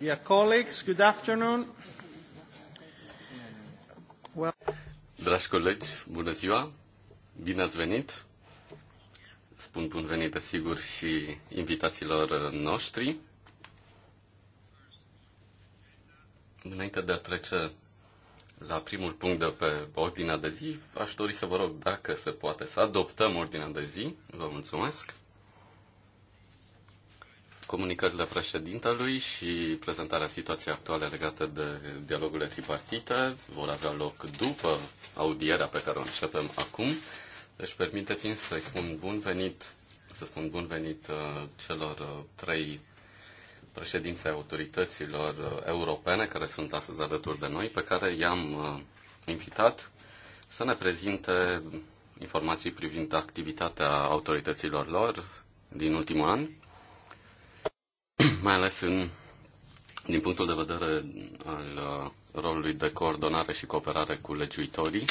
Dear colleagues, good afternoon. Well... Dragi colegi, bună ziua! Bine ați venit! Spun bun venit, desigur, și invitațiilor noștri. Înainte de a trece la primul punct de pe ordinea de zi, aș dori să vă rog, dacă se poate, să adoptăm ordinea de zi. Vă mulțumesc! comunicările președintelui și prezentarea situației actuale legate de dialogurile tripartite vor avea loc după audierea pe care o începem acum. Deci permiteți-mi să-i spun bun venit, să spun bun venit uh, celor uh, trei președințe autorităților uh, europene care sunt astăzi alături de noi, pe care i-am invitat să ne prezinte informații privind activitatea autorităților lor din ultimul an mai ales în, din punctul de vedere al uh, rolului de coordonare și cooperare cu legiuitorii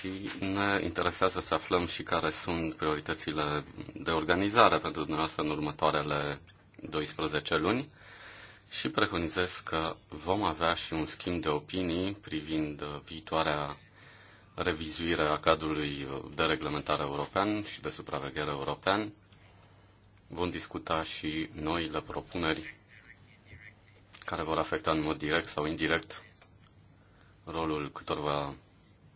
și ne interesează să aflăm și care sunt prioritățile de organizare pentru dumneavoastră în următoarele 12 luni și preconizez că vom avea și un schimb de opinii privind uh, viitoarea revizuire a cadrului uh, de reglementare european și de supraveghere european vom discuta și noile propuneri care vor afecta în mod direct sau indirect rolul câtorva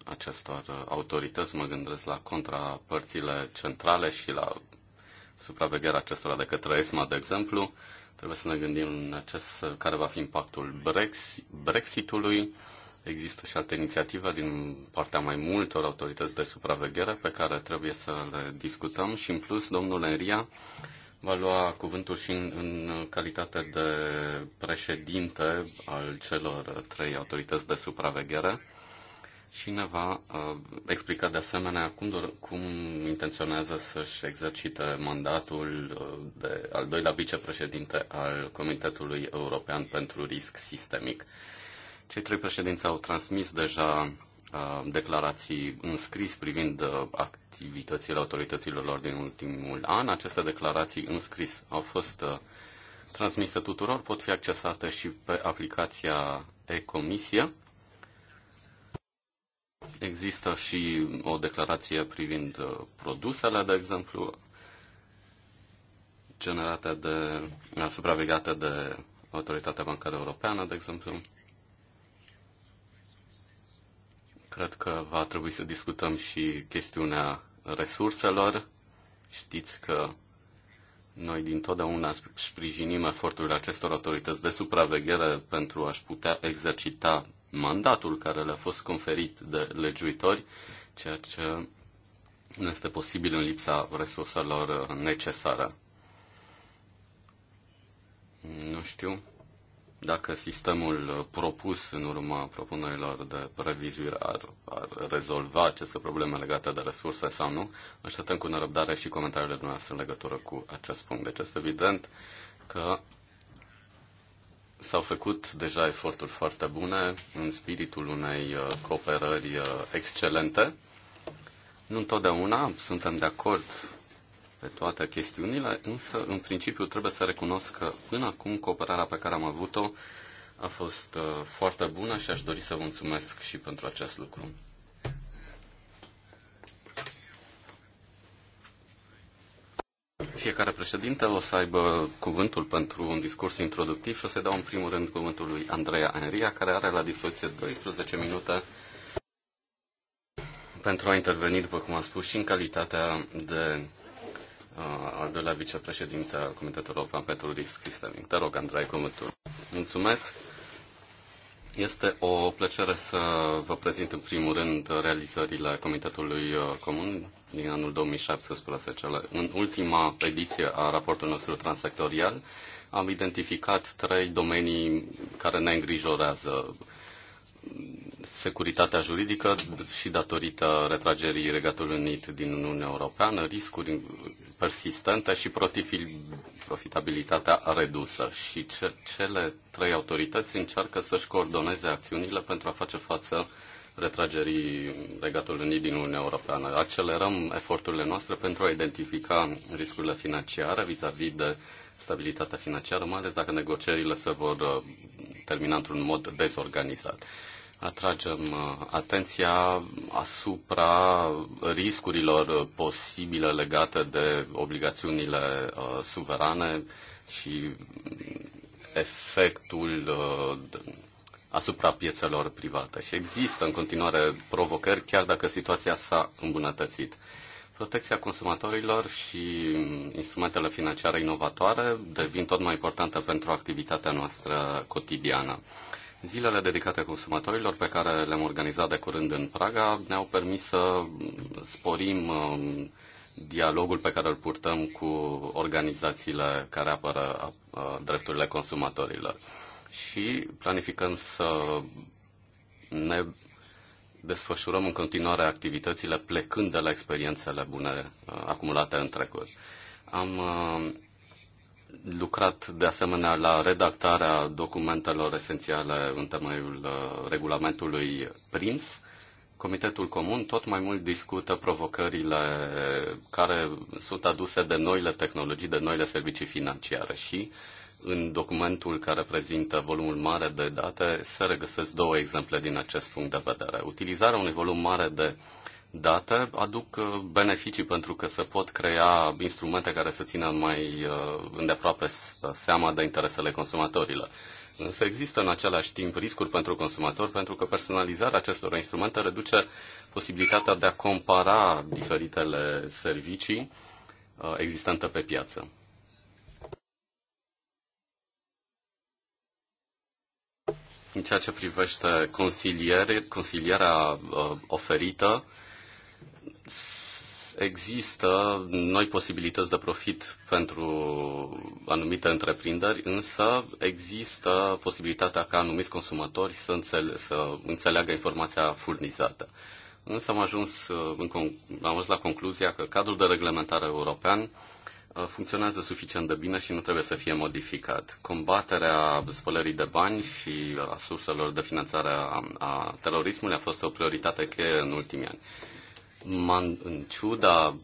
acestor autorități. Mă gândesc la contrapărțile centrale și la supravegherea acestora de către ESMA, de exemplu. Trebuie să ne gândim în acest, care va fi impactul Brexitului. Există și alte inițiative din partea mai multor autorități de supraveghere pe care trebuie să le discutăm și în plus, domnul Enria va lua cuvântul și în, în calitate de președinte al celor trei autorități de supraveghere și ne va uh, explica de asemenea cum, dor- cum intenționează să-și exercite mandatul uh, de al doilea vicepreședinte al Comitetului European pentru Risc Sistemic. Cei trei președinți au transmis deja Uh, declarații înscris privind uh, activitățile autorităților lor din ultimul an. Aceste declarații înscris au fost uh, transmise tuturor, pot fi accesate și pe aplicația e-comisie. Există și o declarație privind produsele, de exemplu, generate de, supravegate de Autoritatea Bancară Europeană, de exemplu. Cred că va trebui să discutăm și chestiunea resurselor. Știți că noi din totdeauna sprijinim eforturile acestor autorități de supraveghere pentru a-și putea exercita mandatul care le-a fost conferit de legiuitori, ceea ce nu este posibil în lipsa resurselor necesare. Nu știu dacă sistemul uh, propus în urma propunerilor de revizuire ar, ar rezolva aceste probleme legate de resurse sau nu, așteptăm cu nerăbdare și comentariile dumneavoastră în legătură cu acest punct. Deci este evident că s-au făcut deja eforturi foarte bune în spiritul unei uh, cooperări uh, excelente. Nu întotdeauna suntem de acord pe toate chestiunile, însă, în principiu, trebuie să recunosc că până acum cooperarea pe care am avut-o a fost uh, foarte bună și aș dori să vă mulțumesc și pentru acest lucru. Fiecare președinte o să aibă cuvântul pentru un discurs introductiv și o să dau în primul rând cuvântul lui Andreea Enria, care are la dispoziție 12 minute pentru a interveni, după cum am spus, și în calitatea de al doilea vicepreședinte al Comitetului European pentru Risc Sistemic. Te rog, Andrei, cuvântul. Mulțumesc. Este o plăcere să vă prezint în primul rând realizările Comitetului uh, Comun din anul 2017. În ultima ediție a raportului nostru transsectorial am identificat trei domenii care ne îngrijorează securitatea juridică și datorită retragerii Regatului Unit din Uniunea Europeană, riscuri persistente și profitabilitatea redusă. Și ce, cele trei autorități încearcă să-și coordoneze acțiunile pentru a face față retragerii Regatului Unit din Uniunea Europeană. Accelerăm eforturile noastre pentru a identifica riscurile financiare vis-a-vis -vis de stabilitatea financiară, mai ales dacă negocierile se vor uh, termina într-un mod dezorganizat atragem uh, atenția asupra riscurilor uh, posibile legate de obligațiunile uh, suverane și mm, efectul uh, asupra piețelor private. Și există în continuare provocări, chiar dacă situația s-a îmbunătățit. Protecția consumatorilor și mm, instrumentele financiare inovatoare devin tot mai importante pentru activitatea noastră cotidiană. Zilele dedicate consumatorilor pe care le-am organizat de curând în Praga ne-au permis să sporim um, dialogul pe care îl purtăm cu organizațiile care apără uh, drepturile consumatorilor. Și planificăm să ne desfășurăm în continuare activitățile plecând de la experiențele bune uh, acumulate în trecut. Am uh, lucrat de asemenea la redactarea documentelor esențiale în temeiul uh, regulamentului PRINS. Comitetul Comun tot mai mult discută provocările care sunt aduse de noile tehnologii, de noile servicii financiare și în documentul care prezintă volumul mare de date se regăsesc două exemple din acest punct de vedere. Utilizarea unui volum mare de uh, date aduc uh, beneficii pentru că se pot crea instrumente care să țină mai uh, îndeaproape uh, seama de interesele consumatorilor. Însă există în același timp riscuri pentru consumator pentru că personalizarea acestor instrumente reduce posibilitatea de a compara diferitele servicii existente pe piață. În ceea ce privește consilierea oferită, Există noi posibilități de profit pentru anumite întreprinderi, însă există posibilitatea ca anumiți consumatori să, înțele- să înțeleagă informația furnizată. Însă am ajuns, uh, în am ajuns la concluzia că cadrul de reglementare european uh, funcționează suficient de bine și nu trebuie să fie modificat. Combaterea spălării de bani și a surselor de finanțare a, a terorismului a fost o prioritate cheie în ultimii ani în ciuda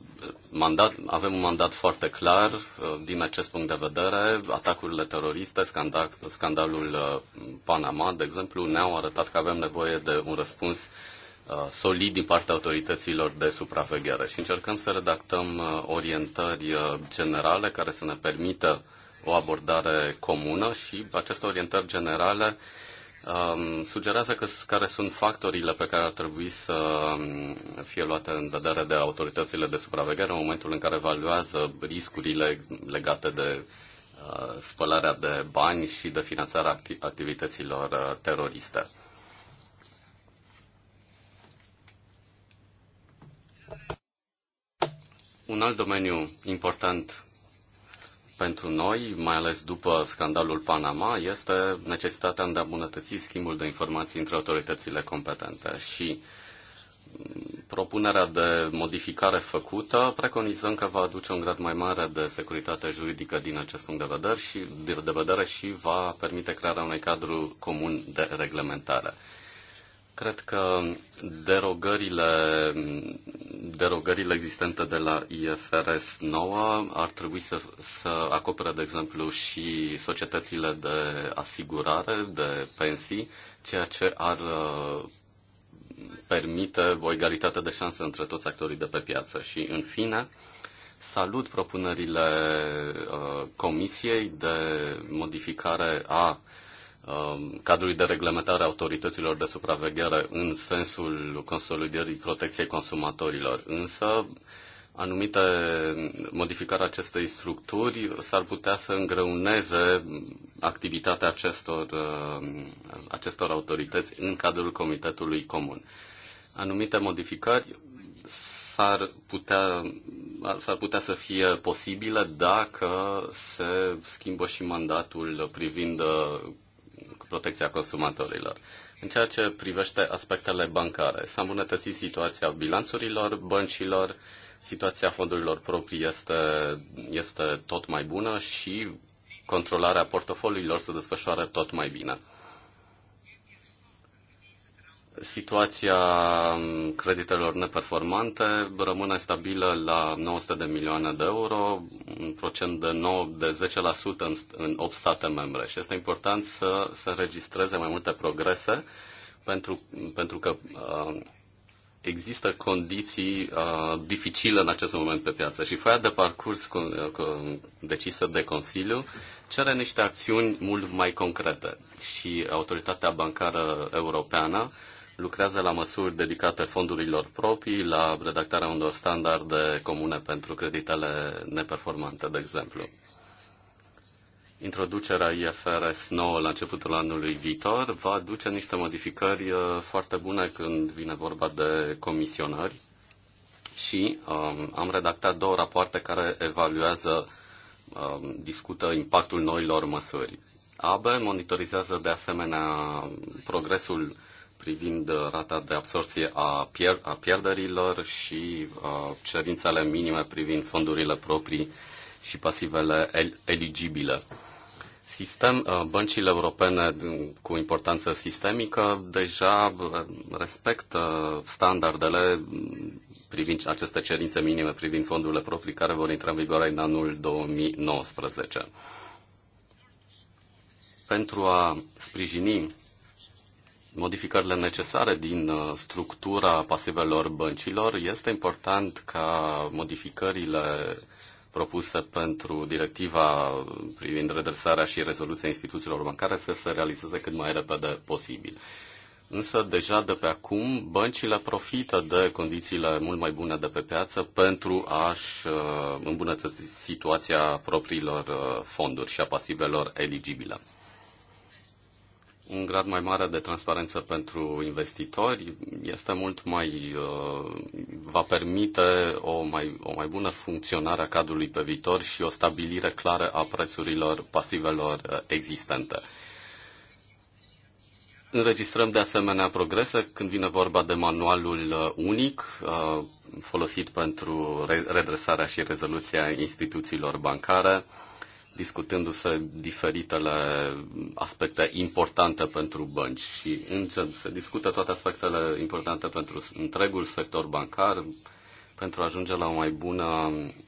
mandat, avem un mandat foarte clar uh, din acest punct de vedere. Atacurile teroriste, scandal, scandalul uh, Panama, de exemplu, ne-au arătat că avem nevoie de un răspuns uh, solid din partea autorităților de supraveghere și încercăm să redactăm orientări generale care să ne permită o abordare comună și aceste orientări generale uh, um, sugerează că, care sunt factorile pe care ar trebui să um, fie luate în vedere de autoritățile de supraveghere în momentul în care evaluează riscurile legate de uh, spălarea de bani și de finanțarea acti- activităților uh, teroriste. Un alt domeniu important pentru noi, mai ales după scandalul Panama, este necesitatea de a îmbunătăți schimbul de informații între autoritățile competente și mm, propunerea de modificare făcută preconizăm că va aduce un grad mai mare de securitate juridică din acest punct de vedere și, de vedere și va permite crearea unui cadru comun de reglementare. Cred că derogările, derogările existente de la IFRS 9 ar trebui să, să acopere, de exemplu, și societățile de asigurare, de pensii, ceea ce ar uh, permite o egalitate de șanse între toți actorii de pe piață. Și, în fine, salut propunerile uh, Comisiei de modificare a Um, cadrului de reglementare a autorităților de supraveghere în sensul consolidării protecției consumatorilor. Însă, anumite modificări acestei structuri s-ar putea să îngreuneze activitatea acestor, um, acestor autorități în cadrul Comitetului Comun. Anumite modificări s-ar putea, s-ar putea să fie posibile dacă se schimbă și mandatul privind uh, protecția consumatorilor. În ceea ce privește aspectele bancare, s-a îmbunătățit situația bilanțurilor băncilor, situația fondurilor proprii este, este tot mai bună și controlarea portofoliilor se desfășoară tot mai bine. Situația um, creditelor neperformante rămâne stabilă la 900 de milioane de euro, un procent de 9 de 10% în, în 8 state membre. Și este important să se înregistreze mai multe progrese pentru, pentru că uh, există condiții uh, dificile în acest moment pe piață și foaia de parcurs cu, uh, cu, decisă de Consiliu cere niște acțiuni mult mai concrete și autoritatea bancară europeană lucrează la măsuri dedicate fondurilor proprii, la redactarea unor standarde comune pentru creditele neperformante, de exemplu. Introducerea IFRS 9 la începutul anului viitor va duce niște modificări uh, foarte bune când vine vorba de comisionări și um, am redactat două rapoarte care evaluează, um, discută impactul noilor măsuri. AB monitorizează de asemenea um, progresul privind uh, rata de absorție a, pier- a pierderilor și uh, cerințele minime privind fondurile proprii și pasivele el- eligibile. Sistem, uh, băncile europene cu importanță sistemică deja uh, respectă standardele mm, privind aceste cerințe minime privind fondurile proprii care vor intra în vigoare în anul 2019 pentru a sprijini modificările necesare din uh, structura pasivelor băncilor, este important ca modificările propuse pentru directiva privind redresarea și rezoluția instituțiilor bancare să se realizeze cât mai repede posibil. Însă, deja de pe acum, băncile profită de condițiile mult mai bune de pe piață pentru a-și uh, îmbunătăți situația propriilor uh, fonduri și a pasivelor eligibile un grad mai mare de transparență pentru investitori este mult mai uh, va permite o mai, o mai bună funcționare a cadrului pe viitor și o stabilire clară a prețurilor pasivelor uh, existente. Înregistrăm de asemenea progrese când vine vorba de manualul uh, unic folosit pentru redresarea și rezoluția instituțiilor bancare discutându-se diferitele aspecte importante pentru bănci și în se discută toate aspectele importante pentru întregul sector bancar pentru a ajunge la, o mai bună,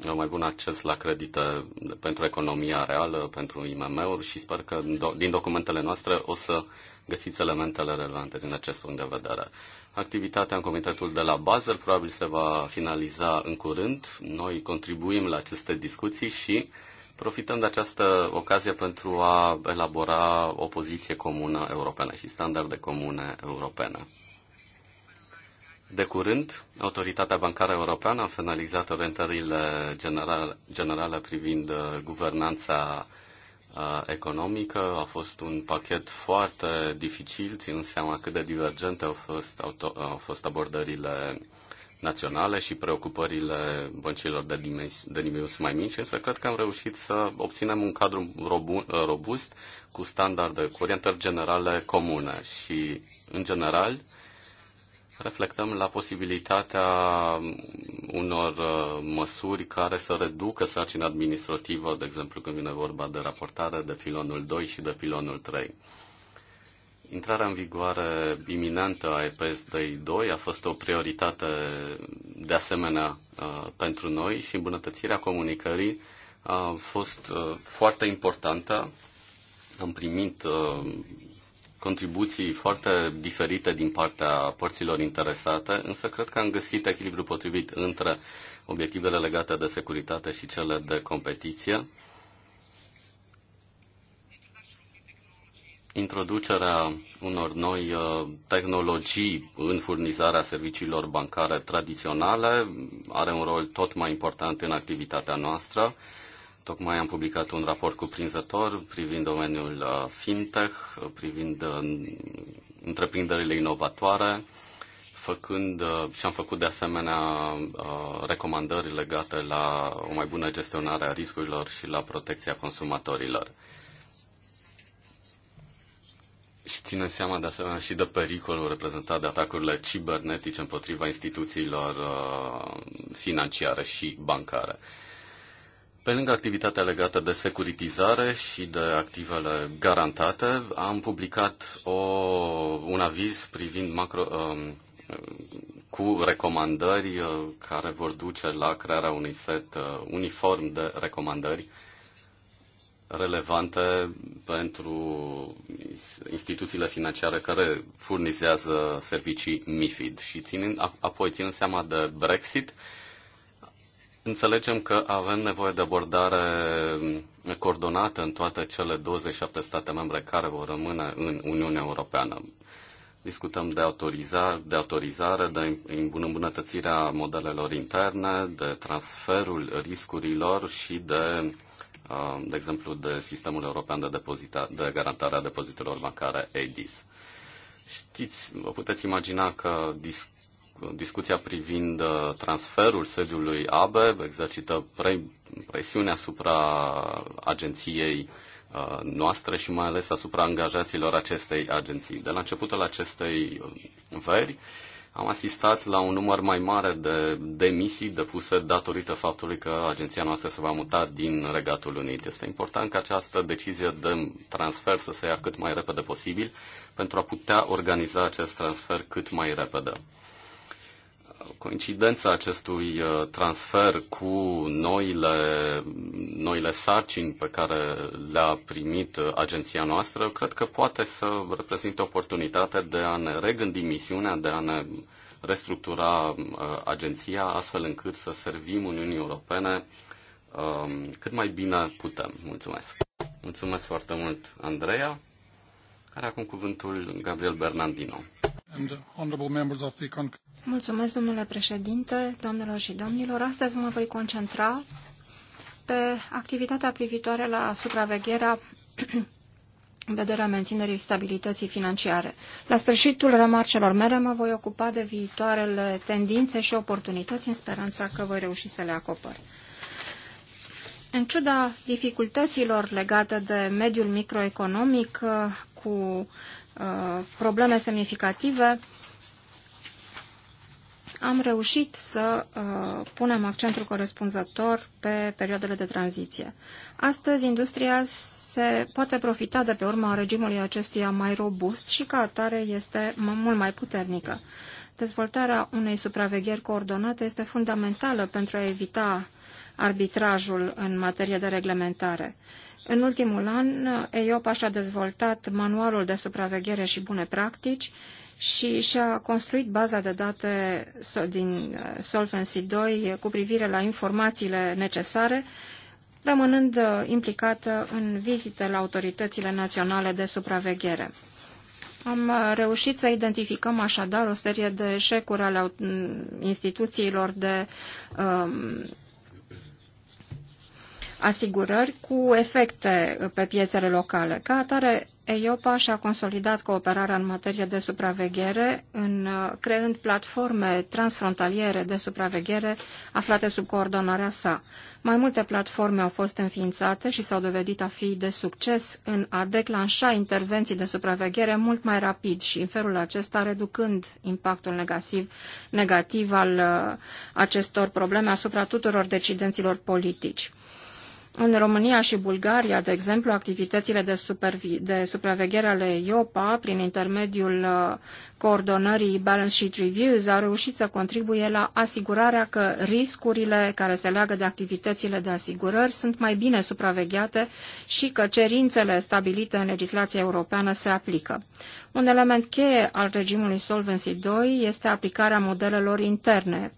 la un mai bun acces la credite pentru economia reală, pentru IMM-uri și sper că din documentele noastre o să găsiți elementele relevante din acest punct de vedere. Activitatea în comitetul de la Basel probabil se va finaliza în curând. Noi contribuim la aceste discuții și Profităm de această ocazie pentru a elabora o poziție comună europeană și standarde comune europene. De curând, Autoritatea Bancară Europeană a finalizat orientările generale privind uh, guvernanța uh, economică. A fost un pachet foarte dificil, ținând seama cât de divergente au fost, auto, au fost abordările naționale și preocupările băncilor de, dimens- de nivel mai mici, însă cred că am reușit să obținem un cadru robust cu standarde, cu orientări generale comune și, în general, reflectăm la posibilitatea unor uh, măsuri care să reducă sarcina administrativă, de exemplu când vine vorba de raportare de pilonul 2 și de pilonul 3. Intrarea în vigoare iminentă a EPS 2 a fost o prioritate de asemenea uh, pentru noi și îmbunătățirea comunicării a fost uh, foarte importantă. Am primit uh, contribuții foarte diferite din partea părților interesate, însă cred că am găsit echilibru potrivit între obiectivele legate de securitate și cele de competiție introducerea unor noi uh, tehnologii în furnizarea serviciilor bancare tradiționale are un rol tot mai important în activitatea noastră. Tocmai am publicat un raport cuprinzător privind domeniul uh, fintech, uh, privind întreprinderile inovatoare, făcând și am făcut de asemenea recomandări legate la o mai bună gestionare a riscurilor și la protecția consumatorilor și ținând seama de asemenea și de pericolul reprezentat de atacurile cibernetice împotriva instituțiilor uh, financiare și bancare. Pe lângă activitatea legată de securitizare și de activele garantate, am publicat o, un aviz privind macro, um, cu recomandări uh, care vor duce la crearea unui set uh, uniform de recomandări relevante pentru instituțiile financiare care furnizează servicii MIFID. Și ținând, apoi ținând seama de Brexit, înțelegem că avem nevoie de abordare coordonată în toate cele 27 state membre care vor rămâne în Uniunea Europeană. Discutăm de autorizare, de, autorizare, de îmbunătățirea modelelor interne, de transferul riscurilor și de de exemplu, de Sistemul European de, depozita, de Garantare a Depozitelor Bancare, EDIS. Știți, vă puteți imagina că dis, discuția privind transferul sediului ABE exercită pre, presiune asupra agenției noastre și mai ales asupra angajaților acestei agenții. De la începutul acestei veri, am asistat la un număr mai mare de demisii depuse datorită faptului că agenția noastră se va muta din Regatul Unit. Este important ca această decizie de transfer să se ia cât mai repede posibil pentru a putea organiza acest transfer cât mai repede coincidența acestui uh, transfer cu noile, noile sarcini pe care le-a primit uh, agenția noastră, cred că poate să reprezinte oportunitatea de a ne regândi misiunea, de a ne restructura uh, agenția astfel încât să servim Uniunii Europene um, cât mai bine putem. Mulțumesc! Mulțumesc foarte mult, Andreea. Are acum cuvântul Gabriel Bernardino. And honorable members of the Mulțumesc, domnule președinte, doamnelor și domnilor. Astăzi mă voi concentra pe activitatea privitoare la supravegherea în vederea menținerii stabilității financiare. La sfârșitul remarcelor mele mă voi ocupa de viitoarele tendințe și oportunități în speranța că voi reuși să le acopăr. În ciuda dificultăților legate de mediul microeconomic cu uh, probleme semnificative, am reușit să uh, punem accentul corespunzător pe perioadele de tranziție. Astăzi, industria se poate profita de pe urma regimului acestuia mai robust și ca atare este mult mai puternică. Dezvoltarea unei supravegheri coordonate este fundamentală pentru a evita arbitrajul în materie de reglementare. În ultimul an, EIOPA și-a dezvoltat manualul de supraveghere și bune practici și și-a construit baza de date din uh, Solvency 2 cu privire la informațiile necesare, rămânând uh, implicată în vizite la autoritățile naționale de supraveghere. Am uh, reușit să identificăm așadar o serie de eșecuri ale instituțiilor de um, asigurări cu efecte pe piețele locale. Ca atare, EIOPA și-a consolidat cooperarea în materie de supraveghere, în, creând platforme transfrontaliere de supraveghere aflate sub coordonarea sa. Mai multe platforme au fost înființate și s-au dovedit a fi de succes în a declanșa intervenții de supraveghere mult mai rapid și în felul acesta reducând impactul negativ, negativ al uh, acestor probleme asupra tuturor decidenților politici. În România și Bulgaria, de exemplu, activitățile de, de supraveghere ale IOPA, prin intermediul uh, coordonării Balance Sheet Reviews, au reușit să contribuie la asigurarea că riscurile care se leagă de activitățile de asigurări sunt mai bine supravegheate și că cerințele stabilite în legislația europeană se aplică. Un element cheie al regimului Solvency II este aplicarea modelelor interne,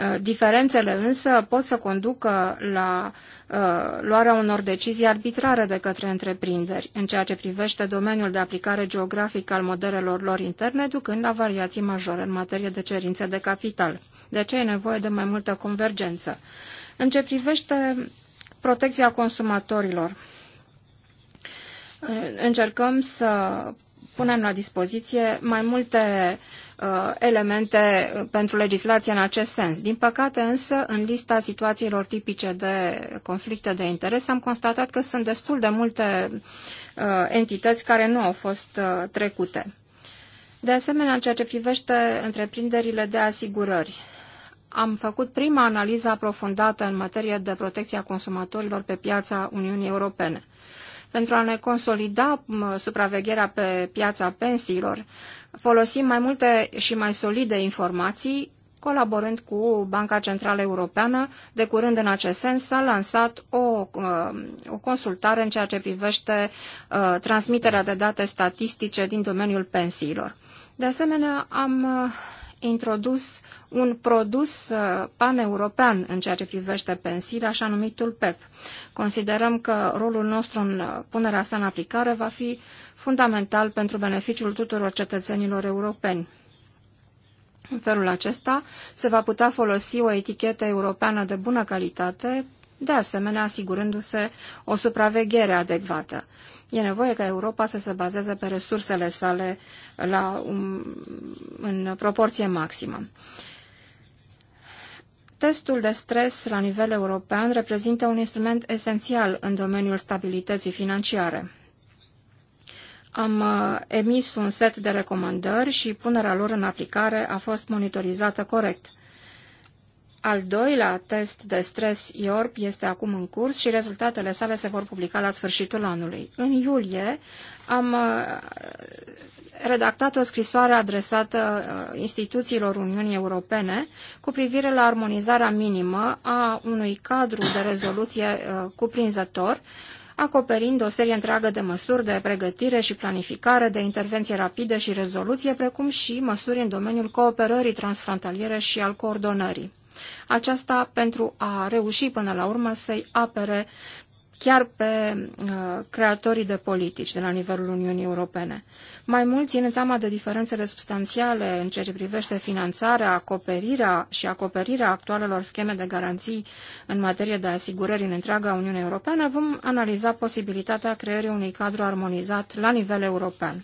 Uh, diferențele însă pot să conducă la uh, luarea unor decizii arbitrare de către întreprinderi în ceea ce privește domeniul de aplicare geografică al modelelor lor interne, ducând la variații majore în materie de cerințe de capital. De ce e nevoie de mai multă convergență? În ce privește protecția consumatorilor, uh, încercăm să punem la dispoziție mai multe uh, Uh, elemente uh, pentru legislație în acest sens. Din păcate însă, în lista situațiilor tipice de conflicte de interes, am constatat că sunt destul de multe uh, entități care nu au fost trecute. De asemenea, în ceea ce privește întreprinderile de asigurări, am făcut prima analiză aprofundată în materie de protecția consumatorilor pe piața Uniunii Europene pentru a ne consolida supravegherea pe piața pensiilor. Folosim mai multe și mai solide informații, colaborând cu Banca Centrală Europeană. De curând, în acest sens, s-a lansat o, uh, o consultare în ceea ce privește uh, transmiterea de date statistice din domeniul pensiilor. De asemenea, am uh, introdus un produs uh, paneuropean în ceea ce privește pensiile, așa numitul PEP. Considerăm că rolul nostru în uh, punerea sa în aplicare va fi fundamental pentru beneficiul tuturor cetățenilor europeni. În felul acesta se va putea folosi o etichetă europeană de bună calitate, de asemenea asigurându-se o supraveghere adecvată. E nevoie ca Europa să se bazeze pe resursele sale la un, în proporție maximă. Testul de stres la nivel european reprezintă un instrument esențial în domeniul stabilității financiare. Am uh, emis un set de recomandări și punerea lor în aplicare a fost monitorizată corect. Al doilea test de stres IORP este acum în curs și rezultatele sale se vor publica la sfârșitul anului. În iulie am uh, redactat o scrisoare adresată uh, instituțiilor Uniunii Europene cu privire la armonizarea minimă a unui cadru de rezoluție uh, cuprinzător acoperind o serie întreagă de măsuri de pregătire și planificare, de intervenție rapidă și rezoluție, precum și măsuri în domeniul cooperării transfrontaliere și al coordonării aceasta pentru a reuși până la urmă să-i apere chiar pe uh, creatorii de politici de la nivelul Uniunii Europene. Mai mult, ținând seama de diferențele substanțiale în ceea ce privește finanțarea, acoperirea și acoperirea actualelor scheme de garanții în materie de asigurări în întreaga Uniune Europeană, vom analiza posibilitatea creării unui cadru armonizat la nivel european.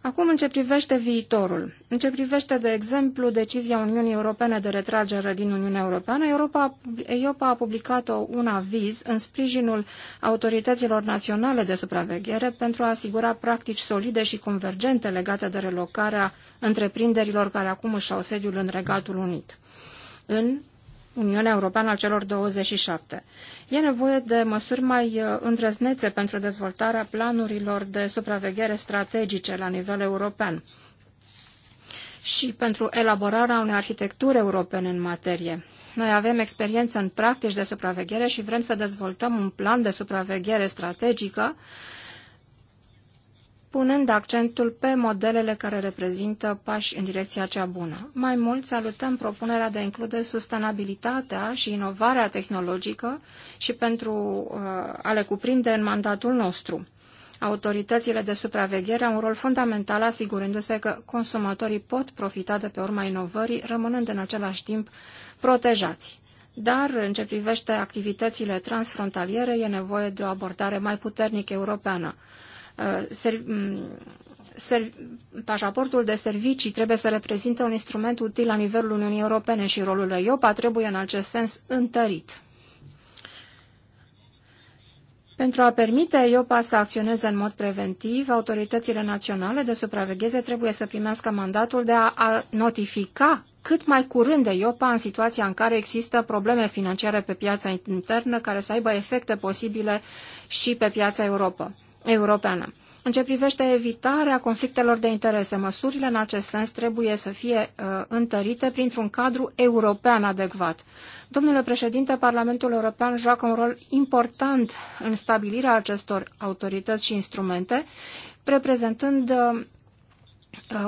Acum, în ce privește viitorul, în ce privește, de exemplu, decizia Uniunii Europene de retragere din Uniunea Europeană, Europa, EIOPA a publicat un aviz în sprijinul autorităților naționale de supraveghere pentru a asigura practici solide și convergente legate de relocarea întreprinderilor care acum își au sediul în Regatul Unit. În Uniunea Europeană a celor 27. E nevoie de măsuri mai uh, îndrăznețe pentru dezvoltarea planurilor de supraveghere strategice la nivel european și pentru elaborarea unei arhitecturi europene în materie. Noi avem experiență în practici de supraveghere și vrem să dezvoltăm un plan de supraveghere strategică punând accentul pe modelele care reprezintă pași în direcția cea bună. Mai mult, salutăm propunerea de a include sustenabilitatea și inovarea tehnologică și pentru uh, a le cuprinde în mandatul nostru. Autoritățile de supraveghere au un rol fundamental asigurându-se că consumatorii pot profita de pe urma inovării, rămânând în același timp protejați. Dar, în ce privește activitățile transfrontaliere, e nevoie de o abordare mai puternic europeană. Uh, mm, pașaportul de servicii trebuie să reprezinte un instrument util la nivelul Uniunii Europene și rolul EIOPA trebuie în acest sens întărit. Pentru a permite EIOPA să acționeze în mod preventiv, autoritățile naționale de supravegheze trebuie să primească mandatul de a notifica cât mai curând EIOPA în situația în care există probleme financiare pe piața internă care să aibă efecte posibile și pe piața Europa europeană. În ce privește evitarea conflictelor de interese, măsurile în acest sens trebuie să fie uh, întărite printr-un cadru european adecvat. Domnule președinte, Parlamentul European joacă un rol important în stabilirea acestor autorități și instrumente, reprezentând uh,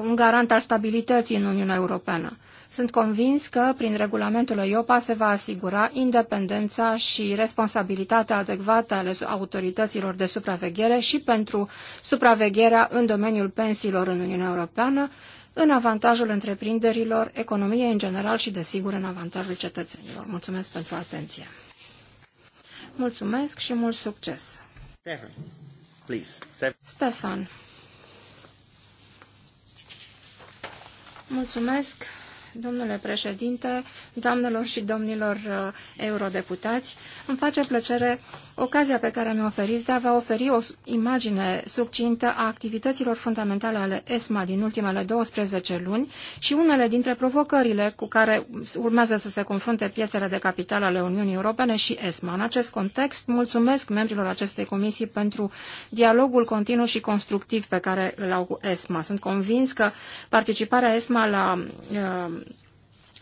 un garant al stabilității în Uniunea Europeană. Sunt convins că prin regulamentul EIOPA se va asigura independența și responsabilitatea adecvată ale autorităților de supraveghere și pentru supravegherea în domeniul pensiilor în Uniunea Europeană, în avantajul întreprinderilor, economiei în general și, desigur, în avantajul cetățenilor. Mulțumesc pentru atenție. Mulțumesc și mult succes! Stefan, please. Stefan. Mulțumesc domnule președinte, doamnelor și domnilor uh, eurodeputați. Îmi face plăcere ocazia pe care mi-o oferiți de a vă oferi o imagine succintă a activităților fundamentale ale ESMA din ultimele 12 luni și unele dintre provocările cu care urmează să se confrunte piețele de capital ale Uniunii Europene și ESMA. În acest context, mulțumesc membrilor acestei comisii pentru dialogul continuu și constructiv pe care îl au cu ESMA. Sunt convins că participarea ESMA la uh,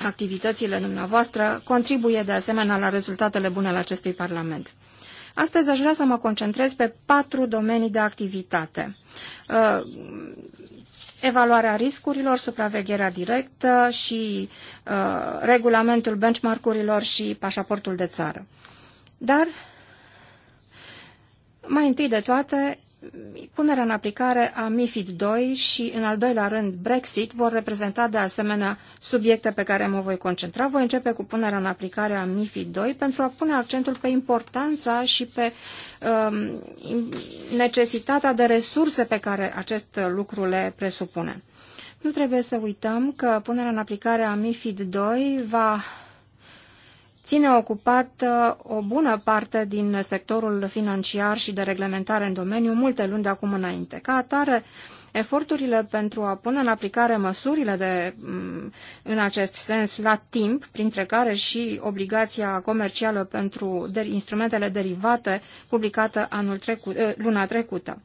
activitățile dumneavoastră contribuie de asemenea la rezultatele bune ale acestui Parlament. Astăzi aș vrea să mă concentrez pe patru domenii de activitate. Uh, evaluarea riscurilor, supravegherea directă și uh, regulamentul benchmark-urilor și pașaportul de țară. Dar, mai întâi de toate, punerea în aplicare a MIFID 2 și, în al doilea rând, Brexit vor reprezenta de asemenea subiecte pe care mă voi concentra. Voi începe cu punerea în aplicare a MIFID 2 pentru a pune accentul pe importanța și pe um, necesitatea de resurse pe care acest lucru le presupune. Nu trebuie să uităm că punerea în aplicare a MIFID 2 va ține ocupat o bună parte din sectorul financiar și de reglementare în domeniu multe luni de acum înainte. Ca atare, eforturile pentru a pune în aplicare măsurile de, în acest sens la timp, printre care și obligația comercială pentru instrumentele derivate publicată anul trecut, eh, luna trecută.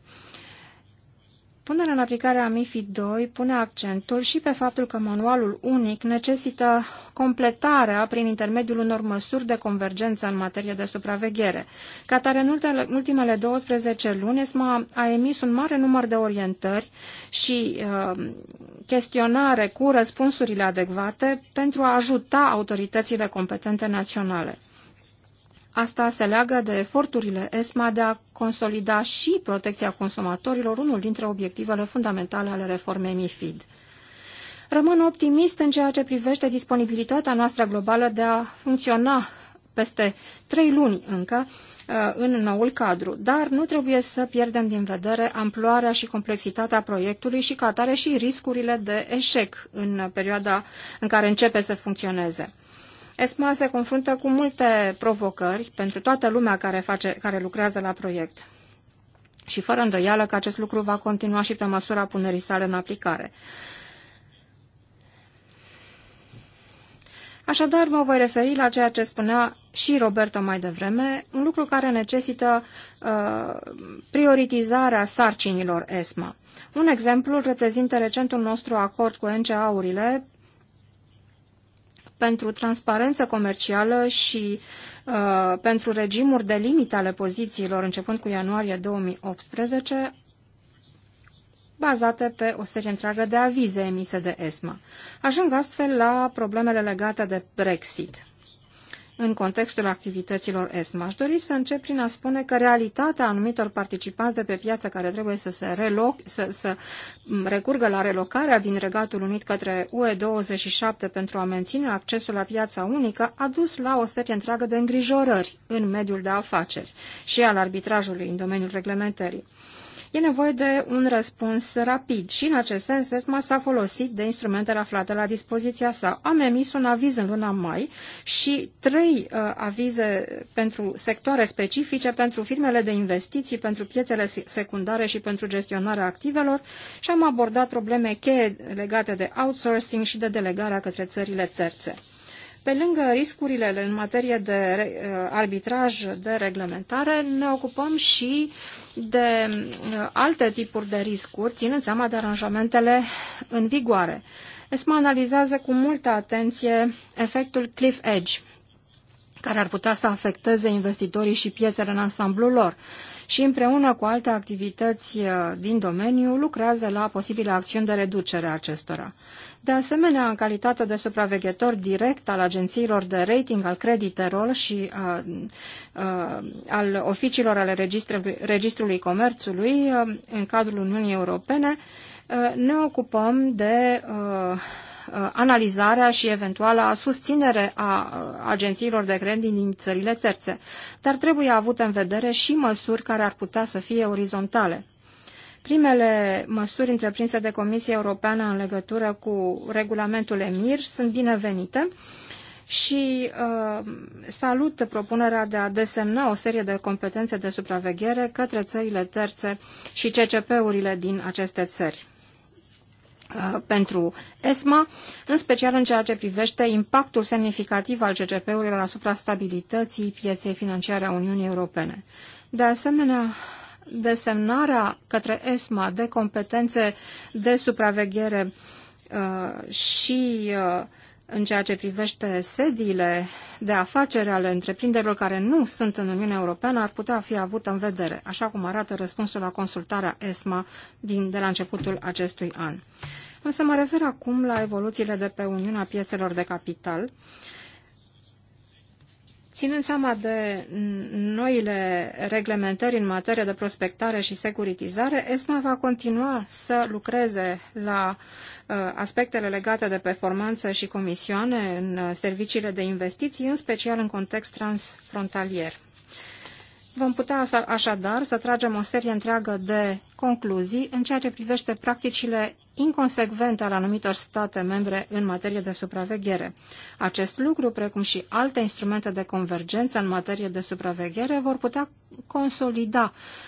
Punerea în aplicare a MIFID 2 pune accentul și pe faptul că manualul unic necesită completarea prin intermediul unor măsuri de convergență în materie de supraveghere. Catare în ultimele 12 luni, ESMA a emis un mare număr de orientări și uh, chestionare cu răspunsurile adecvate pentru a ajuta autoritățile competente naționale. Asta se leagă de eforturile ESMA de a consolida și protecția consumatorilor, unul dintre obiectivele fundamentale ale reformei MIFID. Rămân optimist în ceea ce privește disponibilitatea noastră globală de a funcționa peste trei luni încă uh, în noul cadru, dar nu trebuie să pierdem din vedere amploarea și complexitatea proiectului și ca atare și riscurile de eșec în perioada în care începe să funcționeze. ESMA se confruntă cu multe provocări pentru toată lumea care, face, care lucrează la proiect. Și fără îndoială că acest lucru va continua și pe măsura punerii sale în aplicare. Așadar, mă voi referi la ceea ce spunea și Roberto mai devreme, un lucru care necesită uh, prioritizarea sarcinilor ESMA. Un exemplu reprezintă recentul nostru acord cu NCA-urile pentru transparență comercială și uh, pentru regimuri de limită ale pozițiilor începând cu ianuarie 2018, bazate pe o serie întreagă de avize emise de ESMA. Ajung astfel la problemele legate de Brexit în contextul activităților ESMA. Aș dori să încep prin a spune că realitatea anumitor participanți de pe piață care trebuie să se reloc, să, să recurgă la relocarea din Regatul Unit către UE27 pentru a menține accesul la piața unică a dus la o serie întreagă de îngrijorări în mediul de afaceri și al arbitrajului în domeniul reglementării. E nevoie de un răspuns rapid și, în acest sens, ESMA s-a folosit de instrumentele aflate la dispoziția sa. Am emis un aviz în luna mai și trei uh, avize pentru sectoare specifice, pentru firmele de investiții, pentru piețele secundare și pentru gestionarea activelor și am abordat probleme cheie legate de outsourcing și de delegarea către țările terțe. Pe lângă riscurile în materie de uh, arbitraj, de reglementare, ne ocupăm și de uh, alte tipuri de riscuri, ținând seama de aranjamentele în vigoare. ESMA analizează cu multă atenție efectul cliff edge, care ar putea să afecteze investitorii și piețele în ansamblul lor și împreună cu alte activități uh, din domeniu lucrează la posibile acțiuni de reducere a acestora. De asemenea, în calitate de supraveghetor direct al agențiilor de rating, al creditelor și uh, uh, al oficiilor ale registrului, registrului Comerțului, uh, în cadrul Uniunii Europene, uh, ne ocupăm de Uh, analizarea și eventuala susținere a uh, agențiilor de credit din țările terțe, dar trebuie avute în vedere și măsuri care ar putea să fie orizontale. Primele măsuri întreprinse de Comisia Europeană în legătură cu regulamentul EMIR sunt binevenite și uh, salut propunerea de a desemna o serie de competențe de supraveghere către țările terțe și CCP-urile din aceste țări. Uh, pentru ESMA, în special în ceea ce privește impactul semnificativ al CCP-urilor asupra stabilității pieței financiare a Uniunii Europene. De asemenea, desemnarea către ESMA de competențe de supraveghere uh, și uh, în ceea ce privește sediile de afaceri ale întreprinderilor care nu sunt în Uniunea Europeană ar putea fi avută în vedere, așa cum arată răspunsul la consultarea ESMA din, de la începutul acestui an. Însă mă refer acum la evoluțiile de pe Uniunea Piețelor de Capital, uh, Ținând seama de noile reglementări în materie de prospectare și securitizare, ESMA va continua să lucreze la uh, aspectele legate de performanță și comisioane în uh, serviciile de investiții, în special în context transfrontalier. Vom putea așadar să tragem o serie întreagă de concluzii în ceea ce privește practicile inconsecvente ale anumitor state membre în materie de supraveghere. Acest lucru, precum și alte instrumente de convergență în materie de supraveghere, vor putea consolida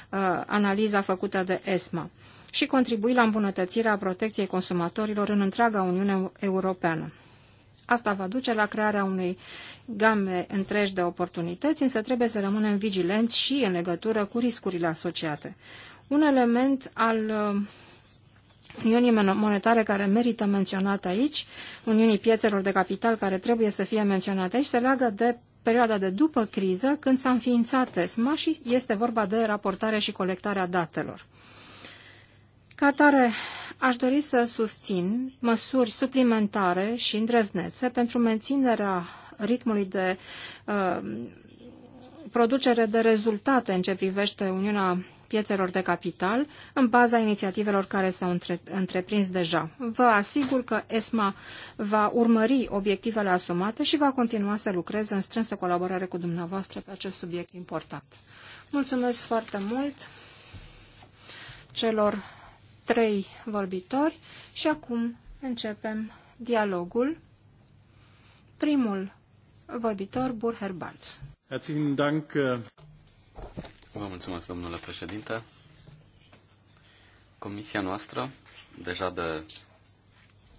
uh, analiza făcută de ESMA și contribui la îmbunătățirea protecției consumatorilor în întreaga Uniune Europeană. Asta va duce la crearea unei game întregi de oportunități, însă trebuie să rămânem vigilenți și în legătură cu riscurile asociate. Un element al uh, Uniunii monetare care merită menționat aici, Uniunii piețelor de capital care trebuie să fie menționate aici, se leagă de perioada de după criză, când s-a înființat ESMA și este vorba de raportare și colectarea datelor. Ca tare, aș dori să susțin măsuri suplimentare și îndrăznețe pentru menținerea ritmului de uh, producere de rezultate în ce privește Uniunea piețelor de capital în baza inițiativelor care s-au între, întreprins deja. Vă asigur că ESMA va urmări obiectivele asumate și va continua să lucreze în strânsă colaborare cu dumneavoastră pe acest subiect important. Mulțumesc foarte mult celor trei vorbitori și acum începem dialogul. Primul vorbitor, Burher Balz. Uh, Vă mulțumesc, domnule președinte. Comisia noastră, deja de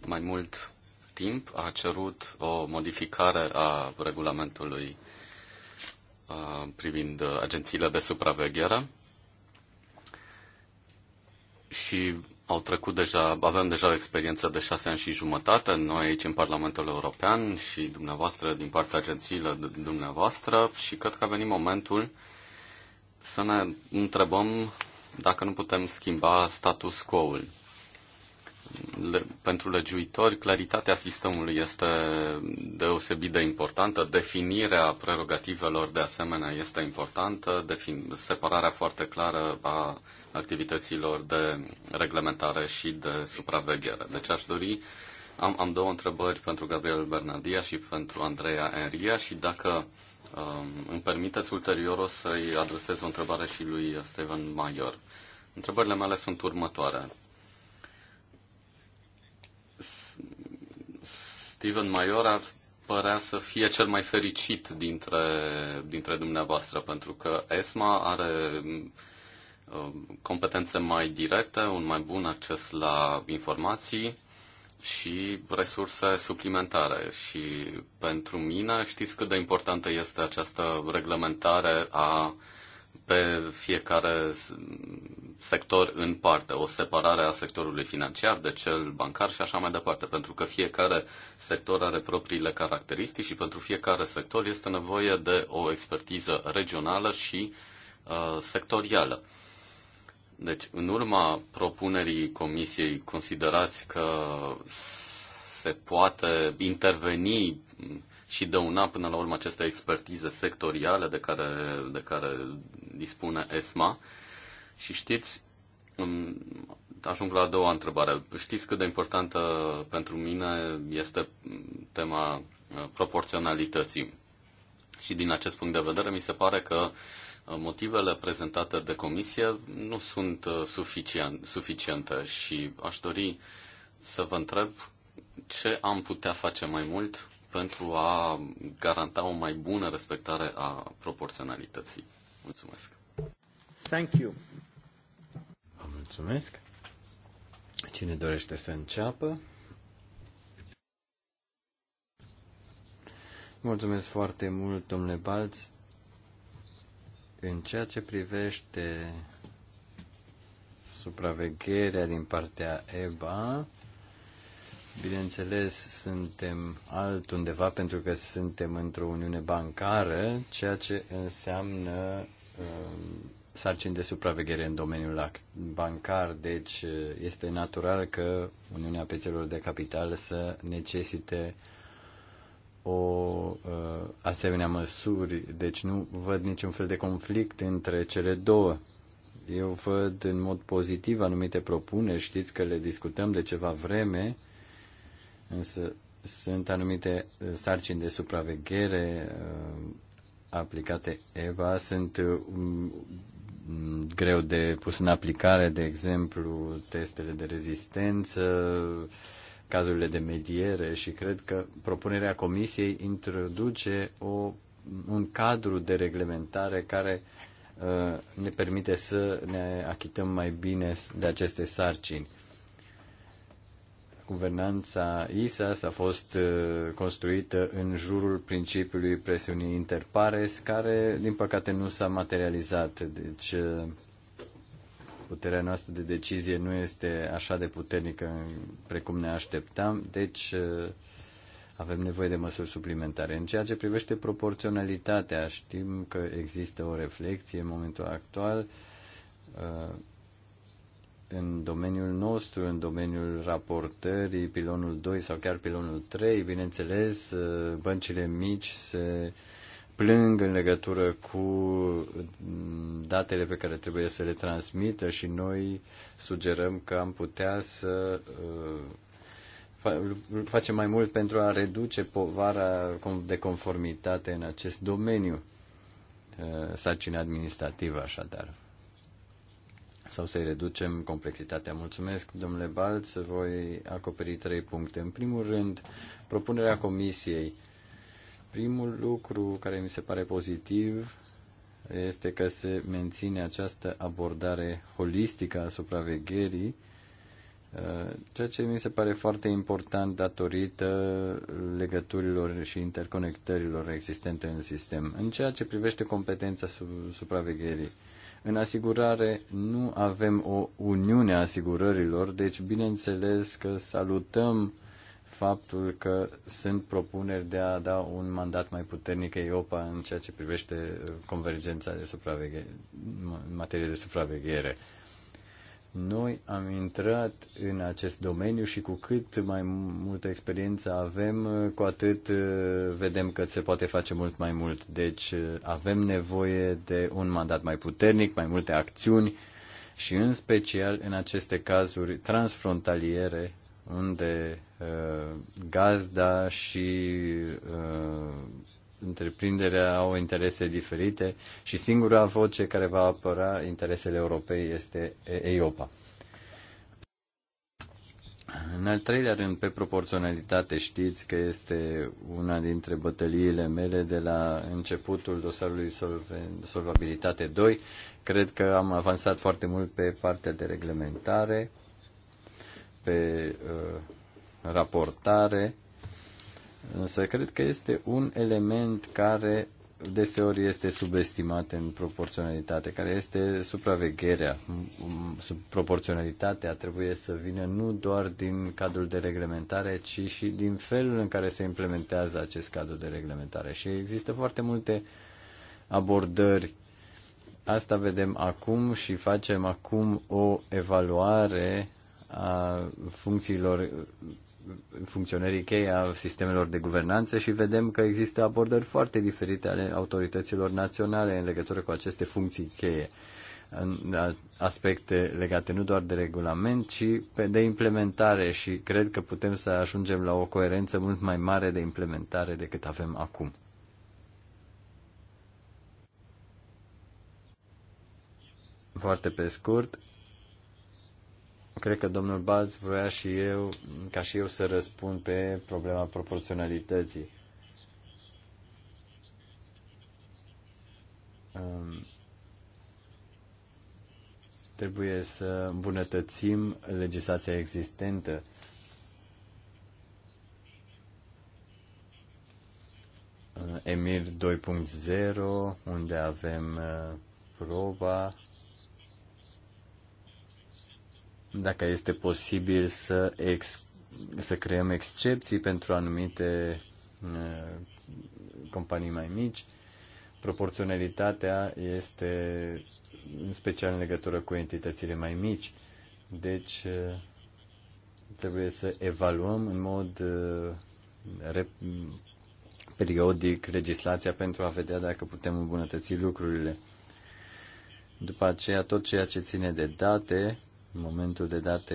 mai mult timp, a cerut o modificare a regulamentului uh, privind uh, agențiile de supraveghere și au trecut deja, avem deja o experiență de șase ani și jumătate, noi aici în Parlamentul European și dumneavoastră din partea agențiilor dumneavoastră și cred că a venit momentul să ne întrebăm dacă nu putem schimba status quo-ul. Le, pentru legiuitori, claritatea sistemului este deosebit de importantă, definirea prerogativelor de asemenea este importantă, defin, separarea foarte clară a activităților de reglementare și de supraveghere. Deci aș dori, am, am două întrebări pentru Gabriel Bernardia și pentru Andreea Enria și dacă um, îmi permiteți ulterior o să-i adresez o întrebare și lui Steven Maior. Întrebările mele sunt următoare. Steven Maior ar părea să fie cel mai fericit dintre, dintre dumneavoastră, pentru că ESMA are Um, competențe mai directe, un mai bun acces la informații și resurse suplimentare. Și pentru mine știți cât de importantă este această reglementare a pe fiecare sector în parte, o separare a sectorului financiar de cel bancar și așa mai departe, pentru că fiecare sector are propriile caracteristici și pentru fiecare sector este nevoie de o expertiză regională și uh, sectorială. Uh, deci, în urma propunerii comisiei, considerați că se poate interveni și dăuna până la urmă aceste expertize sectoriale de care, de care dispune ESMA. Și știți, ajung la a doua întrebare. Știți cât de importantă pentru mine este tema uh, proporționalității. Și din acest punct de vedere, mi se pare că uh, motivele prezentate de comisie nu sunt uh, suficiente și aș dori să vă întreb ce am putea face mai mult pentru a garanta o mai bună respectare a proporționalității. Mulțumesc. Thank you. Vă mulțumesc. Cine dorește să înceapă? Mulțumesc foarte mult, domnule Balți. În ceea ce privește supravegherea din partea EBA, bineînțeles, suntem altundeva pentru că suntem într-o uniune bancară, ceea ce înseamnă um, sarcini de supraveghere în domeniul bancar, deci este natural că Uniunea Piețelor de Capital să necesite uh, o uh, asemenea măsuri, deci nu văd niciun fel de conflict între cele două. Eu văd în mod pozitiv anumite propuneri, știți că le discutăm de ceva vreme, însă sunt anumite uh, sarcini de supraveghere uh, aplicate EVA, sunt uh, um, greu de pus în aplicare, de exemplu, testele de rezistență, uh, cazurile de mediere și cred că propunerea Comisiei introduce o, un cadru de reglementare care uh, ne permite să ne achităm mai bine de aceste sarcini. Guvernanța ISAS a fost uh, construită în jurul principiului presiunii interpares, care, din păcate, nu s-a materializat. Deci, uh, Puterea noastră de decizie nu este așa de puternică precum ne așteptam, deci uh, avem nevoie de măsuri suplimentare. În ceea ce privește proporționalitatea, știm că există o reflexie în momentul actual uh, în domeniul nostru, în domeniul raportării, pilonul 2 sau chiar pilonul 3, bineînțeles, uh, băncile mici se plâng în legătură cu datele pe care trebuie să le transmită și noi sugerăm că am putea să uh, facem mai mult pentru a reduce povara de conformitate în acest domeniu, uh, sarcina administrativă așadar sau să-i reducem complexitatea. Mulțumesc, domnule Balț, voi acoperi trei puncte. În primul rând, propunerea comisiei Primul lucru care mi se pare pozitiv este că se menține această abordare holistică a supravegherii, uh, ceea ce mi se pare foarte important datorită legăturilor și interconectărilor existente în sistem. În ceea ce privește competența supravegherii, în asigurare nu avem o uniune a asigurărilor, deci bineînțeles că salutăm uh, faptul că sunt propuneri de a da un mandat mai puternic EIOPA în ceea ce privește uh, convergența de supraveghere, în materie de supraveghere. Noi am intrat în acest domeniu și cu cât mai multă experiență avem, uh, cu atât uh, vedem că se poate face mult mai mult. Deci avem nevoie de un mandat mai puternic, mai multe acțiuni și în special în aceste cazuri transfrontaliere unde Uh, gazda și uh, întreprinderea au interese diferite și singura voce care va apăra interesele europei este EIOPA. În al treilea rând, pe proporționalitate, știți că este una dintre bătăliile mele de la începutul dosarului Solvabilitate 2. Cred că am avansat foarte mult pe partea de reglementare, pe uh, raportare, însă cred că este un element care deseori este subestimat în proporționalitate, care este supravegherea. Sub proporționalitatea trebuie să vină nu doar din cadrul de reglementare, ci și din felul în care se implementează acest cadru de reglementare. Și există foarte multe abordări. Asta vedem acum și facem acum o evaluare a funcțiilor funcționerii cheie a sistemelor de guvernanță și vedem că există abordări foarte diferite ale autorităților naționale în legătură cu aceste funcții cheie aspecte legate nu doar de regulament, ci de implementare și cred că putem să ajungem la o coerență mult mai mare de implementare decât avem acum. Foarte pe scurt, Cred că domnul Balz vrea și eu, ca și eu, să răspund pe problema proporționalității. Um, trebuie să îmbunătățim legislația existentă. Uh, Emir 2.0, unde avem uh, proba dacă este posibil să, ex, să creăm excepții pentru anumite uh, companii mai mici. Proporționalitatea este în special în legătură cu entitățile mai mici. Deci uh, trebuie să evaluăm în mod uh, periodic legislația pentru a vedea dacă putem îmbunătăți lucrurile. După aceea, tot ceea ce ține de date în momentul de date,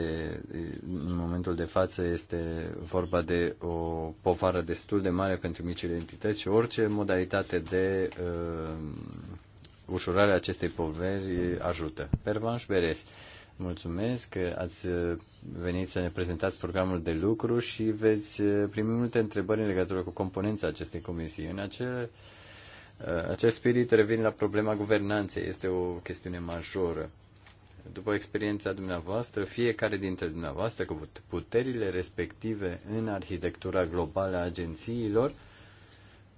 în momentul de față este vorba de o povară destul de mare pentru micile entități și orice modalitate de uh, ușurare a acestei poveri ajută. Pervanș Beres, mulțumesc că ați venit să ne prezentați programul de lucru și veți primi multe întrebări în legătură cu componența acestei comisii. În acel, uh, acest spirit revin la problema guvernanței. Este o chestiune majoră după experiența dumneavoastră, fiecare dintre dumneavoastră cu puterile respective în arhitectura globală a agențiilor,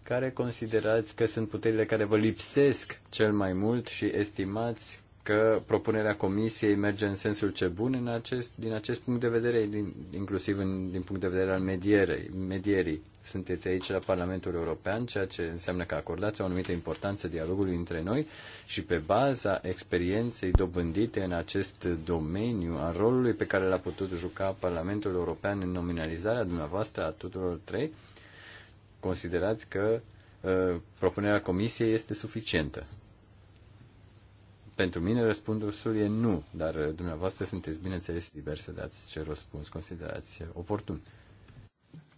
care considerați că sunt puterile care vă lipsesc cel mai mult și estimați că propunerea comisiei merge în sensul ce bun în acest, din acest punct de vedere, din, inclusiv în, din punct de vedere al medierei, medierii. Sunteți aici la Parlamentul European, ceea ce înseamnă că acordați o anumită importanță dialogului între noi și pe baza experienței dobândite în acest domeniu, a rolului pe care l-a putut juca Parlamentul European în nominalizarea dumneavoastră a tuturor trei, considerați că uh, propunerea comisiei este suficientă. Pentru mine răspunsul e nu, dar uh, dumneavoastră sunteți bineînțeles liber să dați ce răspuns considerați uh, oportun.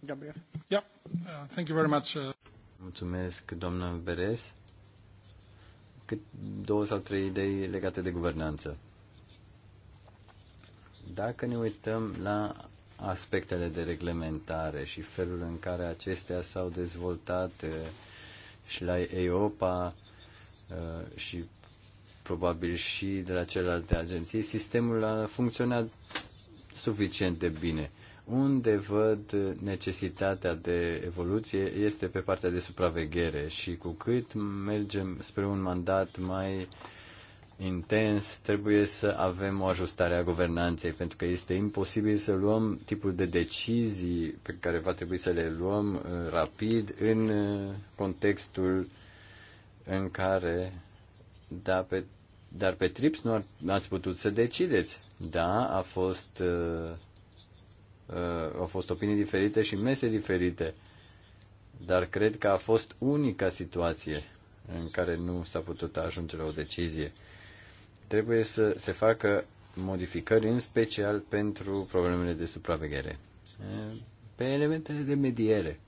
Gabriel. Yeah. Uh, thank you very much. Uh. Mulțumesc, doamnă Beres. Cât două sau trei idei legate de guvernanță. Dacă ne uităm la aspectele de reglementare și felul în care acestea s-au dezvoltat și la EOPA și probabil și de la celelalte agenții, sistemul a funcționat suficient de bine. Unde văd necesitatea de evoluție este pe partea de supraveghere și cu cât mergem spre un mandat mai intens, trebuie să avem o ajustare a guvernanței, pentru că este imposibil să luăm tipul de decizii pe care va trebui să le luăm uh, rapid în uh, contextul în care da, pe dar pe TRIPS nu ați putut să decideți. Da, a fost, uh, uh, au fost opinii diferite și mese diferite. Dar cred că a fost unica situație în care nu s-a putut ajunge la o decizie. Trebuie să se facă modificări, în special pentru problemele de supraveghere. Eh, pe elementele de mediere.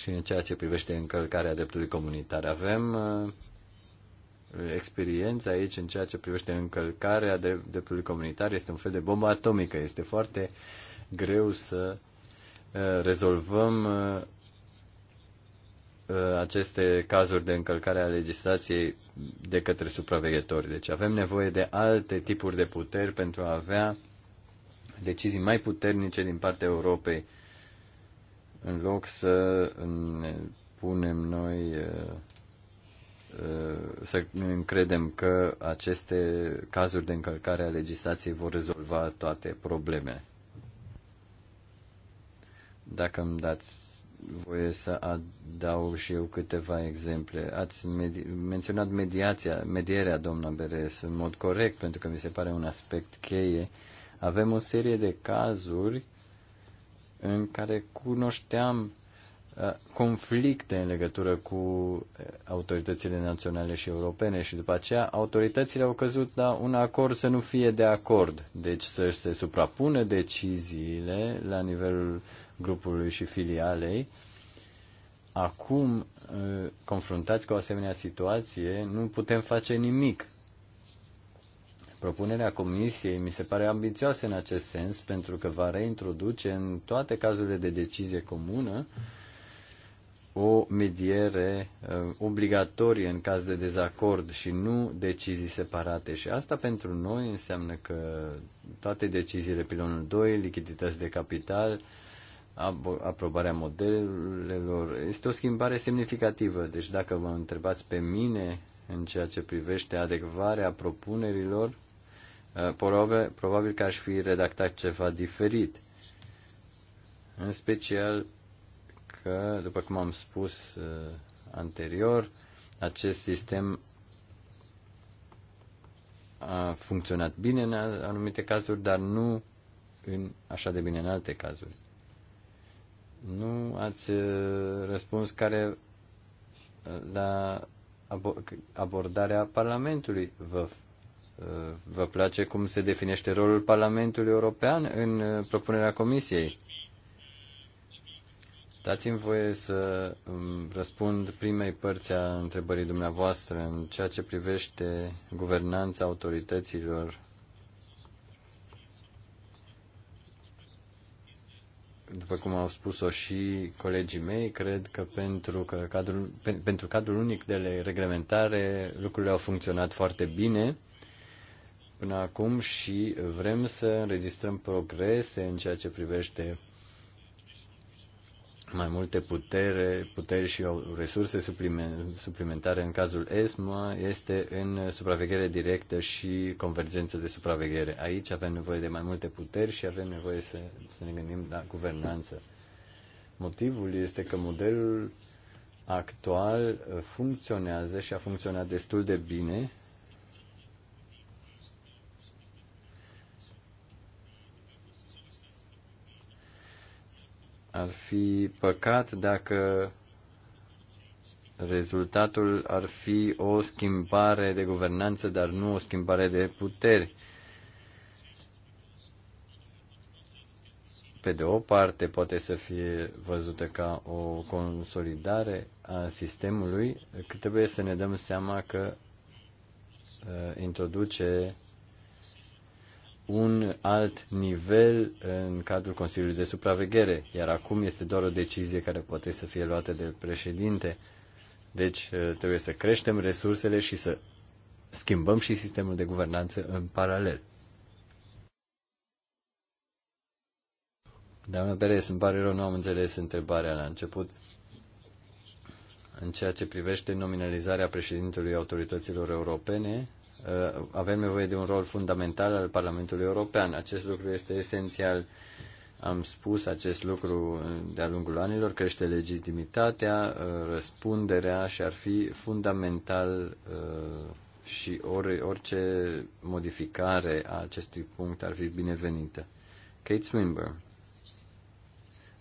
și în ceea ce privește încălcarea dreptului comunitar. Avem uh, experiență aici în ceea ce privește încălcarea dreptului comunitar. Este un fel de bombă atomică. Este foarte greu să uh, rezolvăm uh, aceste cazuri de încălcare a legislației de către supraveghetori. Deci avem nevoie de alte tipuri de puteri pentru a avea decizii mai puternice din partea Europei în loc să ne punem noi uh, să ne credem că aceste cazuri de încălcare a legislației vor rezolva toate problemele. Dacă îmi dați voie să adaug și eu câteva exemple. Ați medi- menționat mediația, medierea, doamna Beres, în mod corect, pentru că mi se pare un aspect cheie. Avem o serie de cazuri în care cunoșteam uh, conflicte în legătură cu uh, autoritățile naționale și europene și după aceea autoritățile au căzut la un acord să nu fie de acord, deci să se suprapună deciziile la nivelul grupului și filialei. Acum, uh, confruntați cu o asemenea situație, nu putem face nimic. Propunerea Comisiei mi se pare ambițioasă în acest sens pentru că va reintroduce în toate cazurile de decizie comună o mediere uh, obligatorie în caz de dezacord și nu decizii separate. Și asta pentru noi înseamnă că toate deciziile pilonul 2, lichidități de capital, aprobarea modelelor, este o schimbare semnificativă. Deci dacă vă întrebați pe mine în ceea ce privește adecvarea propunerilor, Eh, probabil, probabil că aș fi redactat ceva diferit. În special că, după cum am spus eh, anterior, acest sistem a funcționat bine în anumite cazuri, dar nu în așa de bine în alte cazuri. Nu ați eh, răspuns care la abordarea Parlamentului. Vă Vă place cum se definește rolul Parlamentului European în uh, propunerea Comisiei? Dați-mi voie să um, răspund primei părți a întrebării dumneavoastră în ceea ce privește guvernanța autorităților. După cum au spus-o și colegii mei, cred că pentru, că cadrul, pentru cadrul unic de reglementare lucrurile au funcționat foarte bine până acum și vrem să înregistrăm progrese în ceea ce privește mai multe putere, puteri și resurse suplimentare în cazul ESMA este în supraveghere directă și convergență de supraveghere. Aici avem nevoie de mai multe puteri și avem nevoie să, să ne gândim la guvernanță. Motivul este că modelul actual funcționează și a funcționat destul de bine Ar fi păcat dacă rezultatul ar fi o schimbare de guvernanță, dar nu o schimbare de puteri. Pe de o parte, poate să fie văzută ca o consolidare a sistemului, că trebuie să ne dăm seama că uh, introduce un alt nivel în cadrul Consiliului de Supraveghere, iar acum este doar o decizie care poate să fie luată de președinte. Deci uh, trebuie să creștem resursele și să schimbăm și sistemul de guvernanță în paralel. Doamna Perez, îmi pare rău, nu am înțeles întrebarea la început. În ceea ce privește nominalizarea președintelui autorităților europene, Uh, avem nevoie de un rol fundamental al Parlamentului European. Acest lucru este esențial. Am spus acest lucru de-a lungul anilor, crește legitimitatea, uh, răspunderea și ar fi fundamental uh, și orice modificare a acestui punct ar fi binevenită. Kate Swinburne.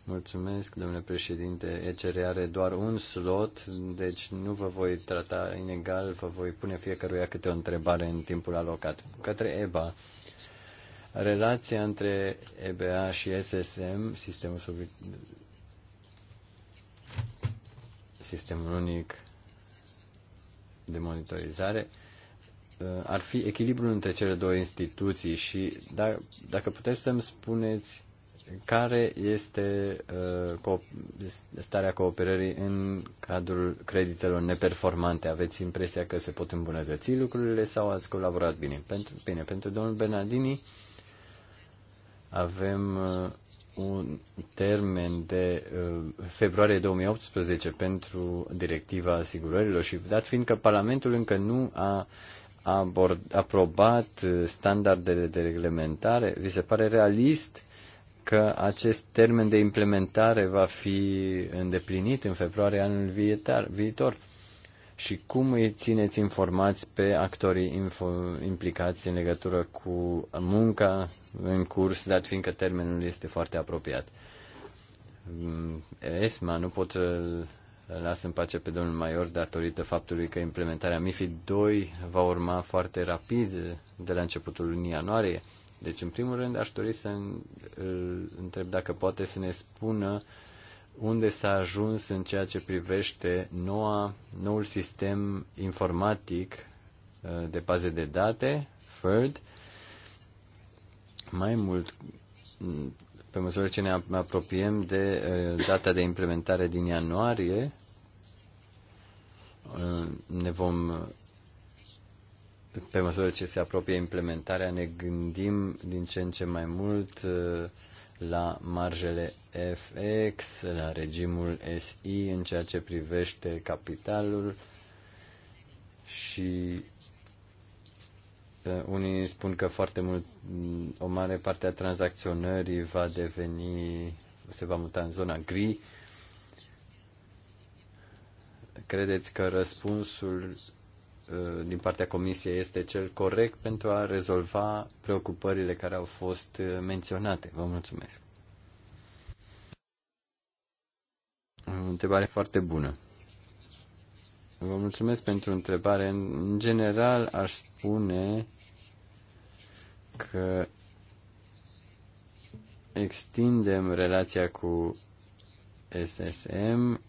Mulțumesc, domnule președinte. ECR are doar un slot, deci nu vă voi trata inegal, vă voi pune fiecăruia câte o întrebare în timpul alocat. Către EBA, relația între EBA și SSM, sistemul, sub... sistemul unic de monitorizare, uh, ar fi echilibrul între cele două instituții și da, dacă puteți să-mi spuneți care uh, este starea cooperării în cadrul creditelor neperformante? Aveți impresia că se pot îmbunătăți lucrurile sau ați colaborat bine? Pentru, bine, pentru domnul Bernardini avem uh, un termen de uh, februarie 2018 pentru directiva asigurărilor și dat că Parlamentul încă nu a abord, aprobat standardele de reglementare, vi se pare realist că acest termen de implementare va fi îndeplinit în februarie anul vietar, viitor? Și cum îi țineți informați pe actorii info, implicați în legătură cu munca în curs, dat fiindcă termenul este foarte apropiat? Mm, ESMA nu pot las în pace pe domnul Maior datorită faptului că implementarea MIFID 2 va urma foarte rapid de la începutul lunii ianuarie. Deci, în primul rând, aș dori să îl întreb dacă poate să ne spună unde s-a ajuns în ceea ce privește noua, noul sistem informatic uh, de baze de date, FIRD. Mai mult, mm, pe măsură ce ne apropiem de uh, data de implementare din ianuarie, uh, ne vom pe măsură ce se apropie implementarea, ne gândim din ce în ce mai mult uh, la marjele FX, la regimul SI în ceea ce privește capitalul și uh, unii spun că foarte mult, mm, o mare parte a tranzacționării va deveni, se va muta în zona gri. Credeți că răspunsul Uh, din partea Comisiei este cel corect pentru a rezolva preocupările care au fost uh, menționate. Vă mulțumesc. O întrebare foarte bună. Vă mulțumesc pentru întrebare. În general, aș spune că extindem relația cu SSM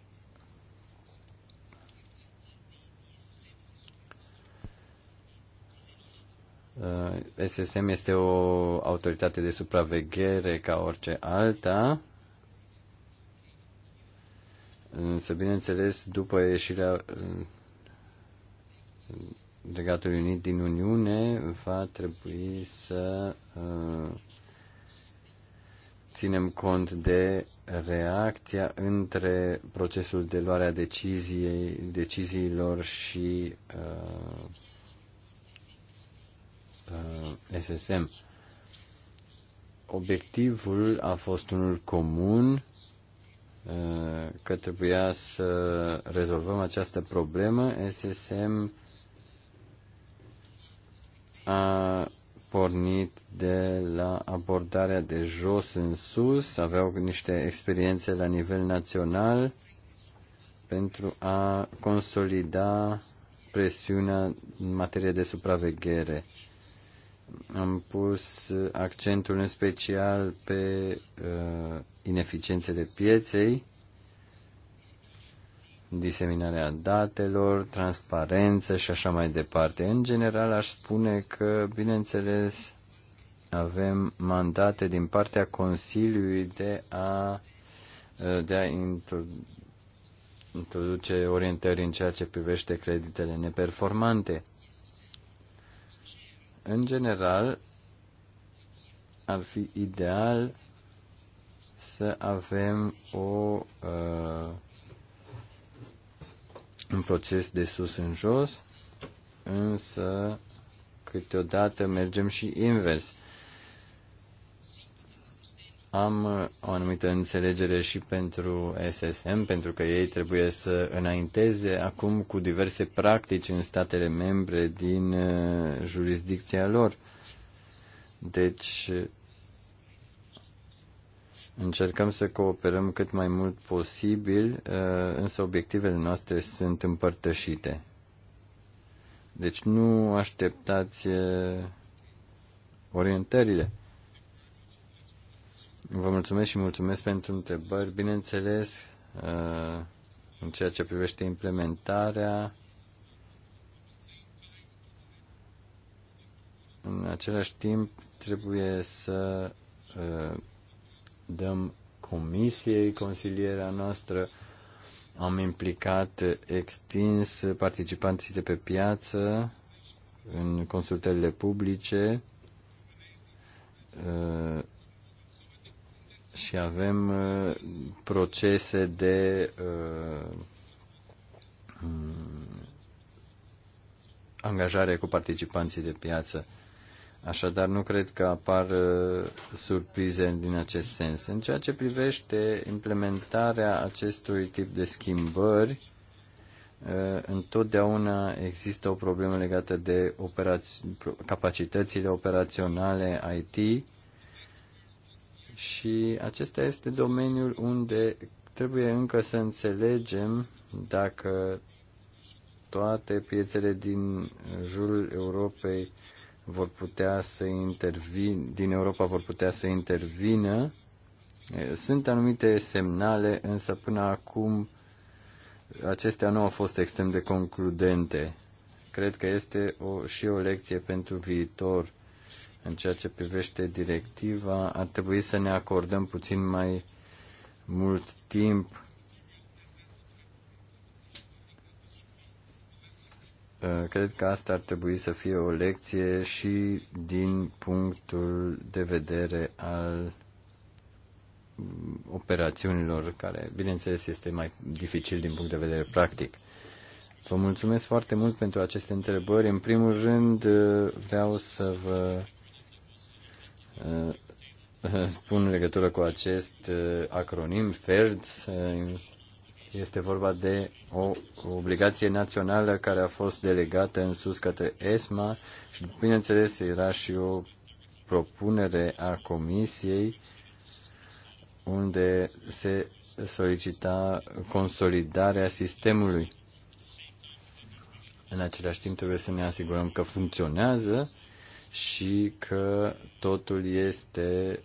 Uh, SSM este o autoritate de supraveghere ca orice alta, însă, bineînțeles, după ieșirea uh, Regatului Unit din Uniune, va trebui să uh, ținem cont de reacția între procesul de luare a deciziei, deciziilor și uh, Uh, SSM. Obiectivul a fost unul comun, uh, că trebuia să rezolvăm această problemă. SSM a pornit de la abordarea de jos în sus, aveau niște experiențe la nivel național pentru a consolida presiunea în materie de supraveghere am pus accentul în special pe uh, ineficiențele pieței, diseminarea datelor, transparență și așa mai departe. În general, aș spune că, bineînțeles, avem mandate din partea Consiliului de a, uh, de a introduce orientări în ceea ce privește creditele neperformante. În general, ar fi ideal să avem o, uh, un proces de sus în jos, însă câteodată mergem și invers. Uh, am uh, o anumită înțelegere și pentru SSM, pentru că ei trebuie să înainteze acum cu diverse practici în statele membre din uh, jurisdicția lor. Deci, uh, încercăm să cooperăm cât mai mult posibil, însă obiectivele noastre sunt împărtășite. Deci nu așteptați orientările. Vă mulțumesc și mulțumesc pentru întrebări. Bineînțeles, uh, în ceea ce privește implementarea, în același timp trebuie să uh, dăm comisiei consilierea noastră. Am implicat extins participanții de pe piață în consultările publice uh, și avem uh, procese de uh, mm, angajare cu participanții de piață. Așadar, nu cred că apar uh, surprize din acest sens. În ceea ce privește implementarea acestui tip de schimbări, întotdeauna există o problemă legată de capacitățile operaționale IT și acesta este domeniul unde trebuie încă să înțelegem dacă toate piețele din jurul Europei vor putea să intervin, din Europa vor putea să intervină. Sunt anumite semnale, însă până acum acestea nu au fost extrem de concludente. Cred că este o, și o lecție pentru viitor în ceea ce privește directiva, ar trebui să ne acordăm puțin mai mult timp uh, Cred că asta ar trebui să fie o lecție și din punctul de vedere al mm, operațiunilor, care, bineînțeles, este mai dificil din punct de vedere practic. Vă mulțumesc foarte mult pentru aceste întrebări. În primul rând, uh, vreau să vă Uh, spun în legătură cu acest uh, acronim FERDS. Uh, este vorba de o obligație națională care a fost delegată în sus către ESMA și, bineînțeles, era și o propunere a Comisiei unde se solicita consolidarea sistemului. În același timp trebuie să ne asigurăm că funcționează și că totul este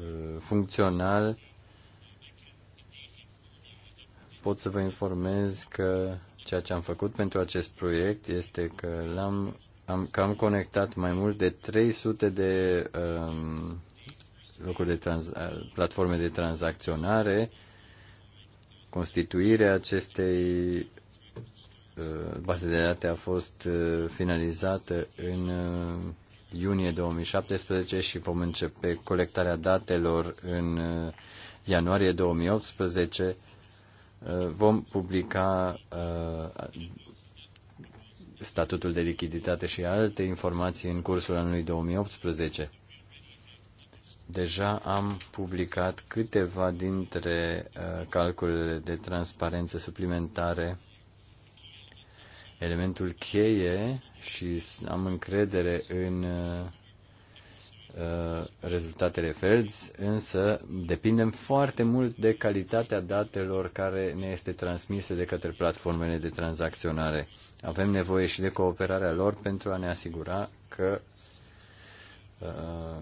uh, funcțional. Pot să vă informez că ceea ce am făcut pentru acest proiect este că l-am am, că am conectat mai mult de 300 de um, locuri de trans, uh, platforme de tranzacționare. Constituirea acestei Uh, baza de date a fost uh, finalizată în uh, iunie 2017 și vom începe colectarea datelor în ianuarie 2018. Vom publica statutul de lichiditate și alte informații în cursul anului 2018. Deja am publicat câteva dintre calculele de transparență suplimentare elementul cheie și am încredere în uh, rezultatele FERDS, însă depindem foarte mult de calitatea datelor care ne este transmisă de către platformele de tranzacționare. Avem nevoie și de cooperarea lor pentru a ne asigura că uh,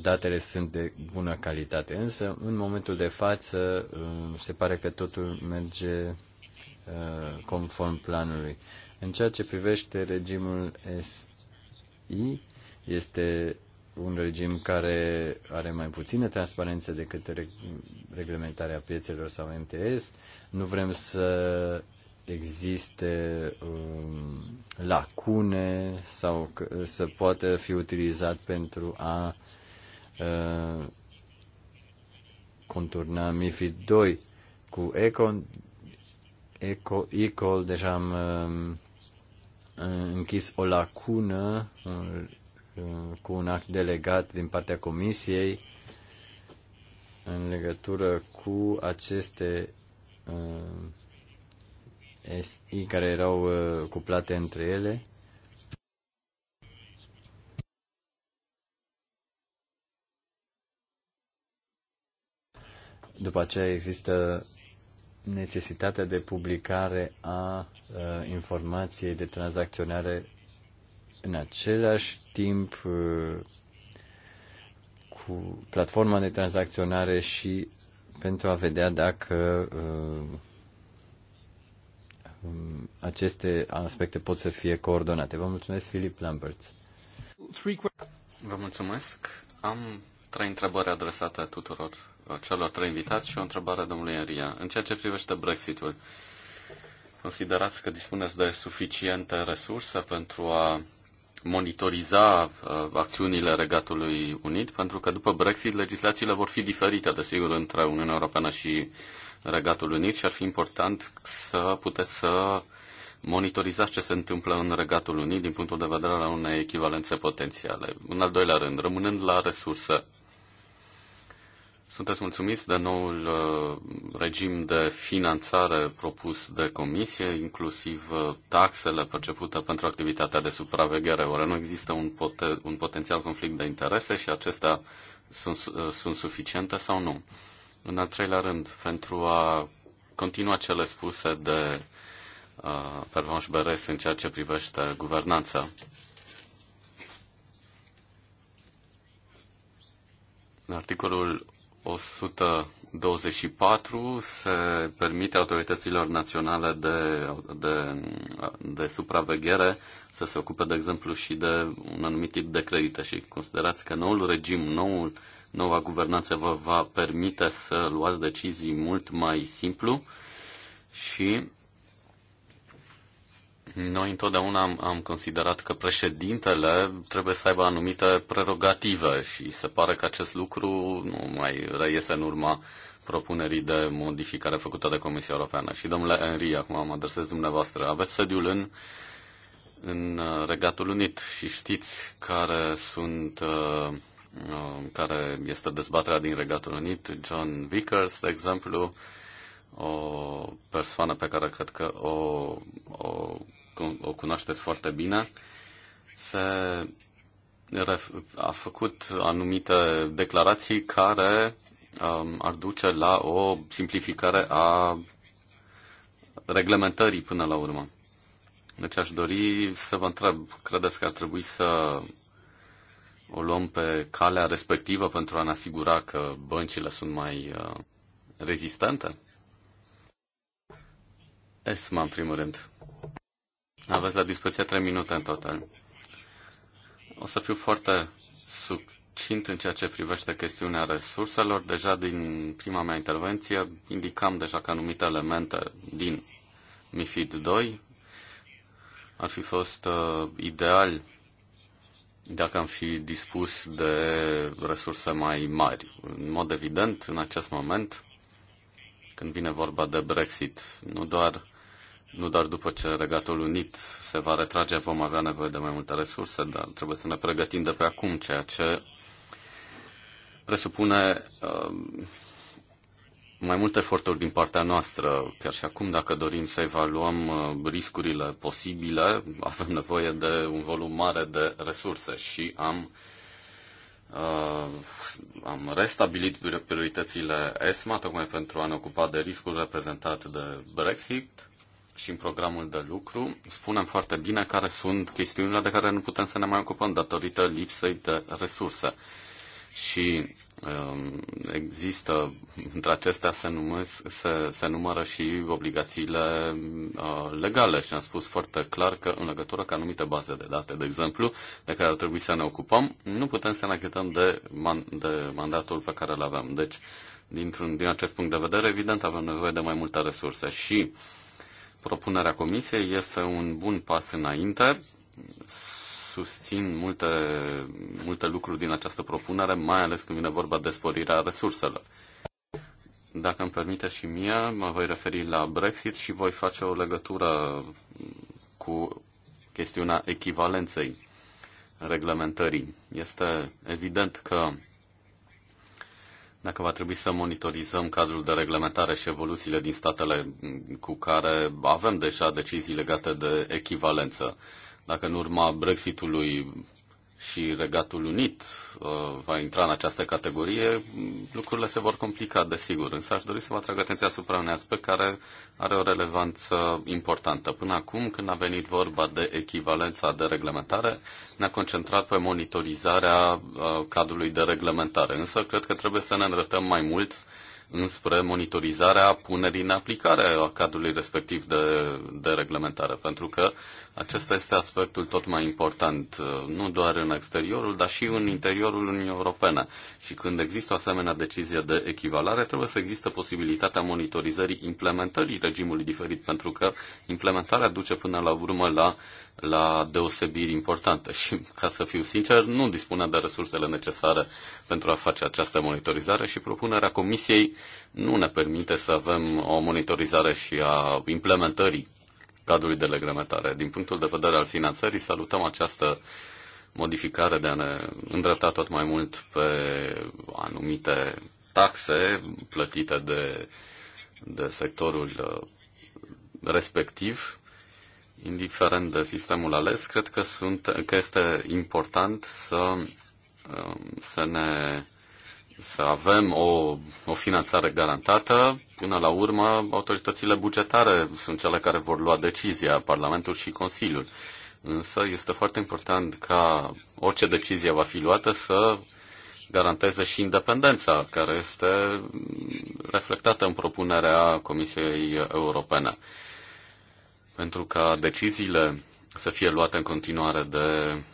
datele sunt de bună calitate. Însă, în momentul de față, uh, se pare că totul merge Uh, conform planului. În ceea ce privește regimul SI, este un regim care are mai puțină transparență decât reglementarea piețelor sau MTS. Nu vrem să existe um, lacune sau să poată fi utilizat pentru a uh, conturna MIFID 2 cu Econ. Eco, Ecol, deja deci am um, închis o lacună cu un act delegat din partea Comisiei în legătură cu aceste um, SI care erau uh, cuplate între ele. După aceea există necesitatea de publicare a uh, informației de tranzacționare în același timp uh, cu platforma de tranzacționare și pentru a vedea dacă uh, um, aceste aspecte pot să fie coordonate. Vă mulțumesc, Filip Lambert. Vă mulțumesc. Am trei întrebări adresate tuturor celor trei invitați și o întrebare domnului Enria. În ceea ce privește Brexitul, considerați că dispuneți de suficiente resurse pentru a monitoriza uh, acțiunile Regatului Unit, pentru că după Brexit legislațiile vor fi diferite, desigur, între Uniunea Europeană și Regatul Unit și ar fi important să puteți să monitorizați ce se întâmplă în Regatul Unit din punctul de vedere al unei echivalențe potențiale. În al doilea rând, rămânând la resurse, sunteți mulțumiți de noul uh, regim de finanțare propus de comisie, inclusiv uh, taxele percepute pentru activitatea de supraveghere. Oare nu există un, pot- un potențial conflict de interese și acestea sunt, uh, sunt suficiente sau nu? În al treilea rând, pentru a continua cele spuse de uh, Pervanș Beres în ceea ce privește guvernanța, articolul 124 se permite autorităților naționale de, de, de supraveghere să se ocupe, de exemplu, și de un anumit tip de credite și considerați că noul regim, noul, noua guvernanță vă va permite să luați decizii mult mai simplu și noi întotdeauna am, am considerat că președintele trebuie să aibă anumite prerogative și se pare că acest lucru nu mai reiese în urma propunerii de modificare făcută de Comisia Europeană. Și domnule Henry, acum mă adresez dumneavoastră, aveți sediul în, în uh, Regatul Unit și știți care sunt uh, uh, care este dezbaterea din Regatul Unit, John Vickers, de exemplu, o persoană pe care cred că o, o o cunoașteți foarte bine, se a făcut anumite declarații care um, ar duce la o simplificare a reglementării până la urmă. Deci aș dori să vă întreb, credeți că ar trebui să o luăm pe calea respectivă pentru a ne asigura că băncile sunt mai uh, rezistente? ESMA, în primul rând. Aveți la dispoziție 3 minute în total. O să fiu foarte succint în ceea ce privește chestiunea resurselor. Deja din prima mea intervenție indicam deja că anumite elemente din MIFID 2 ar fi fost uh, ideal dacă am fi dispus de resurse mai mari. În mod evident, în acest moment, când vine vorba de Brexit, nu doar nu doar după ce Regatul Unit se va retrage, vom avea nevoie de mai multe resurse, dar trebuie să ne pregătim de pe acum, ceea ce presupune uh, mai multe eforturi din partea noastră, chiar și acum, dacă dorim să evaluăm uh, riscurile posibile, avem nevoie de un volum mare de resurse și am, uh, am restabilit prioritățile ESMA, tocmai pentru a ne ocupa de riscul reprezentat de Brexit și în programul de lucru spunem foarte bine care sunt chestiunile de care nu putem să ne mai ocupăm datorită lipsei de resurse. Și um, există, între acestea se, numesc, se, se numără și obligațiile uh, legale și am spus foarte clar că în legătură cu anumite baze de date, de exemplu, de care ar trebui să ne ocupăm, nu putem să ne achităm de, man- de mandatul pe care îl avem. Deci, dintr-un, din acest punct de vedere, evident, avem nevoie de mai multe resurse și uh, propunerea comisiei este un bun pas înainte. Susțin multe, multe lucruri din această propunere, mai ales când vine vorba de sporirea resurselor. Dacă îmi permite și mie, mă voi referi la Brexit și voi face o legătură cu chestiunea echivalenței reglementării. Este evident că dacă va trebui să monitorizăm cadrul de reglementare și evoluțiile din statele cu care avem deja decizii legate de echivalență. Dacă în urma Brexitului și Regatul Unit uh, va intra în această categorie, lucrurile se vor complica, desigur. Însă aș dori să vă atrag atenția asupra unui aspect care are o relevanță importantă. Până acum, când a venit vorba de echivalența de reglementare, ne-a concentrat pe monitorizarea uh, cadrului de reglementare. Însă cred că trebuie să ne îndreptăm mai mult uh, înspre monitorizarea punerii în aplicare a cadrului respectiv de, de reglementare, pentru că acesta este aspectul tot mai important, uh, nu doar în exteriorul, dar și în interiorul Uniunii Europene. Și când există o asemenea decizie de echivalare, trebuie să există posibilitatea monitorizării implementării regimului diferit, pentru că implementarea duce până la urmă la la deosebiri importante și, ca să fiu sincer, nu dispunea de resursele necesare pentru a face această monitorizare și propunerea Comisiei nu ne permite să avem o monitorizare și a implementării cadrului de legrementare. Din punctul de vedere al finanțării, salutăm această modificare de a ne îndrepta tot mai mult pe anumite taxe plătite de, de sectorul uh, respectiv indiferent de sistemul ales, cred că, sunt, că este important să, um, să, ne, să avem o, o finanțare garantată. Până la urmă, autoritățile bugetare sunt cele care vor lua decizia, Parlamentul și Consiliul. Însă este foarte important ca orice decizie va fi luată să garanteze și independența care este reflectată în propunerea Comisiei Europene pentru ca deciziile să fie luate în continuare de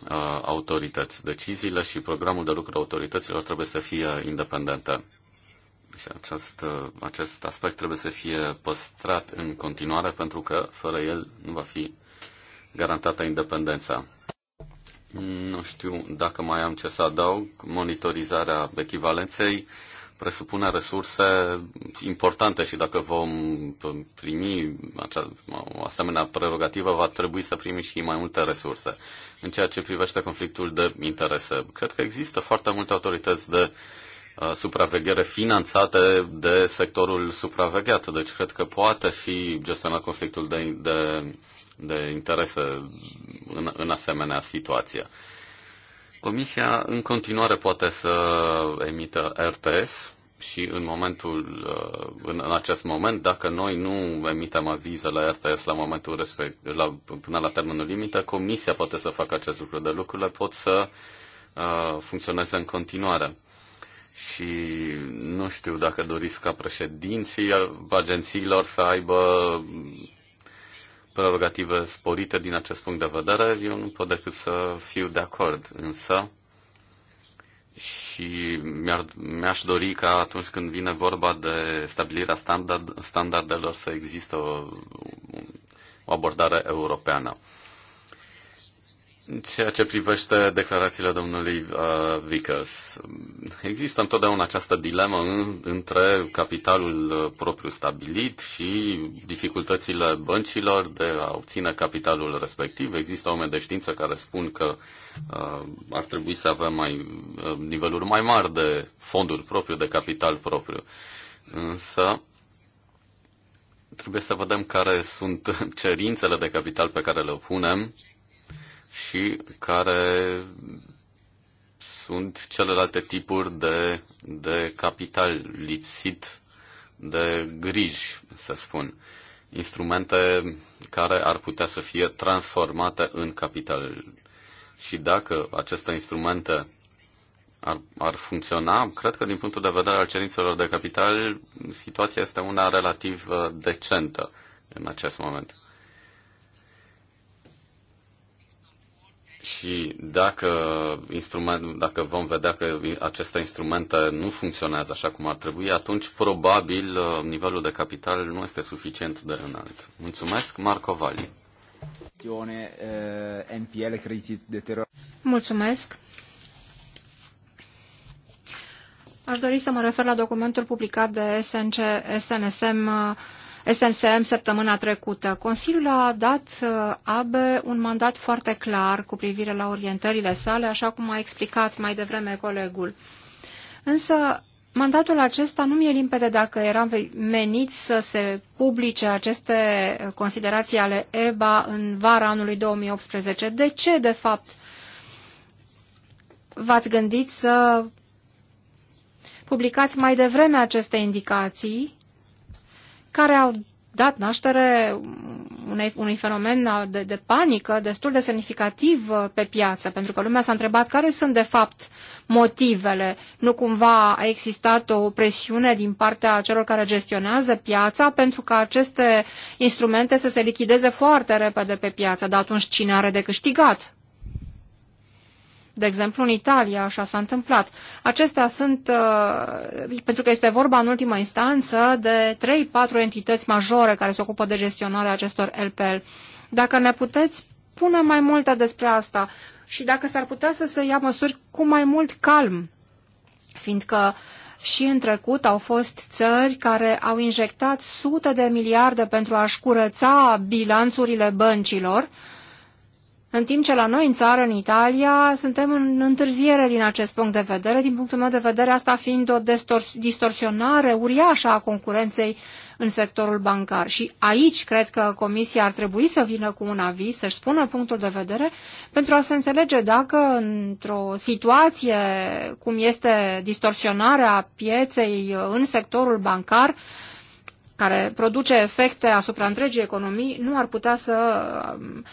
uh, autorități. Deciziile și programul de lucru autorităților trebuie să fie independente. Și acest, uh, acest aspect trebuie să fie păstrat în continuare pentru că fără el nu va fi garantată independența. Nu știu dacă mai am ce să adaug. Monitorizarea echivalenței presupune resurse importante și dacă vom primi acea, o asemenea prerogativă, va trebui să primim și mai multe resurse. În ceea ce privește conflictul de interese, cred că există foarte multe autorități de uh, supraveghere finanțate de sectorul supravegheat, deci cred că poate fi gestionat conflictul de, de, de interese în, în asemenea situație. Comisia în continuare poate să emită RTS și în momentul, uh, în, în acest moment, dacă noi nu emitem aviză la RTS la momentul respect, la, până la termenul limită, Comisia poate să facă acest lucru, de lucrurile pot să uh, funcționeze în continuare. Și nu știu dacă doriți ca președinții agențiilor să aibă prerogative sporite din acest punct de vedere, eu nu pot decât să fiu de acord. Însă, și mi-ar, mi-aș dori ca atunci când vine vorba de stabilirea standard, standardelor să există o, o abordare europeană ceea ce privește declarațiile domnului uh, Vickers, există întotdeauna această dilemă în, între capitalul uh, propriu stabilit și dificultățile băncilor de a obține capitalul respectiv. Există oameni de știință care spun că uh, ar trebui să avem mai, uh, niveluri mai mari de fonduri propriu, de capital propriu. Însă, trebuie să vedem care sunt cerințele de capital pe care le punem și care sunt celelalte tipuri de, de capital lipsit de griji, să spun. Instrumente care ar putea să fie transformate în capital. Și dacă aceste instrumente ar, ar funcționa, cred că din punctul de vedere al cerințelor de capital, situația este una relativ uh, decentă în acest moment. Și dacă, instrument, dacă vom vedea că aceste instrumente nu funcționează așa cum ar trebui, atunci probabil uh, nivelul de capital nu este suficient de înalt. Mulțumesc, Marco Vali. NPL uh, credit de teror. Mulțumesc. Aș dori să mă refer la documentul publicat de SNC, SNSM uh, SNCM săptămâna trecută. Consiliul a dat uh, ABE un mandat foarte clar cu privire la orientările sale, așa cum a explicat mai devreme colegul. Însă, mandatul acesta nu mi-e limpede dacă era menit să se publice aceste uh, considerații ale EBA în vara anului 2018. De ce, de fapt, v-ați gândit să publicați mai devreme aceste indicații care au dat naștere unei, unui fenomen de, de panică destul de semnificativ uh, pe piață, pentru că lumea s-a întrebat care sunt de fapt motivele. Nu cumva a existat o presiune din partea celor care gestionează piața pentru ca aceste instrumente să se lichideze foarte repede pe piață, dar atunci cine are de câștigat? De exemplu, în Italia așa s-a întâmplat. Acestea sunt, uh, pentru că este vorba în ultima instanță de 3-4 entități majore care se ocupă de gestionarea acestor LPL. Dacă ne puteți pune mai multe despre asta și dacă s-ar putea să se ia măsuri cu mai mult calm, fiindcă și în trecut au fost țări care au injectat sute de miliarde pentru a-și curăța bilanțurile băncilor, în timp ce la noi, în țară, în Italia, suntem în întârziere din acest punct de vedere, din punctul meu de vedere, asta fiind o distorsionare uriașă a concurenței în sectorul bancar. Și aici cred că Comisia ar trebui să vină cu un aviz, să-și spună punctul de vedere, pentru a se înțelege dacă într-o situație cum este distorsionarea pieței în sectorul bancar, care produce efecte asupra întregii economii, nu ar putea să um,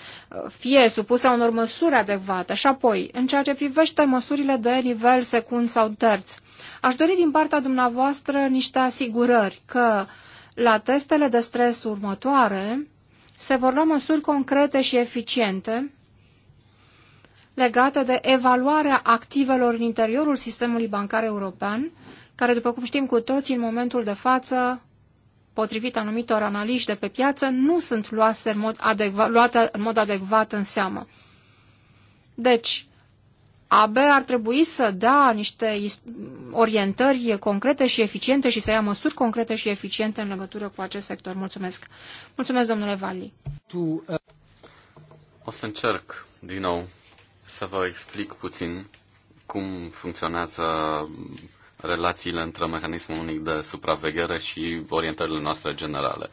fie supusă unor măsuri adecvate. Și apoi, în ceea ce privește măsurile de nivel secund sau terț, aș dori din partea dumneavoastră niște asigurări că la testele de stres următoare se vor lua măsuri concrete și eficiente legate de evaluarea activelor în interiorul sistemului bancar european, care, după cum știm cu toții, în momentul de față potrivit anumitor analiști de pe piață, nu sunt luate în mod adecvat, luate în, mod adecvat în seamă. Deci, AB ar trebui să dea niște orientări concrete și eficiente și să ia măsuri concrete și eficiente în legătură cu acest sector. Mulțumesc. Mulțumesc, domnule Vali. Tu, uh... O să încerc din nou să vă explic puțin cum funcționează relațiile între mecanismul unic de supraveghere și orientările noastre generale.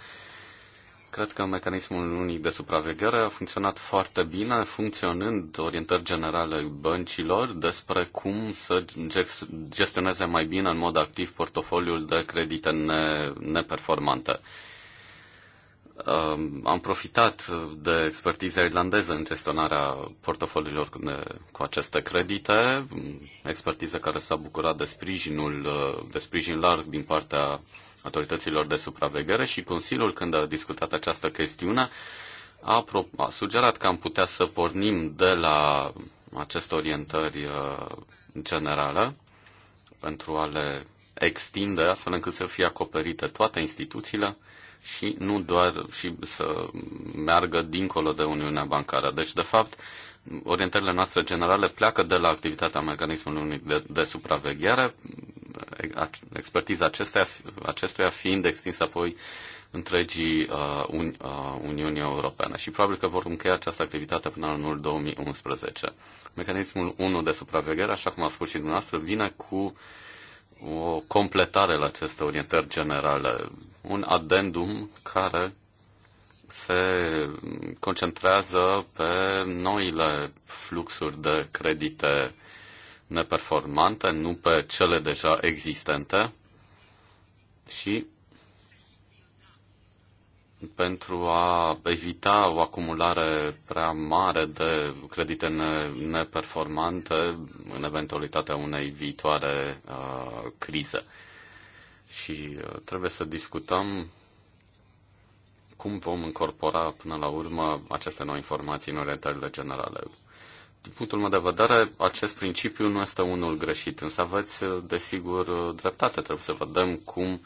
Cred că mecanismul unic de supraveghere a funcționat foarte bine, funcționând orientări generale băncilor despre cum să gestioneze mai bine în mod activ portofoliul de credite neperformante am profitat de expertiza irlandeză în gestionarea portofoliilor cu aceste credite, expertiză care s-a bucurat de sprijinul, de sprijin larg din partea autorităților de supraveghere și Consiliul, când a discutat această chestiune, a, pro- a sugerat că am putea să pornim de la aceste orientări uh, generale pentru a le extinde astfel încât să fie acoperite toate instituțiile și nu doar și să meargă dincolo de Uniunea Bancară. Deci, de fapt, orientările noastre generale pleacă de la activitatea mecanismului unic de, de supraveghere, expertiza acestea, acestuia fiind extinsă apoi întregii uh, uni, uh, Uniunii Europene și probabil că vor încheia această activitate până anul 2011. Mecanismul 1 de supraveghere, așa cum a spus și dumneavoastră, vine cu o completare la aceste orientări generale, un adendum care se concentrează pe noile fluxuri de credite neperformante, nu pe cele deja existente și pentru a evita o acumulare prea mare de credite neperformante în eventualitatea unei viitoare uh, crize. Și uh, trebuie să discutăm cum vom incorpora până la urmă aceste noi informații în orientările generale. Din punctul meu de vedere, acest principiu nu este unul greșit, însă aveți, uh, desigur, uh, dreptate. Trebuie să vedem cum uh,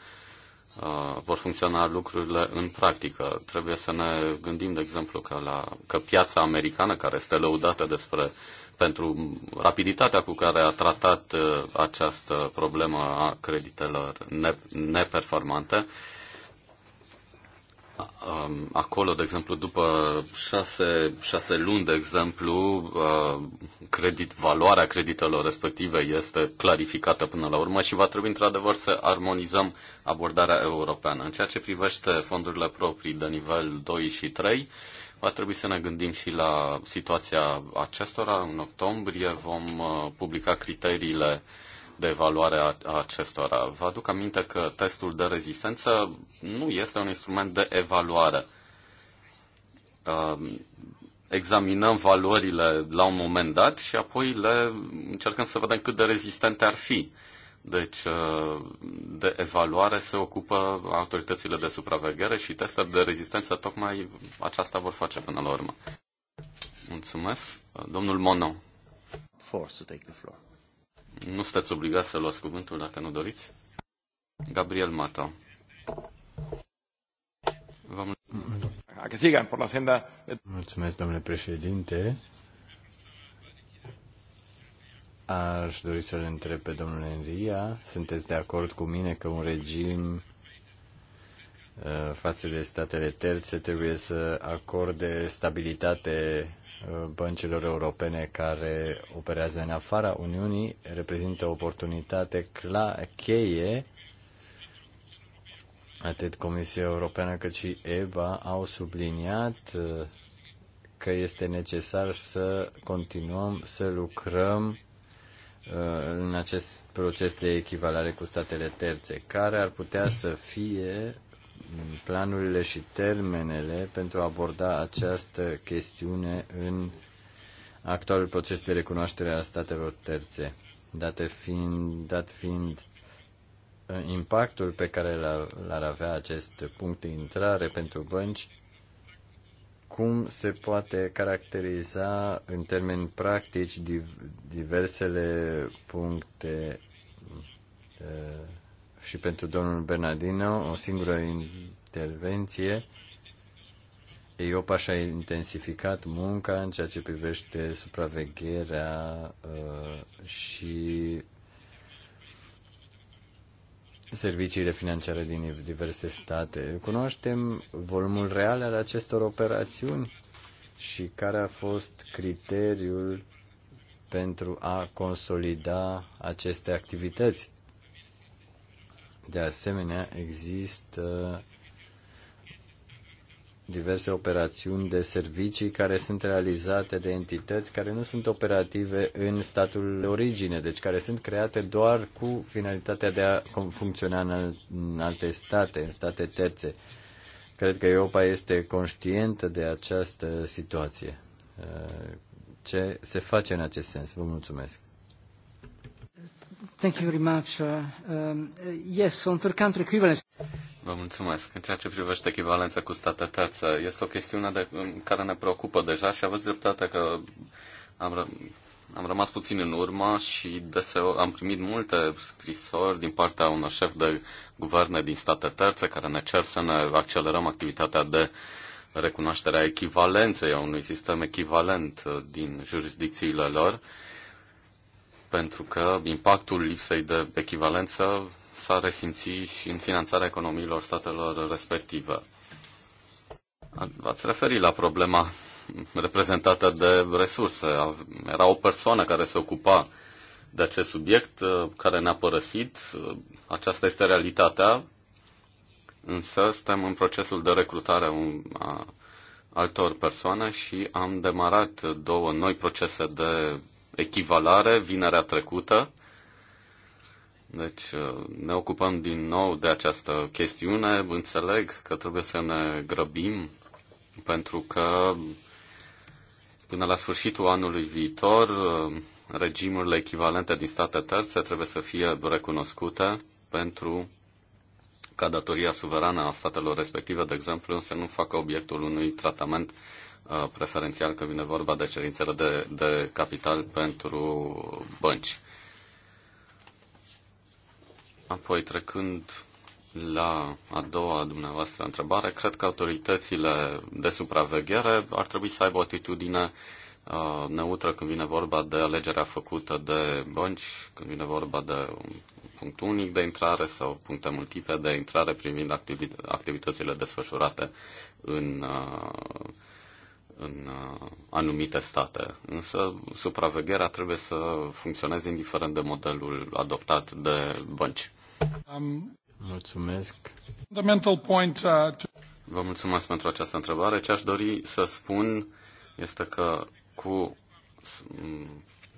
Uh, vor funcționa lucrurile în practică. Trebuie să ne gândim, de exemplu, că, la, că piața americană, care este lăudată despre, pentru rapiditatea cu care a tratat uh, această problemă a creditelor neperformante, Um, acolo, de exemplu, după șase, șase luni, de exemplu, uh, credit, valoarea creditelor respective este clarificată până la urmă și va trebui, într-adevăr, să armonizăm abordarea europeană. În ceea ce privește fondurile proprii de nivel 2 și 3, va trebui să ne gândim și la situația acestora. În octombrie vom uh, publica criteriile uh, de evaluare a acestora. Vă aduc aminte că testul de rezistență nu este un instrument de evaluare. Uh, examinăm valorile la un moment dat și apoi le încercăm să vedem cât de rezistente ar fi. Deci, uh, de evaluare se ocupă autoritățile de supraveghere și testele de rezistență, tocmai aceasta vor face până la urmă. Mulțumesc. Domnul Mono. Forced to take the floor. Nu sunteți obligați să luați cuvântul dacă nu doriți. Gabriel Mata. Vă mulțumesc. Mulțumesc, domnule președinte. Aș dori să-l întreb pe domnul Enria, sunteți de acord cu mine că un regim uh, față de statele terțe trebuie să acorde stabilitate băncilor europene care operează în afara Uniunii reprezintă o oportunitate clar, cheie. Atât Comisia Europeană cât și EBA au subliniat uh, că este necesar să continuăm să lucrăm uh, în acest proces de echivalare cu statele terțe, care ar putea să fie planurile și termenele pentru a aborda această chestiune în actualul proces de recunoaștere a statelor terțe, date fiind, dat fiind uh, impactul pe care l-ar avea acest punct de intrare pentru bănci, cum se poate caracteriza în termeni practici diversele puncte uh, și pentru domnul Bernardino o singură intervenție. EIOPA și-a intensificat munca în ceea ce privește supravegherea uh, și serviciile financiare din diverse state. Cunoaștem volumul real al acestor operațiuni și care a fost criteriul pentru a consolida aceste activități. De asemenea, există diverse operațiuni de servicii care sunt realizate de entități care nu sunt operative în statul de origine, deci care sunt create doar cu finalitatea de a funcționa în alte state, în state terțe. Cred că Europa este conștientă de această situație. Uh, ce se face în acest sens? Vă mulțumesc. Thank you very much. Uh, um, uh, yes, on third country equivalence. Vă mulțumesc. În ceea ce privește echivalența cu state terțe, este o chestiune de, care ne preocupă deja și aveți dreptate că am, ră- am rămas puțin în urmă și deseori am primit multe scrisori din partea unor șef de guverne din state terțe care ne cer să ne accelerăm activitatea de recunoaștere a echivalenței, a unui sistem echivalent uh, din jurisdicțiile lor pentru că impactul lipsei de echivalență s-a resimțit și în finanțarea economiilor statelor respective. V-ați referit la problema reprezentată de resurse. Era o persoană care se ocupa de acest subiect, uh, care ne-a părăsit. Uh, aceasta este realitatea, însă suntem în procesul de recrutare a altor persoane și am demarat două noi procese de echivalare vinerea trecută. Deci uh, ne ocupăm din nou de această chestiune. Înțeleg că trebuie să ne grăbim pentru că până la sfârșitul anului viitor uh, regimurile echivalente din state terțe trebuie să fie recunoscute pentru ca datoria suverană a statelor respective, de exemplu, să nu facă obiectul unui tratament uh, Uh, preferențial când vine vorba de cerințele de, de capital pentru bănci. Apoi, trecând la a doua dumneavoastră întrebare, cred că autoritățile de supraveghere ar trebui să aibă o atitudine uh, neutră când vine vorba de alegerea făcută de bănci, când vine vorba de un punct unic de intrare sau puncte multiple de intrare privind activit- activitățile desfășurate în uh, în uh, anumite state. Însă supravegherea trebuie să funcționeze indiferent de modelul adoptat de bănci. Um, Mulțumesc. Fundamental point, uh, to... Vă mulțumesc pentru această întrebare. Ce aș dori să spun este că cu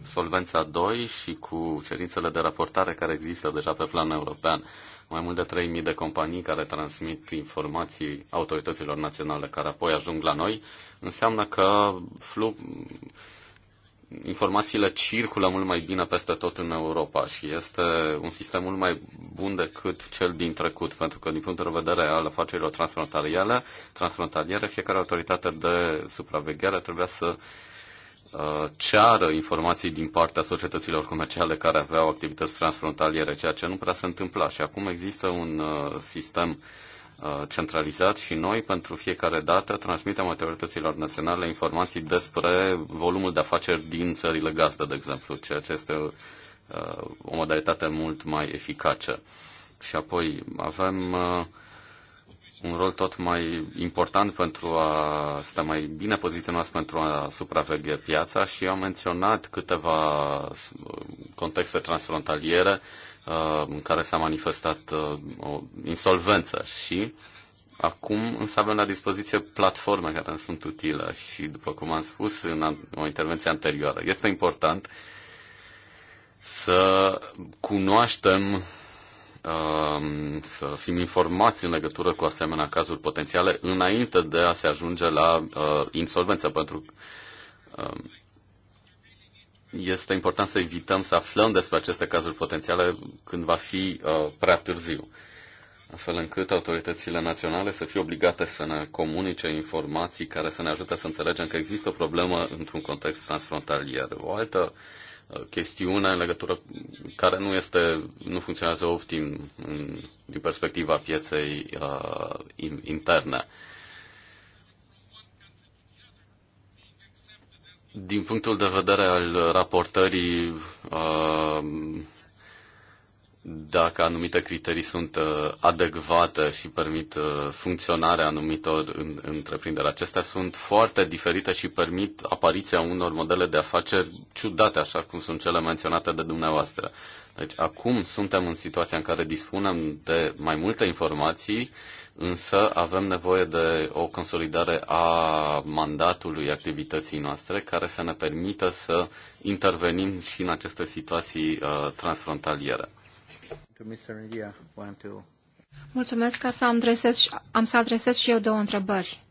Solvența 2 și cu cerințele de raportare care există deja pe plan european, mai mult de 3.000 de companii care transmit informații autorităților naționale care apoi ajung la noi, înseamnă că flu... informațiile circulă mult mai bine peste tot în Europa și este un sistem mult mai bun decât cel din trecut, pentru că din punct de vedere al afacerilor transfrontaliere, transfrontaliere fiecare autoritate de supraveghere trebuia să uh, Uh, ceară informații din partea societăților comerciale care aveau activități transfrontaliere, ceea ce nu prea se întâmpla. Și acum există un uh, sistem uh, centralizat și noi, pentru fiecare dată, transmitem autorităților naționale informații despre volumul de afaceri din țările gazdă, de exemplu, ceea ce este o modalitate mult mai eficace. Și apoi avem uh, un rol tot mai important pentru a sta mai bine poziționați pentru a supraveghe piața și am menționat câteva uh, contexte transfrontaliere uh, în care s-a manifestat uh, o insolvență și acum însă avem la dispoziție platforme care îmi sunt utile și după cum am spus în o intervenție anterioară, este important să cunoaștem să fim informați în legătură cu asemenea cazuri potențiale înainte de a se ajunge la uh, insolvență, pentru că uh, este important să evităm să aflăm despre aceste cazuri potențiale când va fi uh, prea târziu, astfel încât autoritățile naționale să fie obligate să ne comunice informații care să ne ajute să înțelegem că există o problemă într-un context transfrontalier. O altă uh, Uh, chestiune în legătură care nu este, nu funcționează optim din perspectiva pieței uh, interne. Din punctul de vedere al raportării uh, dacă anumite criterii sunt uh, adecvate și permit uh, funcționarea anumitor întreprinderi. Acestea sunt foarte diferite și permit apariția unor modele de afaceri ciudate, așa cum sunt cele menționate de dumneavoastră. Deci acum suntem în situația în care dispunem de mai multe informații, însă avem nevoie de o consolidare a mandatului activității noastre care să ne permită să intervenim și în aceste situații uh, transfrontaliere. Mulțumesc ca să am, adresez, am să adresez și eu două întrebări.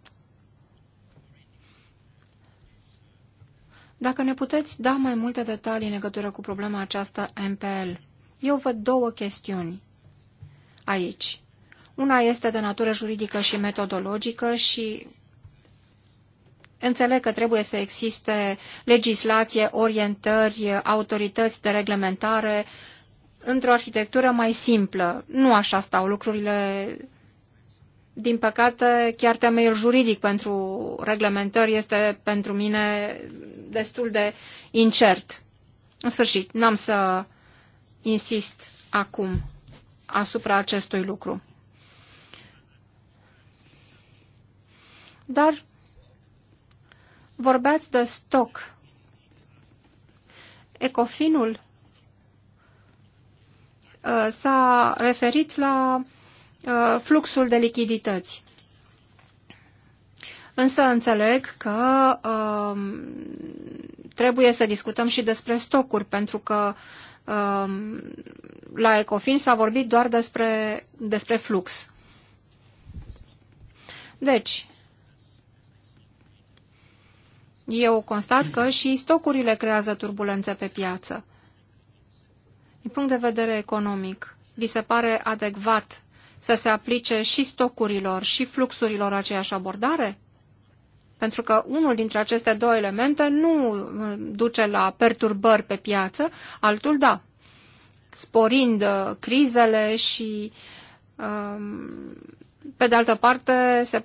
Dacă ne puteți da mai multe detalii în legătură cu problema aceasta MPL, eu văd două chestiuni aici. Una este de natură juridică și metodologică și Înțeleg că trebuie să existe legislație, orientări, autorități de reglementare, într-o arhitectură mai simplă. Nu așa stau lucrurile. Din păcate, chiar temeiul juridic pentru reglementări este pentru mine destul de incert. În sfârșit, n-am să insist acum asupra acestui lucru. Dar vorbeați de stoc. Ecofinul Uh, s-a referit la uh, fluxul de lichidități. Însă înțeleg că uh, trebuie să discutăm și despre stocuri, pentru că uh, la Ecofin s-a vorbit doar despre, despre flux. Deci, eu constat că și stocurile creează turbulențe pe piață. Din punct de vedere economic, vi se pare adecvat să se aplice și stocurilor și fluxurilor aceeași abordare? Pentru că unul dintre aceste două elemente nu uh, duce la perturbări pe piață, altul da, sporind uh, crizele și um, pe de altă parte se,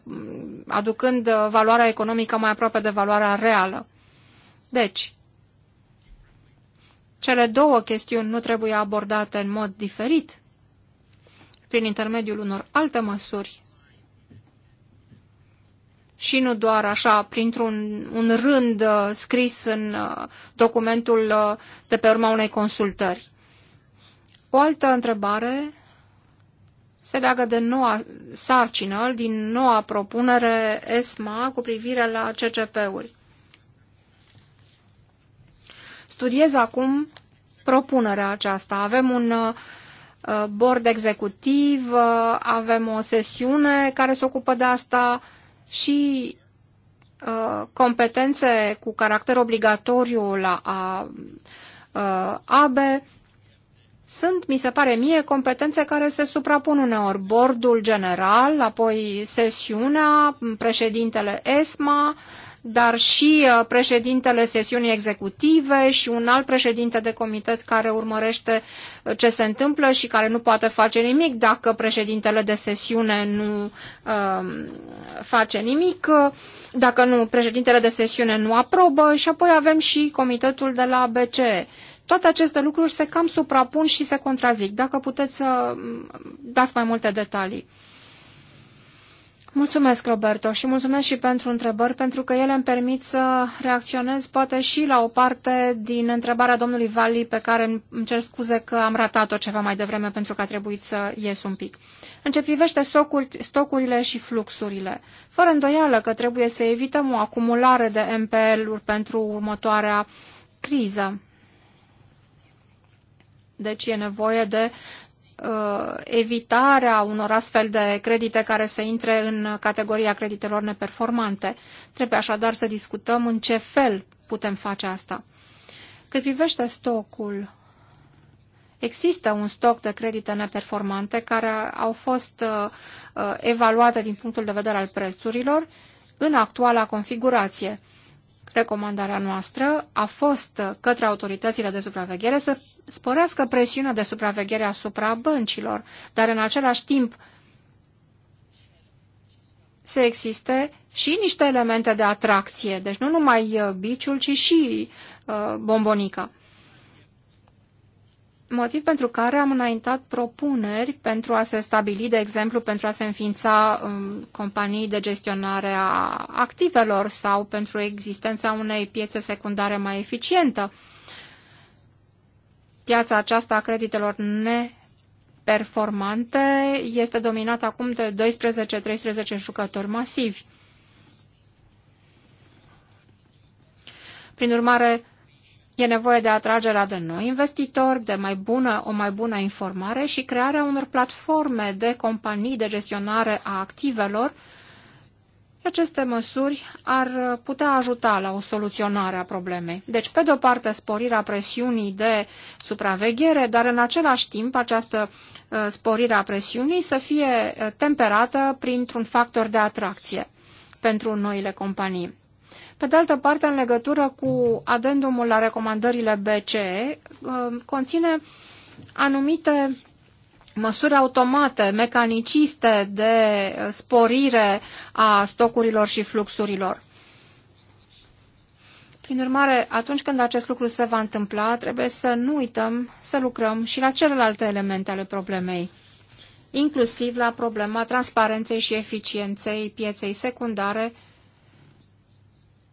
aducând uh, valoarea economică mai aproape de valoarea reală. Deci, cele două chestiuni nu trebuie abordate în mod diferit, prin intermediul unor alte măsuri și nu doar așa, printr-un un rând uh, scris în uh, documentul uh, de pe urma unei consultări. O altă întrebare se leagă de noua sarcină din noua propunere ESMA cu privire la CCP-uri. Studiez acum propunerea aceasta. Avem un uh, uh, board executiv, uh, avem o sesiune care se ocupă de asta și competențe cu caracter obligatoriu la a, a, ABE sunt, mi se pare mie, competențe care se suprapun uneori. Bordul general, apoi sesiunea, președintele ESMA, dar și uh, președintele sesiunii executive și un alt președinte de comitet care urmărește uh, ce se întâmplă și care nu poate face nimic dacă președintele de sesiune nu um, face nimic, dacă nu președintele de sesiune nu aprobă și apoi avem și comitetul de la BCE. Toate aceste lucruri se cam suprapun și se contrazic. Dacă puteți să um, dați mai multe detalii. Mulțumesc, Roberto, și mulțumesc și pentru întrebări, pentru că ele îmi permit să reacționez poate și la o parte din întrebarea domnului Vali, pe care îmi cer scuze că am ratat-o ceva mai devreme pentru că a trebuit să ies un pic. În ce privește stocul, stocurile și fluxurile, fără îndoială că trebuie să evităm o acumulare de MPL-uri pentru următoarea criză. Deci e nevoie de uh, evitarea unor astfel de credite care să intre în categoria creditelor neperformante. Trebuie așadar să discutăm în ce fel putem face asta. Cât privește stocul, există un stoc de credite neperformante care au fost uh, uh evaluate din punctul de vedere al prețurilor în actuala configurație. Recomandarea noastră a fost către autoritățile de supraveghere să sporească presiunea de supraveghere asupra băncilor, dar în același timp se existe și niște elemente de atracție, deci nu numai uh, biciul, ci și uh, bombonica. Motiv pentru care am înaintat propuneri pentru a se stabili, de exemplu, pentru a se înființa um, companii de gestionare a activelor sau pentru existența unei piețe secundare mai eficientă. Uh, Piața aceasta a creditelor neperformante este dominată acum de 12-13 jucători masivi. Prin urmare, e nevoie de atragerea de noi investitori, de mai bună, o mai bună informare și crearea unor platforme de companii de gestionare a activelor aceste măsuri ar putea ajuta la o soluționare a problemei. Deci, pe de o parte, sporirea presiunii de supraveghere, dar în același timp această uh, sporire a presiunii să fie uh, temperată printr-un factor de atracție pentru noile companii. Pe de altă parte, în legătură cu adendumul la recomandările BCE, uh, conține anumite măsuri automate, mecaniciste de sporire a stocurilor și fluxurilor. Prin urmare, atunci când acest lucru se va întâmpla, trebuie să nu uităm să lucrăm și la celelalte elemente ale problemei, inclusiv la problema transparenței și eficienței pieței secundare,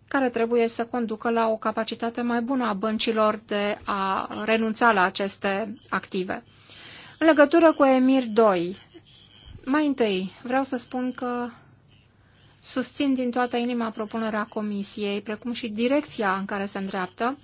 care trebuie să conducă la o capacitate mai bună a băncilor de a renunța la aceste active. În legătură cu Emir 2, mai întâi vreau să spun că susțin din toată inima propunerea Comisiei, precum și direcția în care se îndreaptă,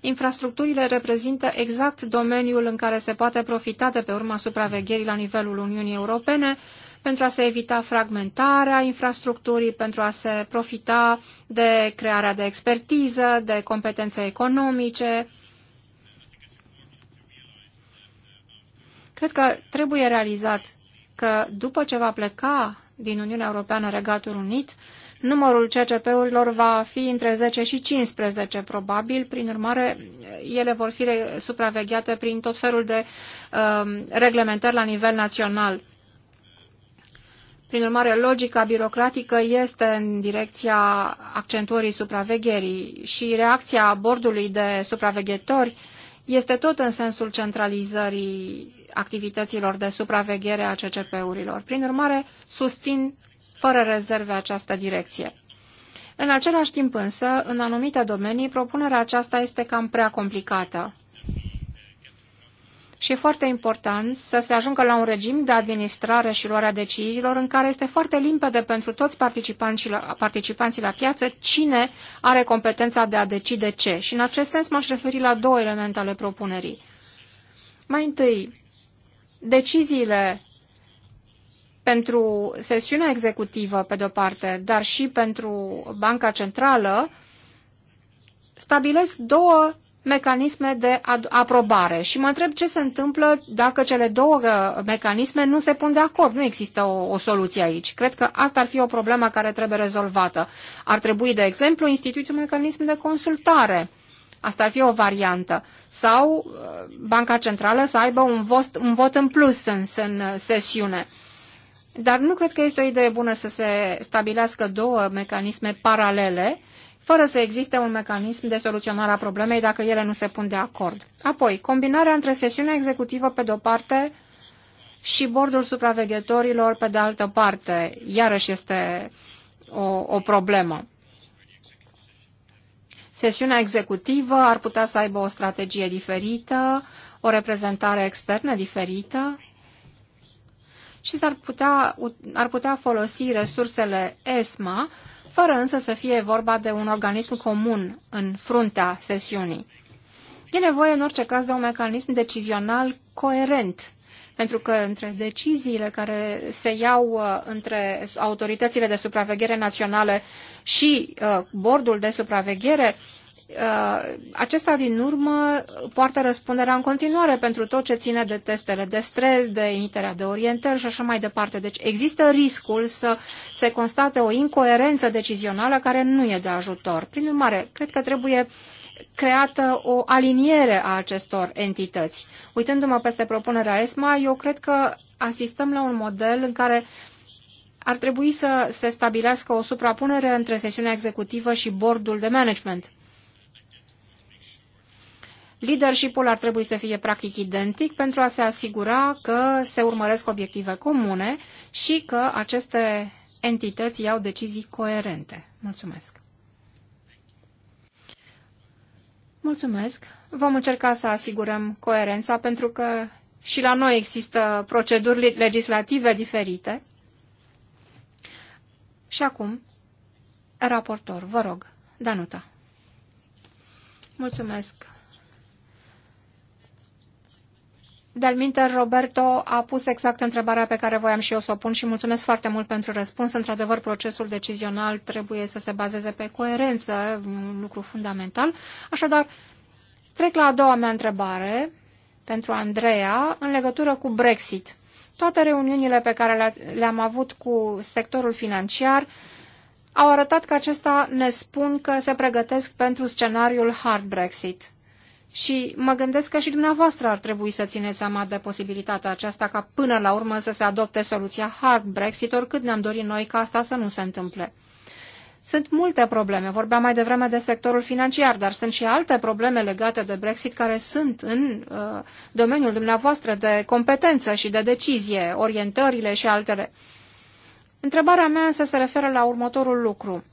Infrastructurile reprezintă exact domeniul în care se poate profita de pe urma supravegherii la nivelul Uniunii Europene pentru a se evita fragmentarea infrastructurii, pentru a se profita de crearea de expertiză, de competențe economice. Cred că trebuie realizat că după ce va pleca din Uniunea Europeană Regatul Unit, numărul CCP-urilor va fi între 10 și 15, probabil. Prin urmare, ele vor fi supravegheate prin tot felul de uh, reglementări la nivel național. Prin urmare, logica birocratică este în direcția accentuării supravegherii și reacția bordului de supraveghetori este tot în sensul centralizării activităților de supraveghere a CCP-urilor. Prin urmare, susțin fără rezerve această direcție. În același timp însă, în anumite domenii, propunerea aceasta este cam prea complicată și e foarte important să se ajungă la un regim de administrare și luarea deciziilor în care este foarte limpede pentru toți participanții la, participanții la piață cine are competența de a decide ce. Și în acest sens m-aș referi la două elemente ale propunerii. Mai întâi, deciziile pentru sesiunea executivă, pe de-o parte, dar și pentru Banca Centrală, stabilesc două mecanisme de aprobare și mă întreb ce se întâmplă dacă cele două uh, mecanisme nu se pun de acord. Nu există o, o soluție aici. Cred că asta ar fi o problemă care trebuie rezolvată. Ar trebui, de exemplu, instituit un mecanism de consultare. Asta ar fi o variantă. Sau uh, Banca Centrală să aibă un, vost, un vot în plus în, în sesiune. Dar nu cred că este o idee bună să se stabilească două mecanisme paralele fără să existe un mecanism de soluționare a problemei dacă ele nu se pun de acord. Apoi, combinarea între sesiunea executivă pe de-o parte și bordul supraveghetorilor pe de altă parte, iarăși este o, o problemă. Sesiunea executivă ar putea să aibă o strategie diferită, o reprezentare externă diferită și s-ar putea, ar putea folosi resursele ESMA fără însă să fie vorba de un organism comun în fruntea sesiunii. E nevoie în orice caz de un mecanism decizional coerent, pentru că între deciziile care se iau uh, între autoritățile de supraveghere naționale și uh, bordul de supraveghere, Uh, acesta din urmă poartă răspunderea în continuare pentru tot ce ține de testele de stres, de emiterea de orientări și așa mai departe. Deci există riscul să se constate o incoerență decizională care nu e de ajutor. Prin urmare, cred că trebuie creată o aliniere a acestor entități. Uitându-mă peste propunerea ESMA, eu cred că asistăm la un model în care ar trebui să se stabilească o suprapunere între sesiunea executivă și bordul de management. Leadership-ul ar trebui să fie practic identic pentru a se asigura că se urmăresc obiective comune și că aceste entități iau decizii coerente. Mulțumesc! Mulțumesc! Vom încerca să asigurăm coerența pentru că și la noi există proceduri legislative diferite. Și acum, raportor, vă rog, Danuta. Mulțumesc, de Roberto a pus exact întrebarea pe care voiam și eu să o pun și mulțumesc foarte mult pentru răspuns. Într-adevăr, procesul decizional trebuie să se bazeze pe coerență, un lucru fundamental. Așadar, trec la a doua mea întrebare pentru Andreea în legătură cu Brexit. Toate reuniunile pe care le-am avut cu sectorul financiar au arătat că acesta ne spun că se pregătesc pentru scenariul hard Brexit. Și mă gândesc că și dumneavoastră ar trebui să țineți seama de posibilitatea aceasta ca până la urmă să se adopte soluția hard Brexit, oricât ne-am dorit noi ca asta să nu se întâmple. Sunt multe probleme, vorbeam mai devreme de sectorul financiar, dar sunt și alte probleme legate de Brexit care sunt în uh, domeniul dumneavoastră de competență și de decizie, orientările și altele. Întrebarea mea însă se referă la următorul lucru.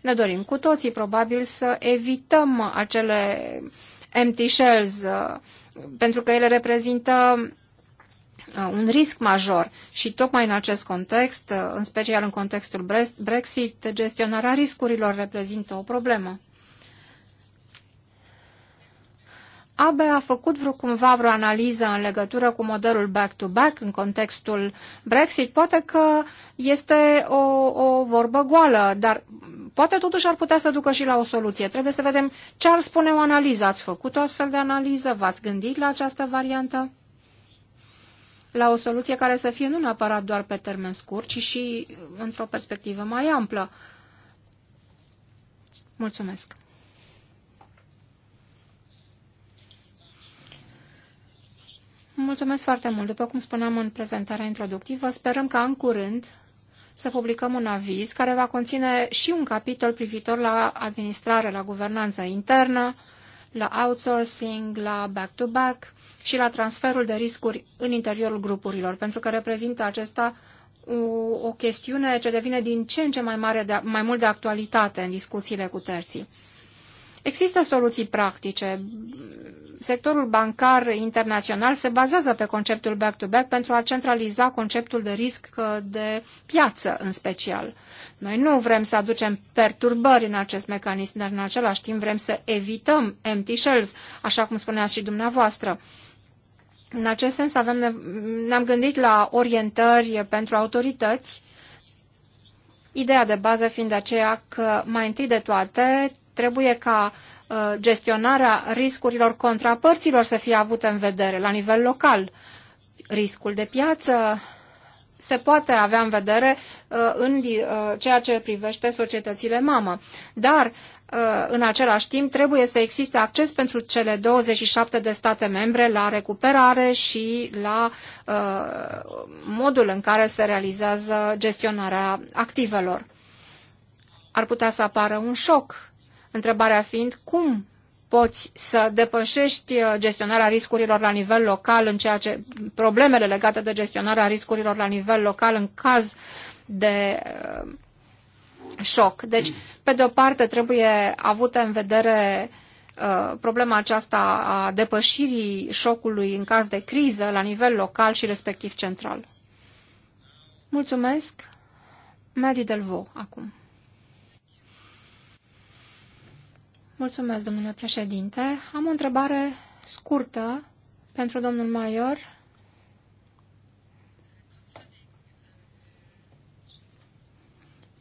Ne dorim cu toții probabil să evităm acele uh, empty shells, uh, pentru că ele reprezintă uh, un risc major și tocmai în acest context, uh, în special în contextul Brexit, gestionarea riscurilor reprezintă o problemă. ABE a făcut vreo cumva vreo analiză în legătură cu modelul back-to-back -back în contextul Brexit. Poate că este o, o vorbă goală, dar poate totuși ar putea să ducă și la o soluție. Trebuie să vedem ce ar spune o analiză. Ați făcut o astfel de analiză? V-ați gândit la această variantă? La o soluție care să fie nu neapărat doar pe termen scurt, ci și într-o perspectivă mai amplă. Mulțumesc! Mulțumesc foarte mult. După cum spuneam în prezentarea introductivă, sperăm ca în curând să publicăm un aviz care va conține și un capitol privitor la administrare, la guvernanță internă, la outsourcing, la back-to-back -back și la transferul de riscuri în interiorul grupurilor, pentru că reprezintă acesta o, o chestiune ce devine din ce în ce mai, mare de, mai mult de actualitate în discuțiile cu terții. Există soluții practice. Sectorul bancar internațional se bazează pe conceptul back-to-back -back pentru a centraliza conceptul de risc de piață în special. Noi nu vrem să aducem perturbări în acest mecanism, dar în același timp vrem să evităm empty shells, așa cum spuneați și dumneavoastră. În acest sens ne-am gândit la orientări pentru autorități, ideea de bază fiind aceea că mai întâi de toate Trebuie ca uh, gestionarea riscurilor contrapărților să fie avută în vedere la nivel local. Riscul de piață se poate avea în vedere uh, în uh, ceea ce privește societățile mamă. Dar în același timp trebuie să existe acces pentru cele 27 de state membre la recuperare și la modul în care se realizează gestionarea activelor. Ar putea să apară un șoc întrebarea fiind cum poți să depășești uh, gestionarea riscurilor la nivel local în ceea ce problemele legate de gestionarea riscurilor la nivel local în caz de uh, șoc. Deci, pe de o parte, trebuie avută în vedere uh, problema aceasta a depășirii șocului în caz de criză la nivel local și respectiv central. Mulțumesc. Medi Delvaux, acum. Mulțumesc, domnule președinte. Am o întrebare scurtă pentru domnul Maior.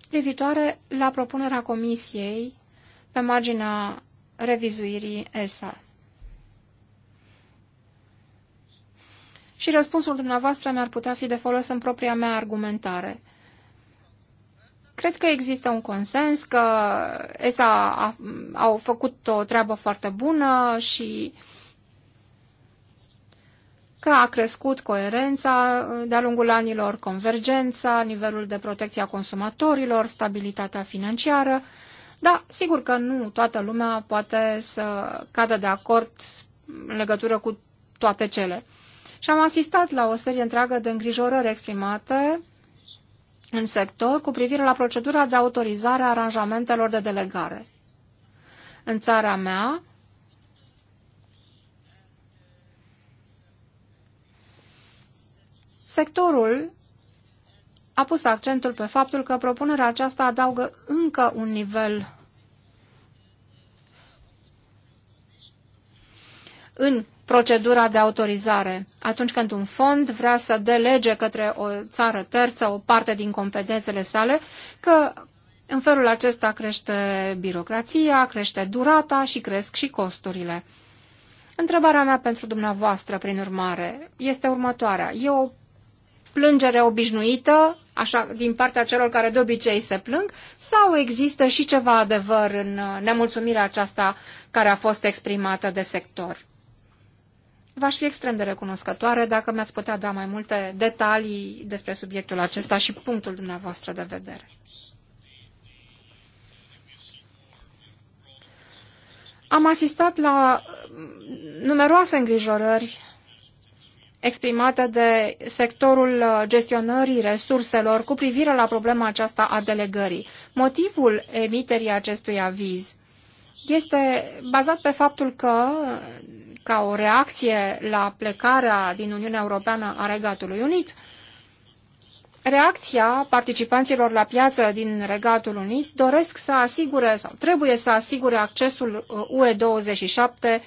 privitoare la propunerea Comisiei pe marginea revizuirii ESA. Și răspunsul dumneavoastră mi-ar putea fi de folos în propria mea argumentare. Cred că există un consens că ESA a, au făcut o treabă foarte bună și că a crescut coerența de-a lungul anilor, convergența, nivelul de protecție a consumatorilor, stabilitatea financiară. Da, sigur că nu toată lumea poate să cadă de acord în legătură cu toate cele. Și am asistat la o serie întreagă de îngrijorări exprimate în sector cu privire la procedura de autorizare a aranjamentelor de delegare. În țara mea, sectorul a pus accentul pe faptul că propunerea aceasta adaugă încă un nivel în procedura de autorizare. Atunci când un fond vrea să delege către o țară terță o parte din competențele sale, că în felul acesta crește birocrația, crește durata și cresc și costurile. Întrebarea mea pentru dumneavoastră, prin urmare, este următoarea. E o plângere obișnuită, așa, din partea celor care de obicei se plâng, sau există și ceva adevăr în nemulțumirea aceasta care a fost exprimată de sector? V-aș fi extrem de recunoscătoare dacă mi-ați putea da mai multe detalii despre subiectul acesta și punctul dumneavoastră de vedere. Am asistat la mm, numeroase îngrijorări exprimate de sectorul uh, gestionării resurselor cu privire la problema aceasta a delegării. Motivul emiterii acestui aviz este bazat pe faptul că ca o reacție la plecarea din Uniunea Europeană a Regatului Unit, Reacția participanților la piață din Regatul Unit doresc să asigure sau trebuie să asigure accesul UE27 uh, uh,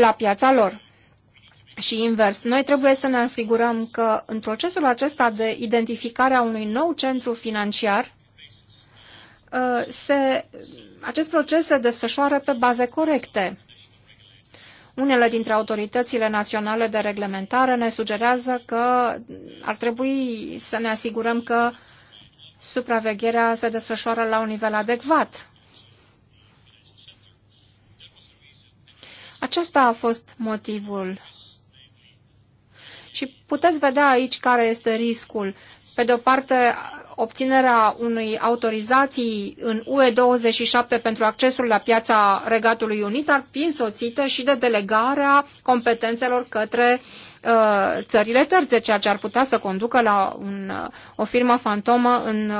la piața lor. Și invers, noi trebuie să ne asigurăm că în procesul acesta de identificare a unui nou centru financiar, uh, se, acest proces se desfășoară pe baze corecte. Unele dintre autoritățile naționale de reglementare ne sugerează că ar trebui să ne asigurăm că supravegherea se desfășoară la un nivel adecvat. Acesta a fost motivul. Și puteți vedea aici care este riscul. Pe de o parte, obținerea unei autorizații în UE27 pentru accesul la piața Regatului Unit ar fi însoțită și de delegarea competențelor către uh, țările terțe, ceea ce ar putea să conducă la un, uh, o firmă fantomă în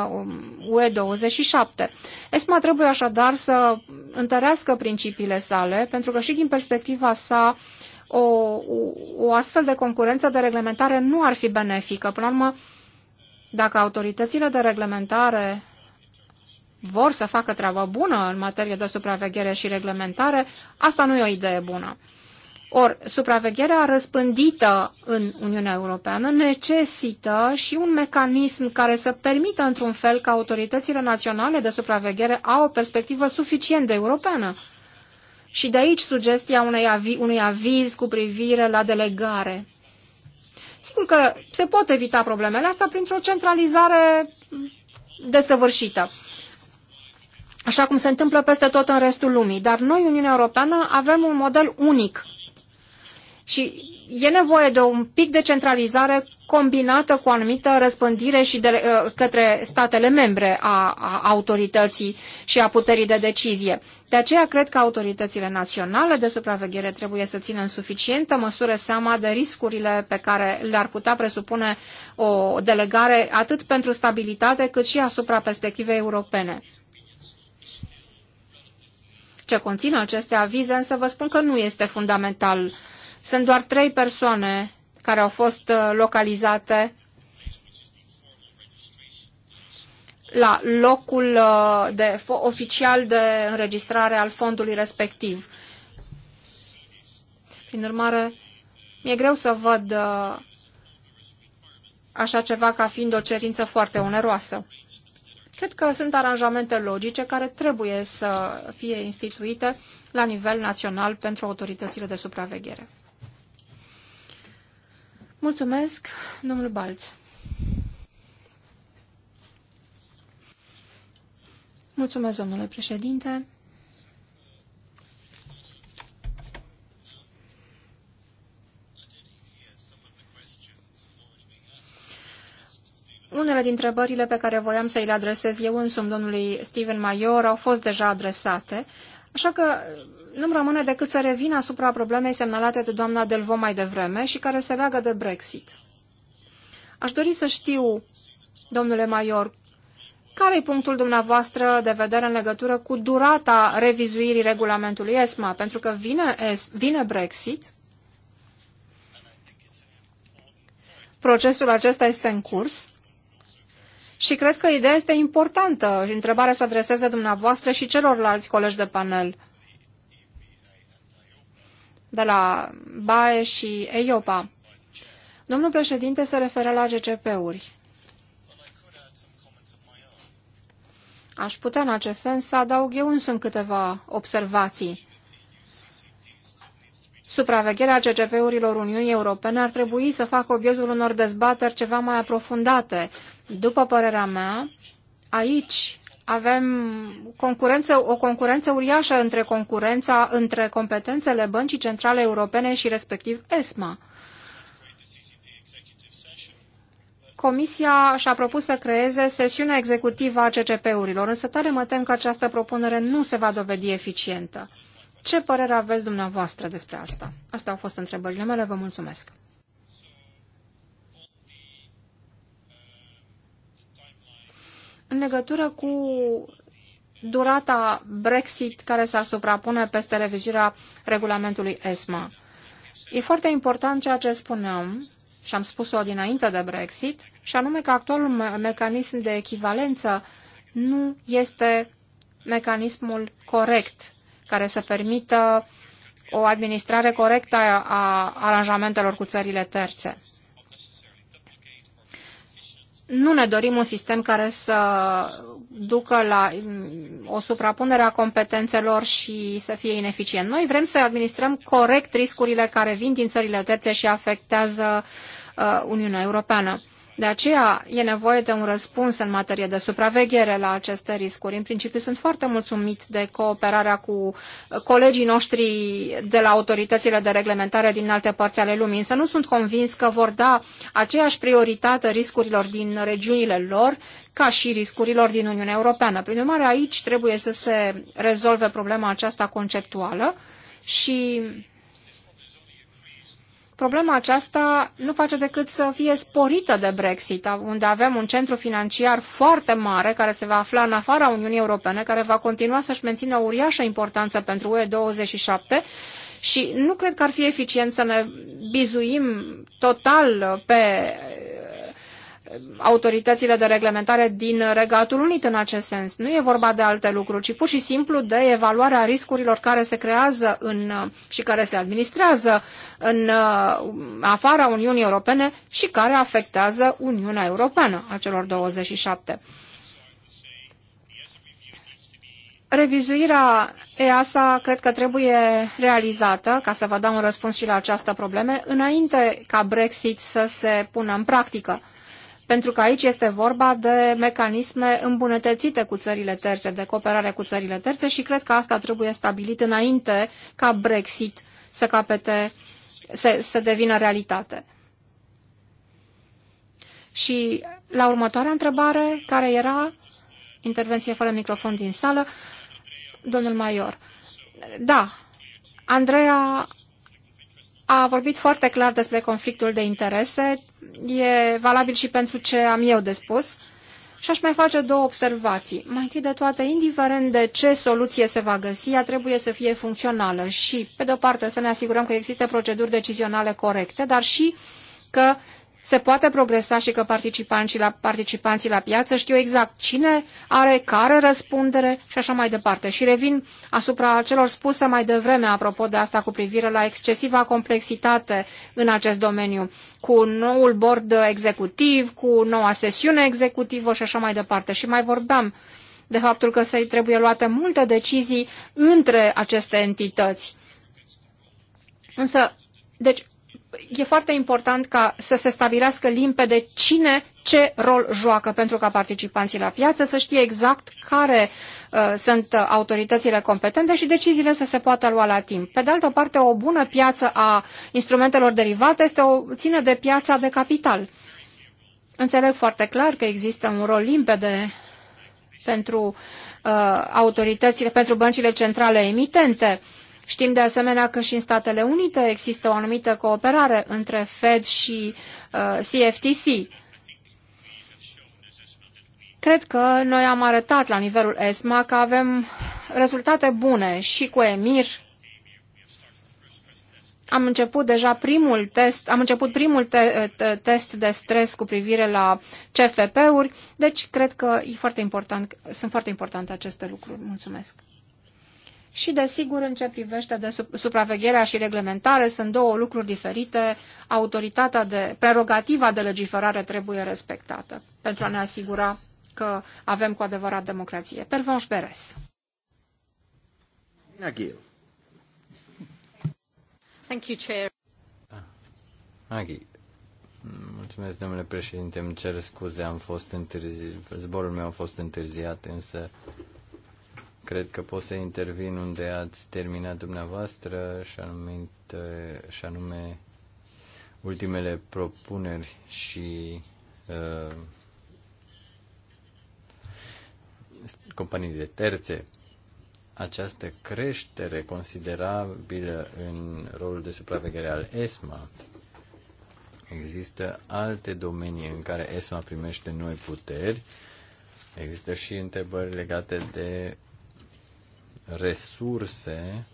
UE27. Uh, ESMA trebuie așadar să întărească principiile sale, pentru că și din perspectiva sa o, o astfel de concurență de reglementare nu ar fi benefică. Până la urmă, dacă autoritățile de reglementare vor să facă treabă bună în materie de supraveghere și reglementare, asta nu e o idee bună. Ori, supravegherea răspândită în Uniunea Europeană necesită și un mecanism care să permită, într-un fel, ca autoritățile naționale de supraveghere au o perspectivă suficient de europeană. Și de aici sugestia unei avi, unui aviz cu privire la delegare. Sigur că se pot evita problemele astea printr-o centralizare desăvârșită așa cum se întâmplă peste tot în restul lumii. Dar noi, Uniunea Europeană, avem un model unic. Și e nevoie de un pic de centralizare combinată cu o anumită răspândire și de, uh, către statele membre a, a autorității și a puterii de decizie. De aceea cred că autoritățile naționale de supraveghere trebuie să țină în suficientă măsură seama de riscurile pe care le-ar putea presupune o delegare atât pentru stabilitate cât și asupra perspectivei europene. Ce conțin aceste avize, însă vă spun că nu este fundamental uh, sunt doar trei persoane care au fost uh, localizate la locul uh, de, oficial de înregistrare al fondului respectiv. Prin urmare, mi-e greu să văd uh, așa ceva ca fiind o cerință foarte oneroasă. Cred că sunt aranjamente logice care trebuie să fie instituite la nivel național pentru autoritățile de supraveghere. Mulțumesc, domnul Balț. Mulțumesc, domnule președinte. Unele dintre întrebările pe care voiam să îi le adresez eu însumi domnului Steven Maior au fost deja adresate, Așa că uh, nu-mi rămâne decât să revin asupra problemei semnalate de doamna Delvo mai devreme și care se leagă de Brexit. Aș dori să știu, domnule Maior, care e punctul dumneavoastră de vedere în legătură cu durata revizuirii regulamentului ESMA? Pentru că vine, ES, vine Brexit, procesul acesta este în curs și cred că ideea este importantă. Întrebarea se adreseze dumneavoastră și celorlalți colegi de panel de la BAE și EIOPA. Domnul președinte se referă la GCP-uri. Aș putea în acest sens să adaug eu însumi câteva observații. Supravegherea CCP-urilor Uniunii Europene ar trebui să facă obiectul unor dezbateri ceva mai aprofundate. După părerea mea, aici avem concurență, o concurență uriașă între concurența între competențele Băncii Centrale Europene și respectiv ESMA. Comisia și-a propus să creeze sesiunea executivă a CCP-urilor, însă tare mă tem că această propunere nu se va dovedi eficientă. Ce părere aveți dumneavoastră despre asta? Asta au fost întrebările mele, vă mulțumesc. În legătură cu durata Brexit care s-ar suprapune peste revizuirea regulamentului ESMA. E foarte important ceea ce spuneam și am spus-o dinainte de Brexit, și anume că actualul me mecanism de echivalență nu este mecanismul corect care să permită o administrare corectă a aranjamentelor cu țările terțe. Nu ne dorim un sistem care să ducă la mm, o suprapunere a competențelor și să fie ineficient. Noi vrem să administrăm corect riscurile care vin din țările terțe și afectează uh, Uniunea Europeană. De aceea e nevoie de un răspuns în materie de supraveghere la aceste riscuri. În principiu sunt foarte mulțumit de cooperarea cu colegii noștri de la autoritățile de reglementare din alte părți ale lumii, însă nu sunt convins că vor da aceeași prioritate riscurilor din regiunile lor ca și riscurilor din Uniunea Europeană. Prin urmare, aici trebuie să se rezolve problema aceasta conceptuală și problema aceasta nu face decât să fie sporită de Brexit, unde avem un centru financiar foarte mare care se va afla în afara Uniunii Europene, care va continua să-și mențină o uriașă importanță pentru UE27 și nu cred că ar fi eficient să ne bizuim total pe autoritățile de reglementare din Regatul Unit în acest sens. Nu e vorba de alte lucruri, ci pur și simplu de evaluarea riscurilor care se creează în, și care se administrează în uh, afara Uniunii Europene și care afectează Uniunea Europeană a celor 27. Revizuirea EASA cred că trebuie realizată, ca să vă dau un răspuns și la această probleme, înainte ca Brexit să se pună în practică pentru că aici este vorba de mecanisme îmbunătățite cu țările terțe, de cooperare cu țările terțe și cred că asta trebuie stabilit înainte ca Brexit să capete, să, să devină realitate. Și la următoarea întrebare, care era intervenție fără microfon din sală, domnul Maior. Da, Andreea a vorbit foarte clar despre conflictul de interese, e valabil și pentru ce am eu de spus, și aș mai face două observații. Mai întâi de toate, indiferent de ce soluție se va găsi, ea trebuie să fie funcțională și, pe de-o parte, să ne asigurăm că există proceduri decizionale corecte, dar și că se poate progresa și că participanții la, participanții la piață știu exact cine are, care răspundere și așa mai departe. Și revin asupra celor spuse mai devreme apropo de asta cu privire la excesiva complexitate în acest domeniu, cu noul bord executiv, cu noua sesiune executivă și așa mai departe. Și mai vorbeam de faptul că se trebuie luate multe decizii între aceste entități. Însă, deci, e foarte important ca să se stabilească limpede cine ce rol joacă pentru ca participanții la piață să știe exact care uh, sunt autoritățile competente și deciziile să se poată lua la timp. Pe de altă parte, o bună piață a instrumentelor derivate este o, ține de piața de capital. Înțeleg foarte clar că există un rol limpede pentru uh, autoritățile, pentru băncile centrale emitente. Uh, Știm de asemenea că și în Statele Unite există o anumită cooperare între Fed și uh, CFTC. Cred că noi am arătat la nivelul ESMA că avem rezultate bune și cu EMIR. Am început deja primul test, am început primul te te test de stres cu privire la CFP-uri, deci cred că e foarte important, sunt foarte importante aceste lucruri. Mulțumesc și, desigur, în ce privește de supravegherea și reglementare, sunt două lucruri diferite. Autoritatea de prerogativa de legiferare trebuie respectată pentru a ne asigura că avem cu adevărat democrație. Pervanș Beres. Thank you, Chair. Aghi. Ah. Mulțumesc, domnule președinte. Îmi cer scuze, am fost întârzi... zborul meu a fost întârziat, însă Cred că pot să intervin unde ați terminat dumneavoastră și anume, și anume ultimele propuneri și uh, companii de terțe. Această creștere considerabilă în rolul de supraveghere al ESMA Există alte domenii în care ESMA primește noi puteri. Există și întrebări legate de resurse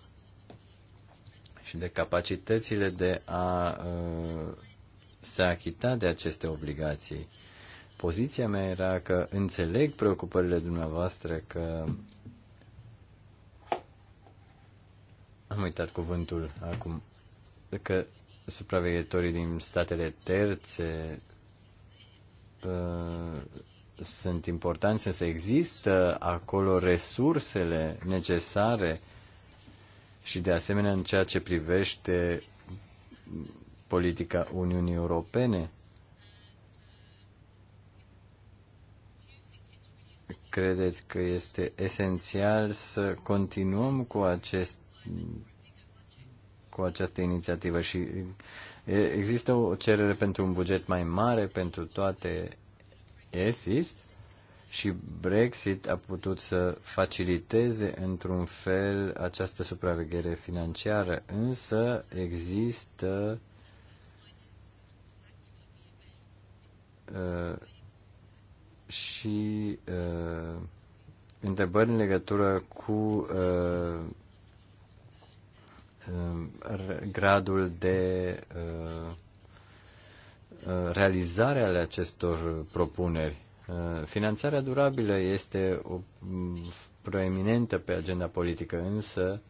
și de capacitățile de a ă, se achita de aceste obligații. Poziția mea era că înțeleg preocupările dumneavoastră că am uitat cuvântul acum, că supraveghetorii din statele terțe ă, sunt importanți, însă există acolo resursele necesare și de asemenea în ceea ce privește politica Uniunii Europene. Credeți că este esențial să continuăm cu acest cu această inițiativă și există o cerere pentru un buget mai mare pentru toate ESIS și Brexit a putut să faciliteze într-un fel această supraveghere financiară, însă există uh, și uh, întrebări în legătură cu uh, uh, gradul de uh, Uh, realizarea ale acestor propuneri. Uh, finanțarea durabilă este o proeminentă pe agenda politică, însă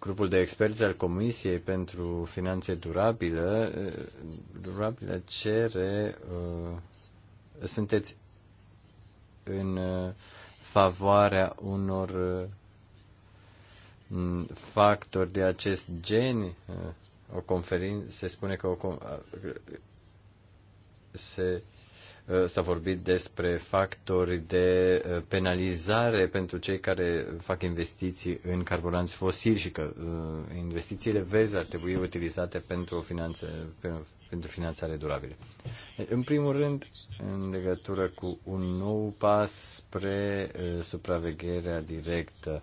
grupul de experți al Comisiei pentru Finanțe Durabile, uh, durabile cere, sunteți în favoarea unor factori de acest gen o conferință, se spune că o, se s-a vorbit despre factori de penalizare pentru cei care fac investiții în carburanți fosili și că investițiile verzi ar trebui utilizate pentru, o finanță, pentru finanțare durabilă. În primul rând, în legătură cu un nou pas spre supravegherea directă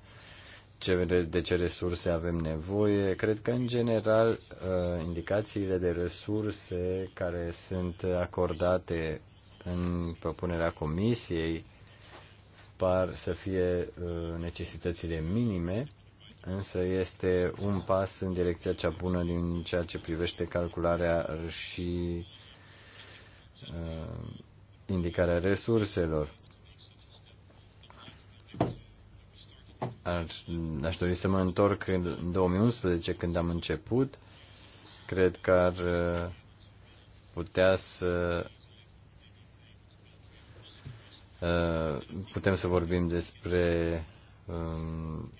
ce, de ce resurse avem nevoie. Cred că, în general, uh, indicațiile de resurse care sunt acordate în propunerea comisiei par să fie uh, necesitățile minime, însă este un pas în direcția cea bună din ceea ce privește calcularea și uh, indicarea resurselor Aș dori să mă întorc în 2011, când am început. Cred că ar uh, putea să uh, putem să vorbim despre um,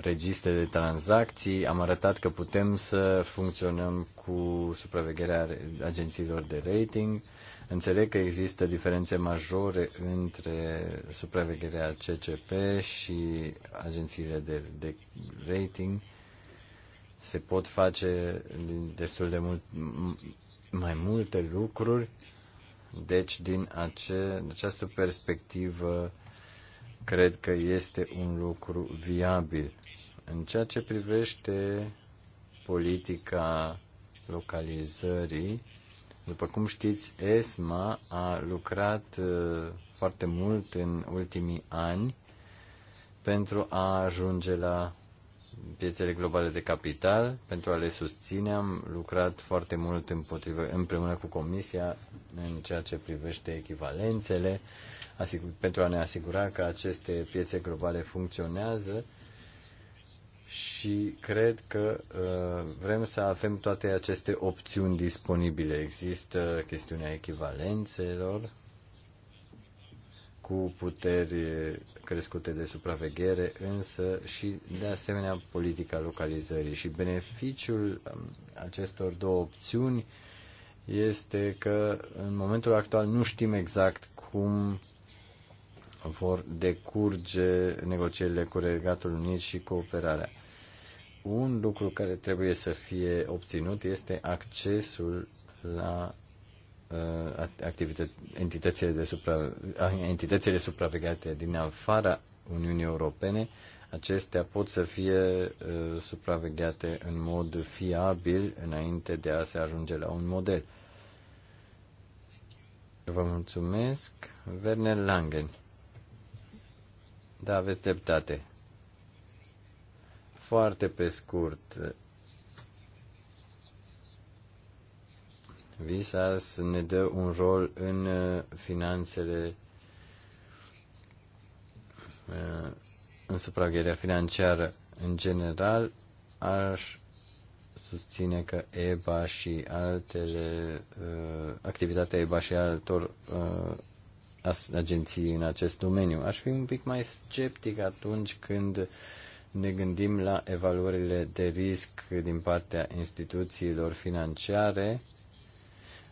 registre de tranzacții, am arătat că putem să funcționăm cu supravegherea agențiilor de rating. Înțeleg că există diferențe majore între supravegherea CCP și agențiile de, de rating. Se pot face destul de mult, mai multe lucruri. Deci, din ace, această perspectivă, cred că este un lucru viabil. În ceea ce privește politica localizării, după cum știți, ESMA a lucrat uh, foarte mult în ultimii ani pentru a ajunge la piețele globale de capital, pentru a le susține. Am lucrat foarte mult împreună cu Comisia în ceea ce privește echivalențele asigur, pentru a ne asigura că aceste piețe globale funcționează și cred că uh, vrem să avem toate aceste opțiuni disponibile. Există chestiunea echivalențelor cu puteri crescute de supraveghere, însă și de asemenea politica localizării. Și beneficiul um, acestor două opțiuni este că în momentul actual nu știm exact cum vor decurge negocierile cu Regatul Unit și cooperarea. Un lucru care trebuie să fie obținut este accesul la uh, activități, entitățile, de supra, ah, entitățile supravegate din afara Uniunii Europene. Acestea pot să fie uh, supravegheate în mod fiabil înainte de a se ajunge la un model. Vă mulțumesc, Werner Langen. Da, aveți dreptate. Foarte pe scurt. Visas ne dă un rol în uh, finanțele, uh, în supravegherea financiară. În general, aș susține că EBA și altele, uh, activitatea EBA și altor agenții în acest domeniu. Aș fi un pic mai sceptic atunci când ne gândim la evaluările de risc din partea instituțiilor financiare.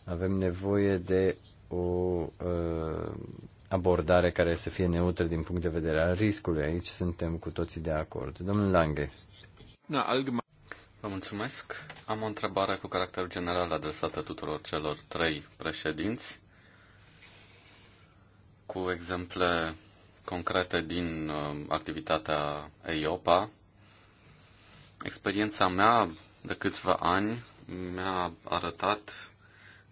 Avem nevoie de o uh, abordare care să fie neutră din punct de vedere al riscului. Aici suntem cu toții de acord. Domnul Lange. Da, algma. Vă mulțumesc. Am o întrebare cu caracter general adresată tuturor celor trei președinți cu exemple concrete din uh, activitatea EIOPA. Experiența mea de câțiva ani mi-a arătat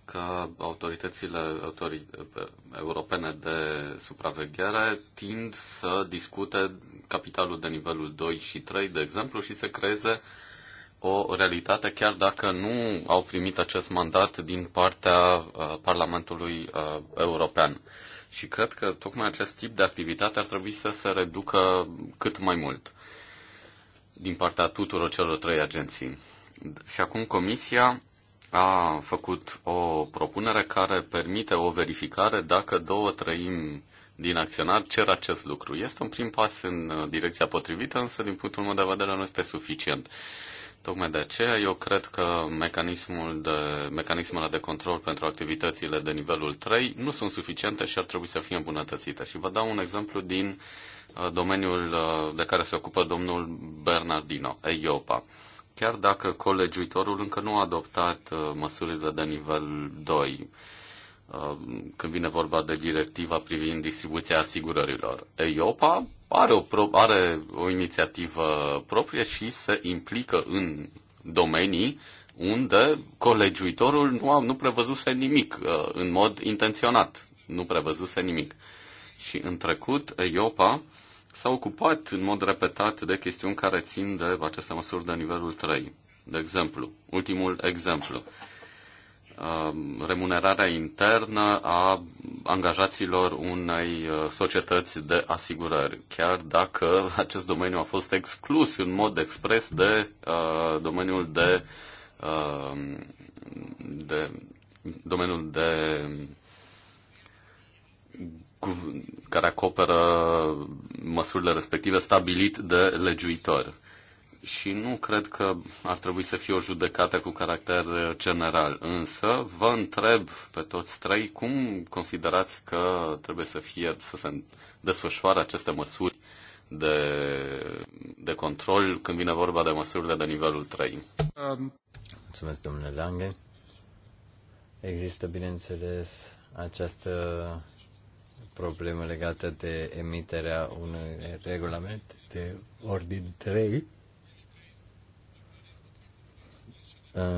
că autoritățile autori, uh, europene de supraveghere tind să discute capitalul de nivelul 2 și 3, de exemplu, și să creeze o realitate, chiar dacă nu au primit acest mandat din partea uh, Parlamentului uh, European. Și cred că tocmai acest tip de activitate ar trebui să se reducă cât mai mult din partea tuturor celor trei agenții. Și acum Comisia a făcut o propunere care permite o verificare dacă două treimi din acționar cer acest lucru. Este un prim pas în direcția potrivită, însă din punctul meu de vedere nu este suficient. Tocmai de aceea eu cred că mecanismul de, mecanismele de control pentru activitățile de nivelul 3 nu sunt suficiente și ar trebui să fie îmbunătățite. Și vă dau un exemplu din uh, domeniul uh, de care se ocupă domnul Bernardino, EIOPA. Chiar dacă colegiuitorul încă nu a adoptat uh, măsurile de nivel 2, când vine vorba de directiva privind distribuția asigurărilor. EIOPA are o, pro- are o inițiativă proprie și se implică în domenii unde colegiuitorul nu, a, nu prevăzuse nimic uh, în mod intenționat. Nu prevăzuse nimic. Și în trecut, EIOPA s-a ocupat în mod repetat de chestiuni care țin de aceste măsuri de nivelul 3. De exemplu, ultimul exemplu, Um, remunerarea internă a angajaților unei uh, societăți de asigurări, chiar dacă acest domeniu a fost exclus în mod expres de uh, domeniul de, uh, de domeniul de care acoperă măsurile respective stabilit de legiuitor și nu cred că ar trebui să fie o judecată cu caracter general, însă vă întreb pe toți trei cum considerați că trebuie să fie să se desfășoare aceste măsuri de, de control când vine vorba de măsurile de nivelul 3. Um. Mulțumesc, domnule Lange. Există, bineînțeles, această problemă legată de emiterea unui regulament de ordin 3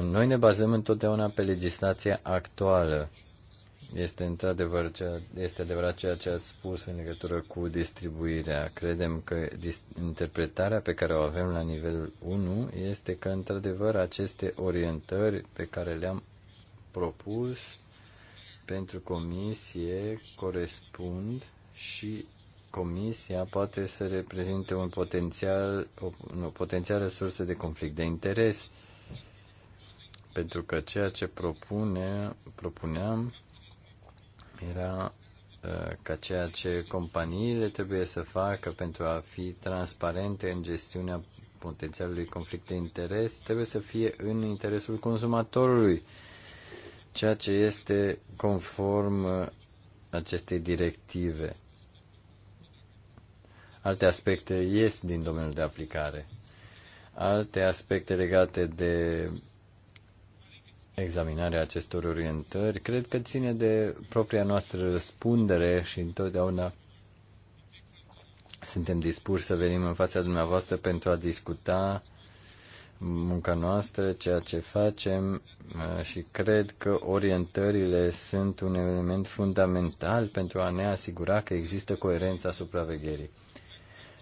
Noi ne bazăm întotdeauna pe legislația actuală. Este într-adevăr ceea, este adevărat ceea ce ați spus în legătură cu distribuirea. Credem că interpretarea pe care o avem la nivelul 1 este că într-adevăr aceste orientări pe care le-am propus pentru comisie corespund și comisia poate să reprezinte un potențial, o, o potențială sursă de conflict de interes. Uh, pentru că ceea ce propune, propuneam era uh, ca ceea ce companiile trebuie să facă pentru a fi transparente în gestiunea potențialului conflict de interes trebuie să fie în interesul consumatorului, ceea ce este conform uh, acestei directive. Alte aspecte ies din domeniul de aplicare. Alte aspecte legate de examinarea acestor orientări, cred că ține de propria noastră răspundere și întotdeauna suntem dispuși să venim în fața dumneavoastră pentru a discuta munca noastră, ceea ce facem uh, și cred că orientările sunt un element fundamental pentru a ne asigura că există coerența supravegherii.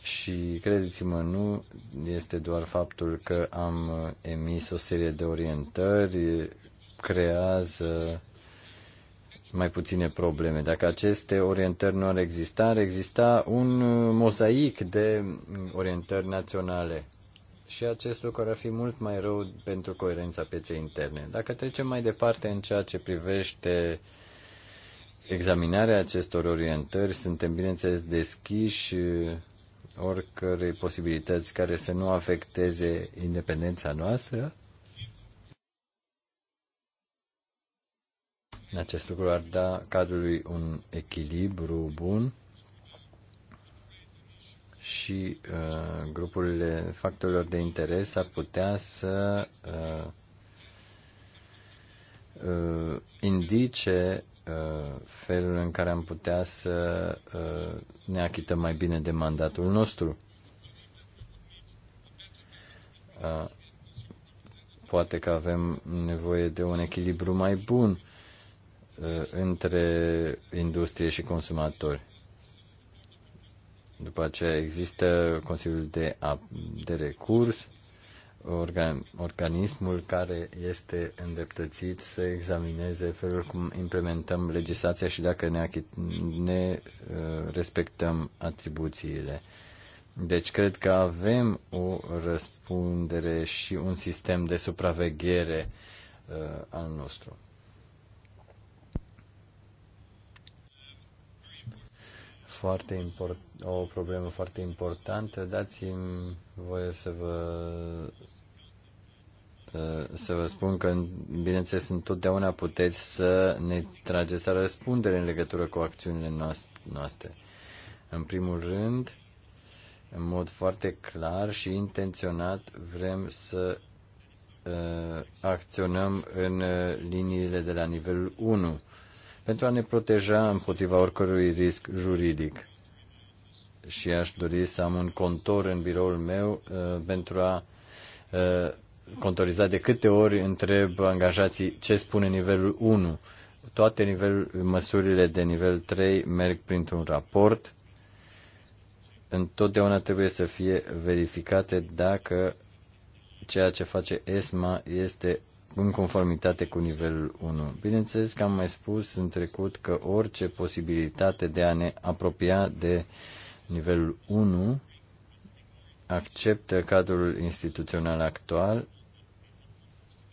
Și credeți-mă, nu este doar faptul că am uh, emis o serie de orientări creează mai puține probleme. Dacă aceste orientări nu ar exista, ar exista un mozaic de orientări naționale. Și acest lucru ar fi mult mai rău pentru coerența pieței interne. Dacă trecem mai departe în ceea ce privește examinarea acestor orientări, suntem bineînțeles deschiși oricărei posibilități care să nu afecteze independența noastră, Acest lucru ar da cadrului un echilibru bun și uh, grupurile factorilor de interes ar putea să uh, uh, indice uh, felul în care am putea să uh, ne achităm mai bine de mandatul nostru. Uh, poate că avem nevoie de un echilibru mai bun Uh, între industrie și consumatori. După aceea există Consiliul de, de Recurs, organ, organismul care este îndreptățit să examineze felul cum implementăm legislația și dacă ne, ne uh, respectăm atribuțiile. Deci cred că avem o răspundere și un sistem de supraveghere uh, al nostru. foarte import, o problemă foarte importantă. Dați-mi voie să vă uh, să vă spun că, bineînțeles, întotdeauna puteți să ne trageți la răspundere în legătură cu acțiunile noastre. În primul rând, în mod foarte clar și intenționat, vrem să uh, acționăm în uh, liniile de la nivelul 1 pentru a ne proteja împotriva oricărui risc juridic. Și aș dori să am un contor în biroul meu uh, pentru a uh, contoriza de câte ori întreb angajații ce spune nivelul 1. Toate nivel, măsurile de nivel 3 merg printr-un raport. Întotdeauna trebuie să fie verificate dacă ceea ce face ESMA este în conformitate cu nivelul 1. Bineînțeles că am mai spus în trecut că orice posibilitate de a ne apropia de nivelul 1 acceptă cadrul instituțional actual,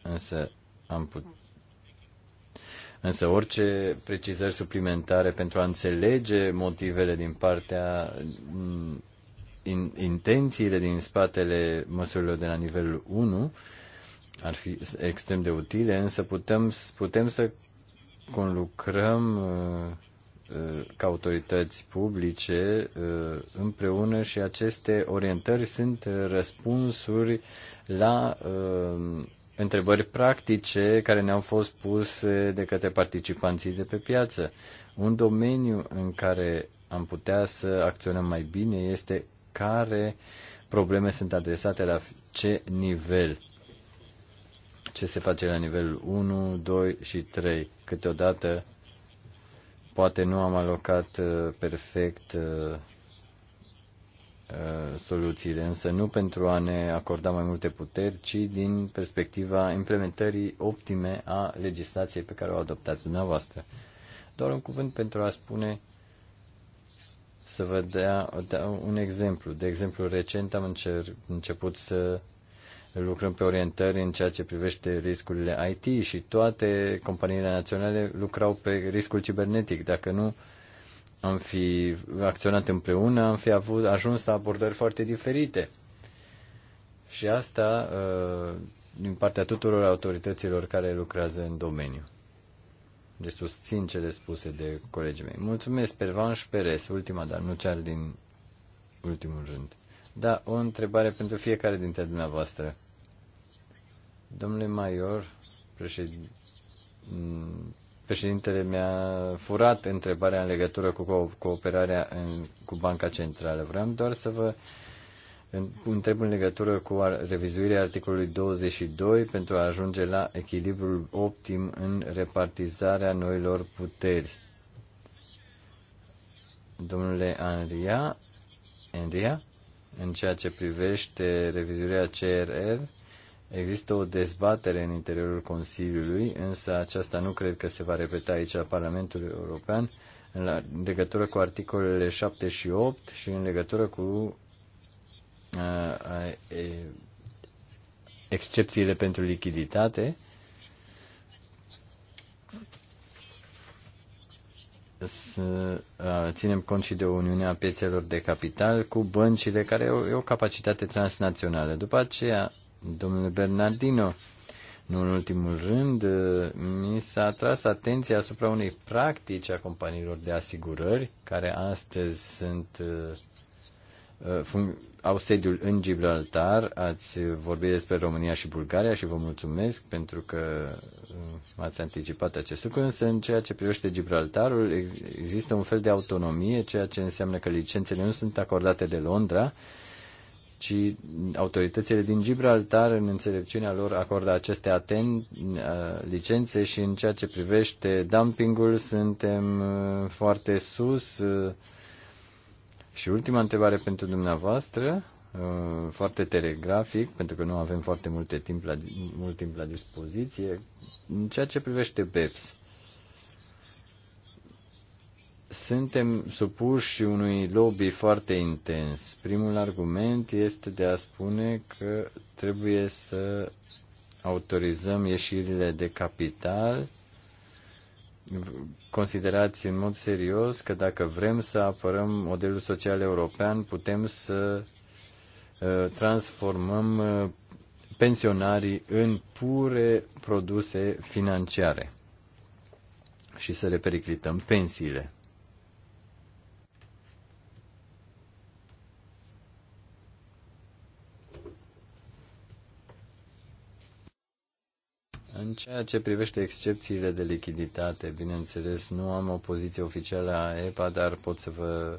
însă am put... Însă orice precizări suplimentare pentru a înțelege motivele din partea mm, in, intențiile din spatele măsurilor de la nivelul 1 ar fi extrem de utile, însă putem, putem să conlucrăm uh, uh, ca autorități publice uh, împreună și aceste orientări sunt răspunsuri la întrebări practice care ne-au fost puse de către participanții de pe piață. Un domeniu în care am putea să acționăm mai bine este care probleme sunt adresate la ce nivel ce se face la nivel 1, 2 și 3. Câteodată poate nu am alocat uh, perfect uh, uh, soluțiile, însă nu pentru a ne acorda mai multe puteri, ci din perspectiva implementării optime a legislației pe care o adoptați dumneavoastră. Doar un cuvânt pentru a spune, să vă dea, dea un exemplu. De exemplu, recent am încer, început să lucrăm pe orientări în ceea ce privește riscurile IT și toate companiile naționale lucrau pe riscul cibernetic. Dacă nu am fi acționat împreună, am fi avut, ajuns la abordări foarte diferite. Și asta uh, din partea tuturor autorităților care lucrează în domeniu. Deci susțin cele spuse de colegii mei. Mulțumesc, și Peres, ultima, dar nu cea din ultimul rând. Da, o întrebare pentru fiecare dintre dumneavoastră. Domnule Maior, președin... președintele mi-a furat întrebarea în legătură cu cooperarea în, cu Banca Centrală. Vreau doar să vă întreb în legătură cu revizuirea articolului 22 pentru a ajunge la echilibrul optim în repartizarea noilor puteri. Domnule Andria, Andria în ceea ce privește revizuirea CRR, Există o dezbatere în interiorul Consiliului, însă aceasta nu cred că se va repeta aici la Parlamentul European, în legătură cu articolele 7 și 8 și în legătură cu excepțiile pentru lichiditate. să ținem cont și de Uniunea Piețelor de Capital cu băncile care au, o capacitate transnațională. După aceea, domnule Bernardino. Nu în ultimul rând, uh, mi s-a atras atenția asupra unei practici a companiilor de asigurări, care astăzi sunt uh, uh, au sediul în Gibraltar. Ați vorbit despre România și Bulgaria și vă mulțumesc pentru că ați anticipat acest lucru, însă în ceea ce privește Gibraltarul există un fel de autonomie, ceea ce înseamnă că licențele nu sunt acordate de Londra, ci autoritățile din Gibraltar, în înțelepciunea lor, acordă aceste aten, uh, licențe și în ceea ce privește dumpingul suntem uh, foarte sus. Uh, și ultima întrebare pentru dumneavoastră, foarte telegrafic, pentru că nu avem foarte multe timp la, mult timp la dispoziție, în ceea ce privește BEPS suntem supuși unui lobby foarte intens. Primul argument este de a spune că trebuie să autorizăm ieșirile de capital. Considerați în mod serios că dacă vrem să apărăm modelul social european, putem să uh, transformăm uh, pensionarii în pure produse financiare și să le periclităm pensiile. În ceea ce privește excepțiile de lichiditate, bineînțeles, nu am o poziție oficială a EPA, dar pot să vă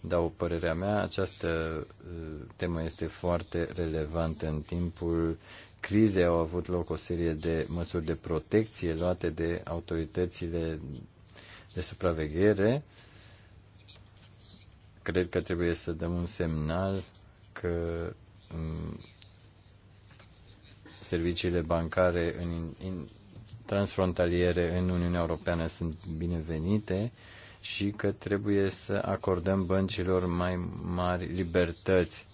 dau părerea mea. Această uh, temă este foarte relevantă în timpul crizei. Au avut loc o serie de măsuri de protecție luate de autoritățile de supraveghere. Cred că trebuie să dăm un semnal că um, serviciile bancare în, în, transfrontaliere în Uniunea Europeană sunt binevenite și că trebuie să acordăm băncilor mai mari libertăți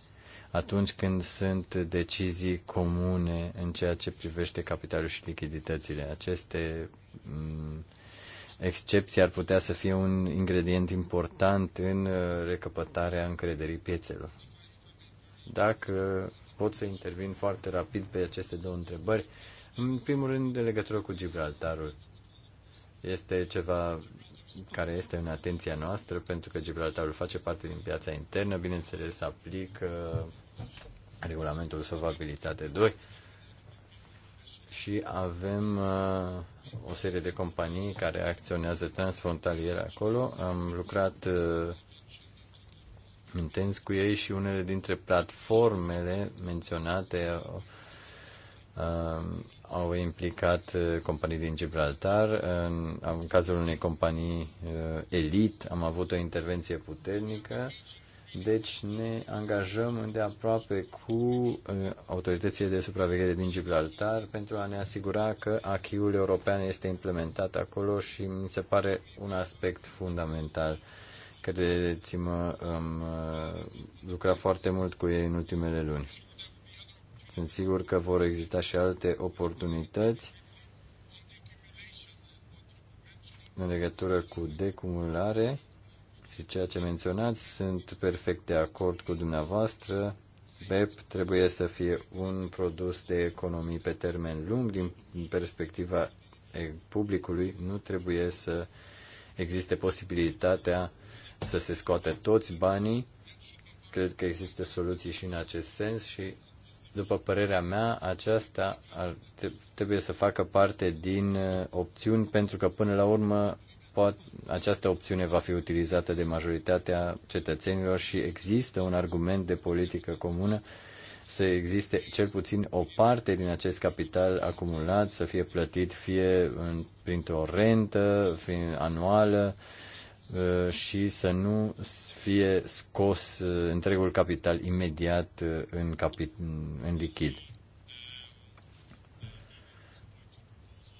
atunci când sunt decizii comune în ceea ce privește capitalul și lichiditățile. Aceste mm, excepții ar putea să fie un ingredient important în uh, recăpătarea încrederii piețelor. Dacă pot să intervin foarte rapid pe aceste două întrebări. În primul rând, în legătură cu Gibraltarul. Este ceva care este în atenția noastră, pentru că Gibraltarul face parte din piața internă, bineînțeles, aplică regulamentul solvabilitate 2 și avem uh, o serie de companii care acționează transfrontalier acolo. Am lucrat uh, intens cu ei și unele dintre platformele menționate uh, au implicat uh, companii din Gibraltar. În, în cazul unei companii uh, elit am avut o intervenție puternică. Deci ne angajăm îndeaproape cu autoritățile de supraveghere din Gibraltar pentru a ne asigura că acquis european este implementat acolo și mi se pare un aspect fundamental Credeți-mă, am uh, lucrat foarte mult cu ei în ultimele luni. Sunt sigur că vor exista și alte oportunități în legătură cu decumulare și ceea ce menționați. Sunt perfect de acord cu dumneavoastră. BEP trebuie să fie un produs de economii pe termen lung din perspectiva publicului. Nu trebuie să existe posibilitatea să se scoată toți banii. Cred că există soluții și în acest sens și, după părerea mea, aceasta ar, trebuie să facă parte din uh, opțiuni, pentru că, până la urmă, poate, această opțiune va fi utilizată de majoritatea cetățenilor și există un argument de politică comună să existe cel puțin o parte din acest capital acumulat să fie plătit fie în, printr-o rentă fie anuală Uh, și să nu fie scos uh, întregul capital imediat uh, în, capi- în lichid.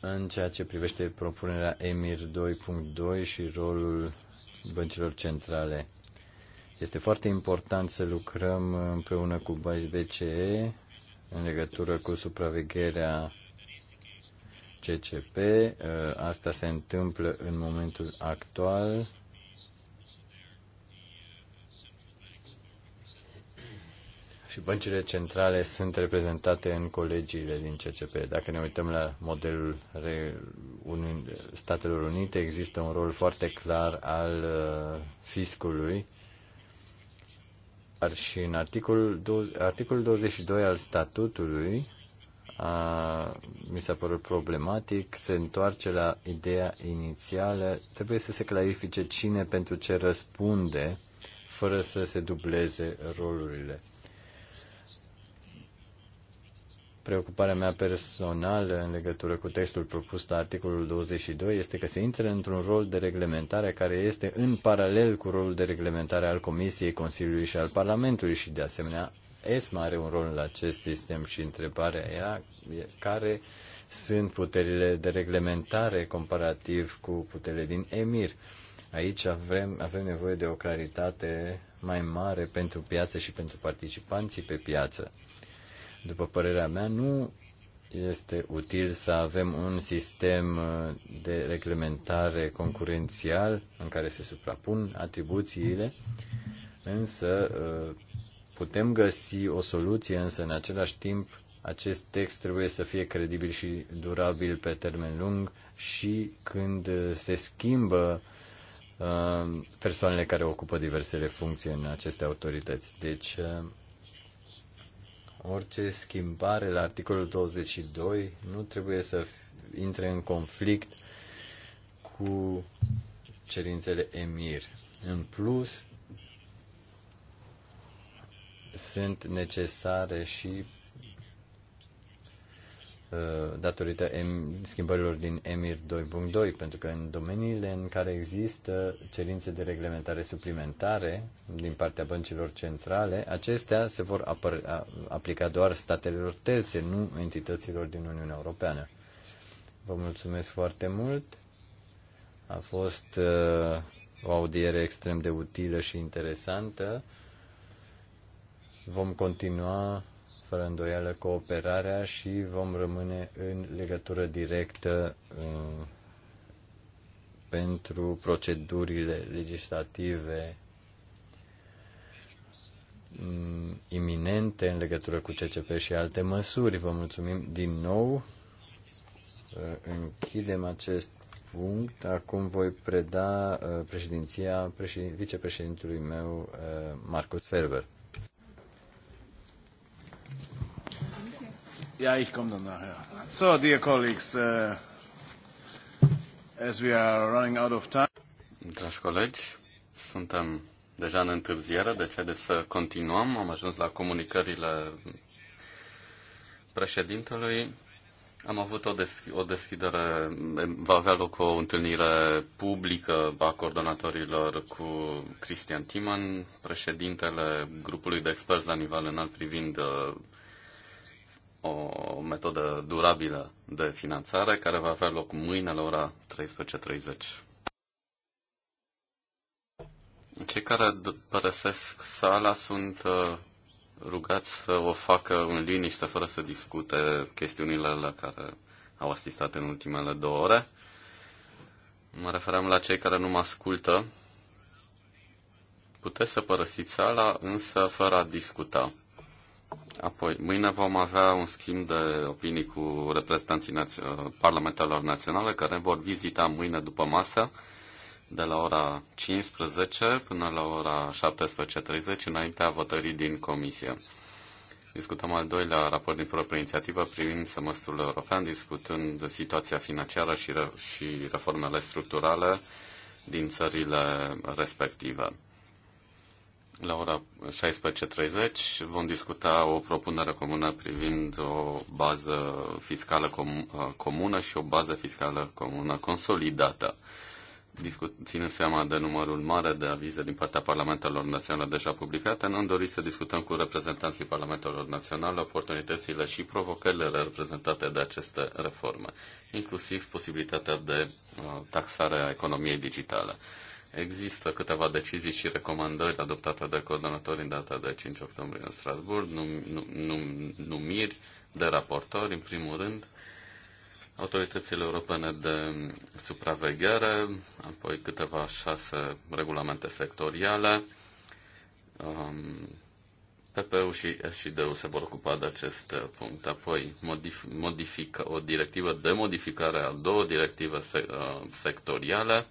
În ceea ce privește propunerea EMIR 2.2 și rolul băncilor centrale, este foarte important să lucrăm împreună cu BCE în legătură cu supravegherea CCP. Asta se întâmplă în momentul actual și băncile centrale sunt reprezentate în colegiile din CCP. Dacă ne uităm la modelul Statelor Unite, există un rol foarte clar al uh, fiscului. Și în articolul, articolul 22 al statutului, a, mi s-a părut problematic, se întoarce la ideea inițială, trebuie să se clarifice cine pentru ce răspunde, fără să se dubleze rolurile. Preocuparea mea personală în legătură cu textul propus la articolul 22 este că se intră într-un rol de reglementare care este în paralel cu rolul de reglementare al Comisiei, Consiliului și al Parlamentului și de asemenea ESMA are un rol în acest sistem și întrebarea era care sunt puterile de reglementare comparativ cu puterile din EMIR. Aici avem, avem nevoie de o claritate mai mare pentru piață și pentru participanții pe piață. După părerea mea, nu este util să avem un sistem de reglementare concurențial în care se suprapun atribuțiile, însă uh, putem găsi o soluție, însă în același timp acest text trebuie să fie credibil și durabil pe termen lung și când se schimbă uh, persoanele care ocupă diversele funcții în aceste autorități. Deci uh, orice schimbare la articolul 22 nu trebuie să intre în conflict cu cerințele EMIR. În plus, sunt necesare și Uh, datorită schimbărilor din EMIR 2.2, pentru că în domeniile în care există cerințe de reglementare suplimentare din partea băncilor centrale, acestea se vor apăr- aplica doar statelor terțe, nu entităților din Uniunea Europeană. Vă mulțumesc foarte mult. A fost uh, o audiere extrem de utilă și interesantă. Vom continua fără îndoială cooperarea și vom rămâne în legătură directă uh, pentru procedurile legislative mm, iminente în legătură cu CCP și alte măsuri. Vă mulțumim din nou. Uh, închidem acest punct. Acum voi preda uh, președinția președin, vicepreședintului meu, Marcus Ferber. Ja, ich komme dann nachher. So, dear colleagues, uh, as we are running out of time. Dragi colegi, suntem deja în întârziere, deci haideți să continuăm. Am ajuns la comunicările președintelui. Am avut o, deschi- o deschidere, va avea loc o întâlnire publică a coordonatorilor cu Cristian Timan, președintele grupului de experți la nivel înalt privind uh, o metodă durabilă de finanțare care va avea loc mâine la ora 13.30. Cei care părăsesc sala sunt uh, rugați să o facă în liniște, fără să discute chestiunile la care au asistat în ultimele două ore. Mă referam la cei care nu mă ascultă. Puteți să părăsiți sala, însă fără a discuta. Apoi, mâine vom avea un schimb de opinii cu reprezentanții naț- parlamentelor naționale care vor vizita mâine după masă de la ora 15 până la ora 17.30 înaintea votării din comisie. Discutăm al doilea raport din proprie inițiativă privind semestrul european, discutând situația financiară și, re- și reformele structurale din țările respective la ora 16.30 vom discuta o propunere comună privind o bază fiscală com- uh, comună și o bază fiscală comună consolidată. Discut, ținând seama de numărul mare de avize din partea Parlamentelor Naționale deja publicate, ne-am dorit să discutăm cu reprezentanții Parlamentelor Naționale oportunitățile și provocările reprezentate de aceste reforme, inclusiv posibilitatea de uh, taxare a economiei digitale. Există câteva decizii și recomandări adoptate de coordonatori în data de 5 octombrie în Strasburg, num, num, numiri de raportori, în primul rând, autoritățile europene de supraveghere, apoi câteva șase regulamente sectoriale. Um, PPU și SCD-ul se vor ocupa de acest punct. Apoi modif- modifica, o directivă de modificare a două directive se, uh, sectoriale.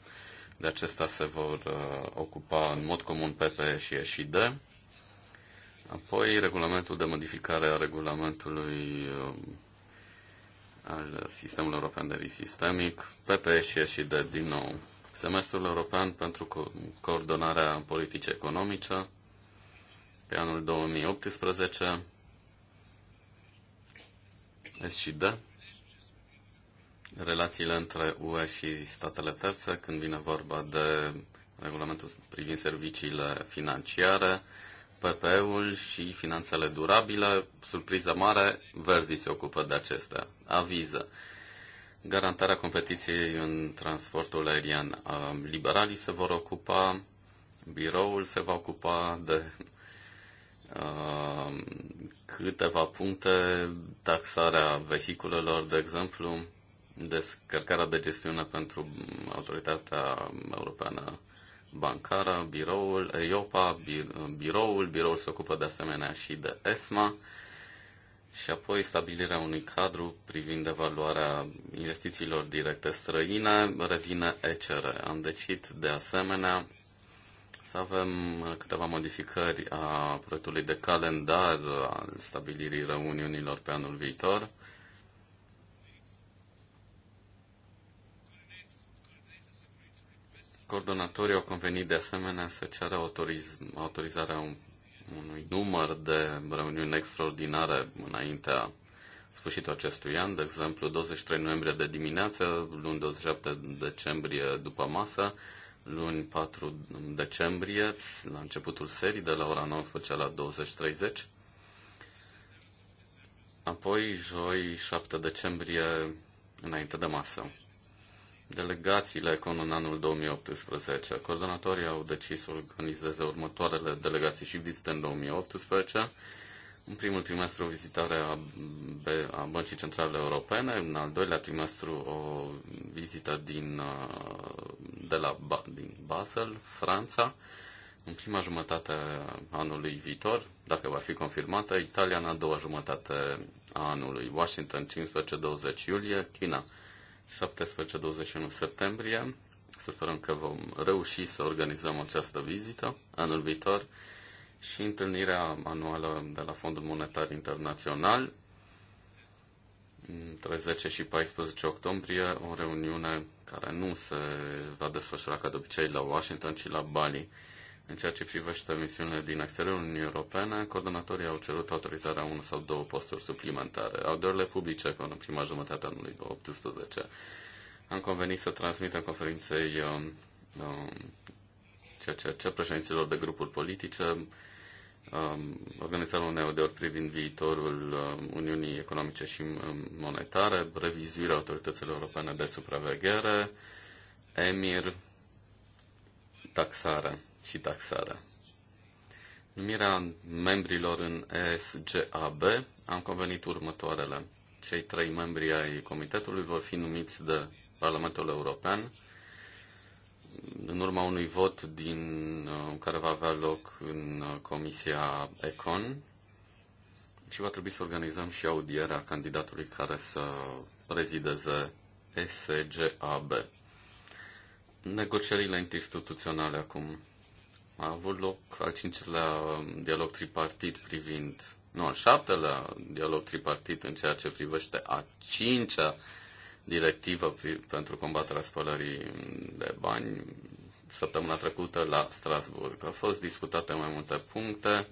De acesta se vor uh, ocupa în mod comun PP și ESHID. Apoi, regulamentul de modificare a regulamentului um, al Sistemului European de Risc Sistemic, PP și ESHID din nou. Semestrul European pentru co- coordonarea politicii economice pe anul 2018, S relațiile între UE și statele terțe când vine vorba de regulamentul privind serviciile financiare, PPE-ul și finanțele durabile. Surpriză mare, Verzi se ocupă de acestea. Aviză. Garantarea competiției în transportul aerian. Liberalii se vor ocupa, biroul se va ocupa de câteva puncte, taxarea vehiculelor, de exemplu, descărcarea de gestiune pentru Autoritatea Europeană Bancară, biroul EIOPA, biroul, biroul se ocupă de asemenea și de ESMA și apoi stabilirea unui cadru privind evaluarea investițiilor directe străine revine ECR. Am decis de asemenea să avem câteva modificări a proiectului de calendar al stabilirii reuniunilor pe anul viitor. Coordonatorii au convenit de asemenea să ceară autoriz- autorizarea unui număr de reuniuni extraordinare înaintea sfârșitul acestui an, de exemplu 23 noiembrie de dimineață, luni 27 decembrie după masă, luni 4 decembrie, la începutul serii, de la ora 19 la 20.30. Apoi, joi 7 decembrie, înainte de masă delegațiile Econ în anul 2018. Coordonatorii au decis să organizeze următoarele delegații și vizite în 2018. În primul trimestru o vizitare a, B- a Băncii Centrale Europene, în al doilea trimestru o vizită din, de la, din Basel, Franța, în prima jumătate a anului viitor, dacă va fi confirmată, Italia în a doua jumătate a anului, Washington 15-20 iulie, China 17-21 septembrie. Să sperăm că vom reuși să organizăm această vizită anul viitor și întâlnirea anuală de la Fondul Monetar Internațional, între 10 și 14 octombrie, o reuniune care nu se va desfășura ca de obicei la Washington, ci la Bali. În ceea ce privește misiunile din exteriorul Uniunii Europene, coordonatorii au cerut autorizarea unu sau două posturi suplimentare. Audiorile publice în prima jumătate a anului 2018. Am convenit să transmitem conferinței um, um ceea ce, ce președinților de grupuri politice, um, organizarea unei audiori privind viitorul um, Uniunii Economice și um, Monetare, revizuirea autorităților europene de supraveghere, EMIR, taxare și taxare. Numirea membrilor în ESGAB am convenit următoarele. Cei trei membri ai comitetului vor fi numiți de Parlamentul European în urma unui vot din, uh, care va avea loc în uh, Comisia ECON și va trebui să organizăm și audierea candidatului care să prezideze SGAB. Negocierile interinstituționale acum. A avut loc al cincilea dialog tripartit privind, nu, al șaptelea dialog tripartit în ceea ce privește a cincea directivă pri, pentru combaterea spălării de bani săptămâna trecută la Strasburg. Au fost discutate mai multe puncte.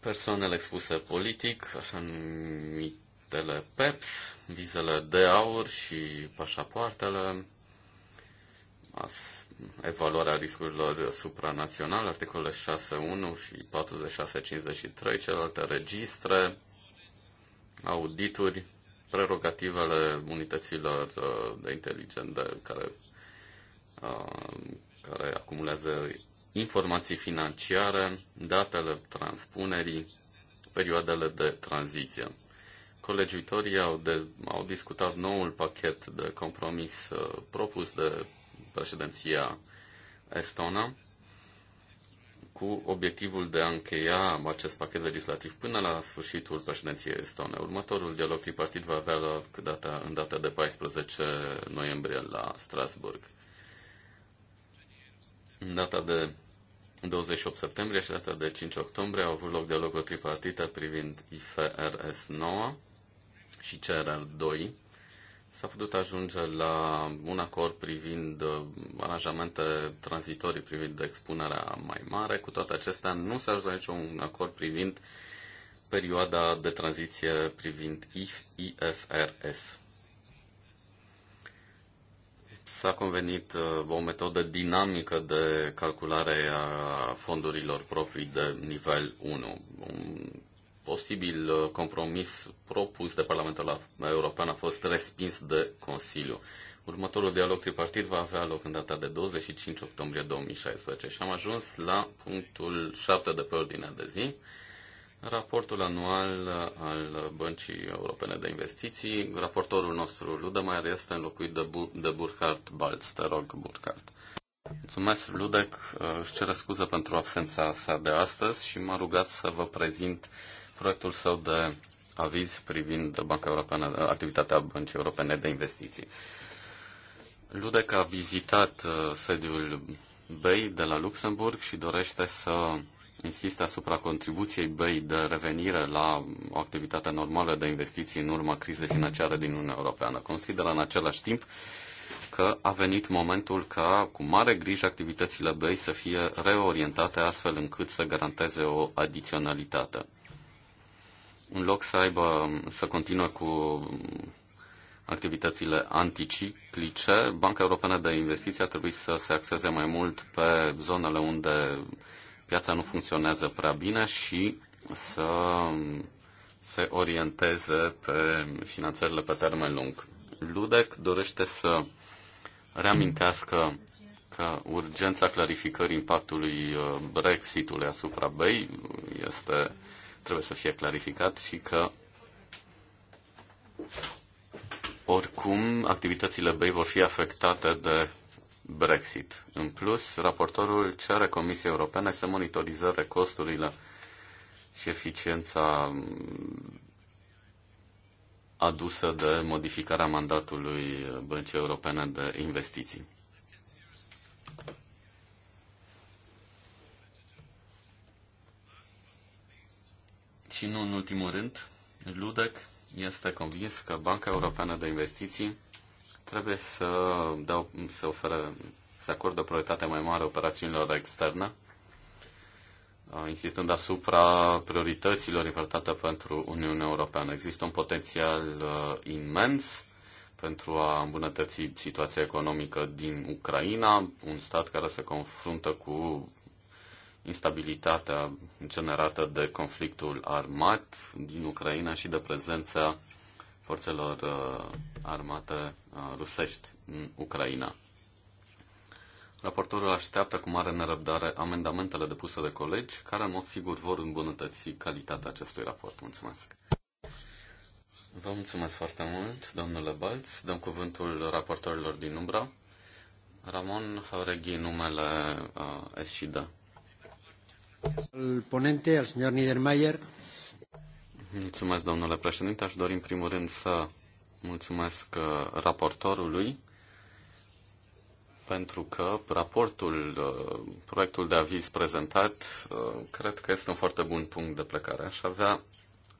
Persoanele expuse politic, așa numit cartele PEPS, vizele de aur și pașapoartele, evaluarea riscurilor supranaționale, articolele 6.1 și 46.53, celelalte registre, audituri, prerogativele unităților uh, de inteligență care, uh, care acumulează informații financiare, datele transpunerii, perioadele de tranziție colegiuitorii au, de, au discutat noul pachet de compromis uh, propus de președinția estonă cu obiectivul de a încheia acest pachet legislativ până la sfârșitul președinției estone. Următorul dialog tripartit va avea loc data, în data de 14 noiembrie la Strasburg. În data de 28 septembrie și data de 5 octombrie au avut loc dialoguri tripartite privind IFRS 9 și crr doi. s-a putut ajunge la un acord privind uh, aranjamente tranzitorii privind expunerea mai mare. Cu toate acestea, nu s-a ajuns la niciun acord privind perioada de tranziție privind IFRS. S-a convenit uh, o metodă dinamică de calculare a fondurilor proprii de nivel 1, posibil uh, compromis propus de Parlamentul European a fost respins de Consiliu. Următorul dialog tripartit va avea loc în data de 25 octombrie 2016 și am ajuns la punctul 7 de pe ordinea de zi, raportul anual uh, al Băncii Europene de Investiții. Raportorul nostru, Ludemaier, este înlocuit de, Bur- de Burkhard Balz. Te rog, Burkhard. Mulțumesc, Ludec. Uh, își cer scuze pentru absența sa de astăzi și m-a rugat să vă prezint proiectul său de aviz privind Banca Europeană, activitatea Băncii Europene de Investiții. Ludec a vizitat uh, sediul BEI de la Luxemburg și dorește să insiste asupra contribuției BEI de revenire la o activitate normală de investiții în urma crizei financiare din Uniunea Europeană. Consideră în același timp că a venit momentul ca, cu mare grijă, activitățile BEI să fie reorientate astfel încât să garanteze o adiționalitate în loc să aibă, să continue cu activitățile anticiclice, Banca Europeană de Investiții ar trebui să se axeze mai mult pe zonele unde piața nu funcționează prea bine și să se orienteze pe finanțările pe termen lung. Ludec dorește să reamintească că urgența clarificării impactului uh, Brexitului asupra BEI este trebuie să fie clarificat și că oricum activitățile BEI vor fi afectate de Brexit. În plus, raportorul cere Comisiei Europene să monitorizeze costurile și eficiența adusă de modificarea mandatului Băncii Europene de Investiții. și nu în ultimul rând, Ludec este convins că Banca Europeană de Investiții trebuie să, dea, să ofere, să acordă o prioritate mai mare operațiunilor externe, uh, insistând asupra priorităților importante pentru Uniunea Europeană. Există un potențial uh, imens pentru a îmbunătăți situația economică din Ucraina, un stat care se confruntă cu instabilitatea generată de conflictul armat din Ucraina și de prezența forțelor uh, armate uh, rusești în Ucraina. Raportorul așteaptă cu mare nerăbdare amendamentele depuse de colegi, care în mod sigur vor îmbunătăți calitatea acestui raport. Mulțumesc! Vă mulțumesc foarte mult, domnule Balț. Dăm cuvântul raportorilor din umbra. Ramon Horeghi, numele uh, SID al señor Mulțumesc, domnule președinte. Aș dori în primul rând să mulțumesc uh, raportorului pentru că raportul, uh, proiectul de aviz prezentat, uh, cred că este un foarte bun punct de plecare. Aș avea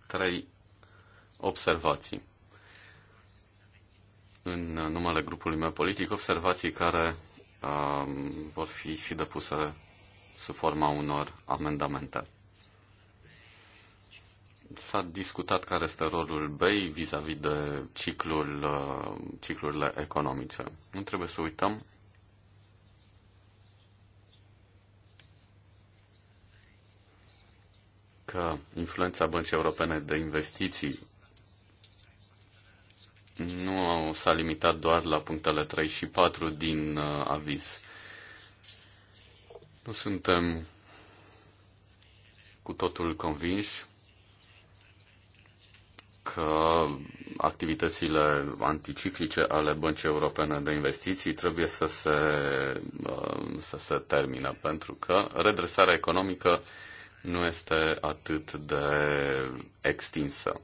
trei observații. În numele grupului meu politic, observații care um, vor fi și depuse sub forma unor amendamente. S-a discutat care este rolul BEI vis-a-vis -vis de ciclul, uh, ciclurile economice. Nu trebuie să uităm că influența Băncii Europene de Investiții nu s-a limitat doar la punctele 3 și 4 din uh, aviz. Nu suntem cu totul convinși că activitățile anticiclice ale Băncii Europene de Investiții trebuie să se, uh, să se termină, pentru că redresarea economică nu este atât de extinsă.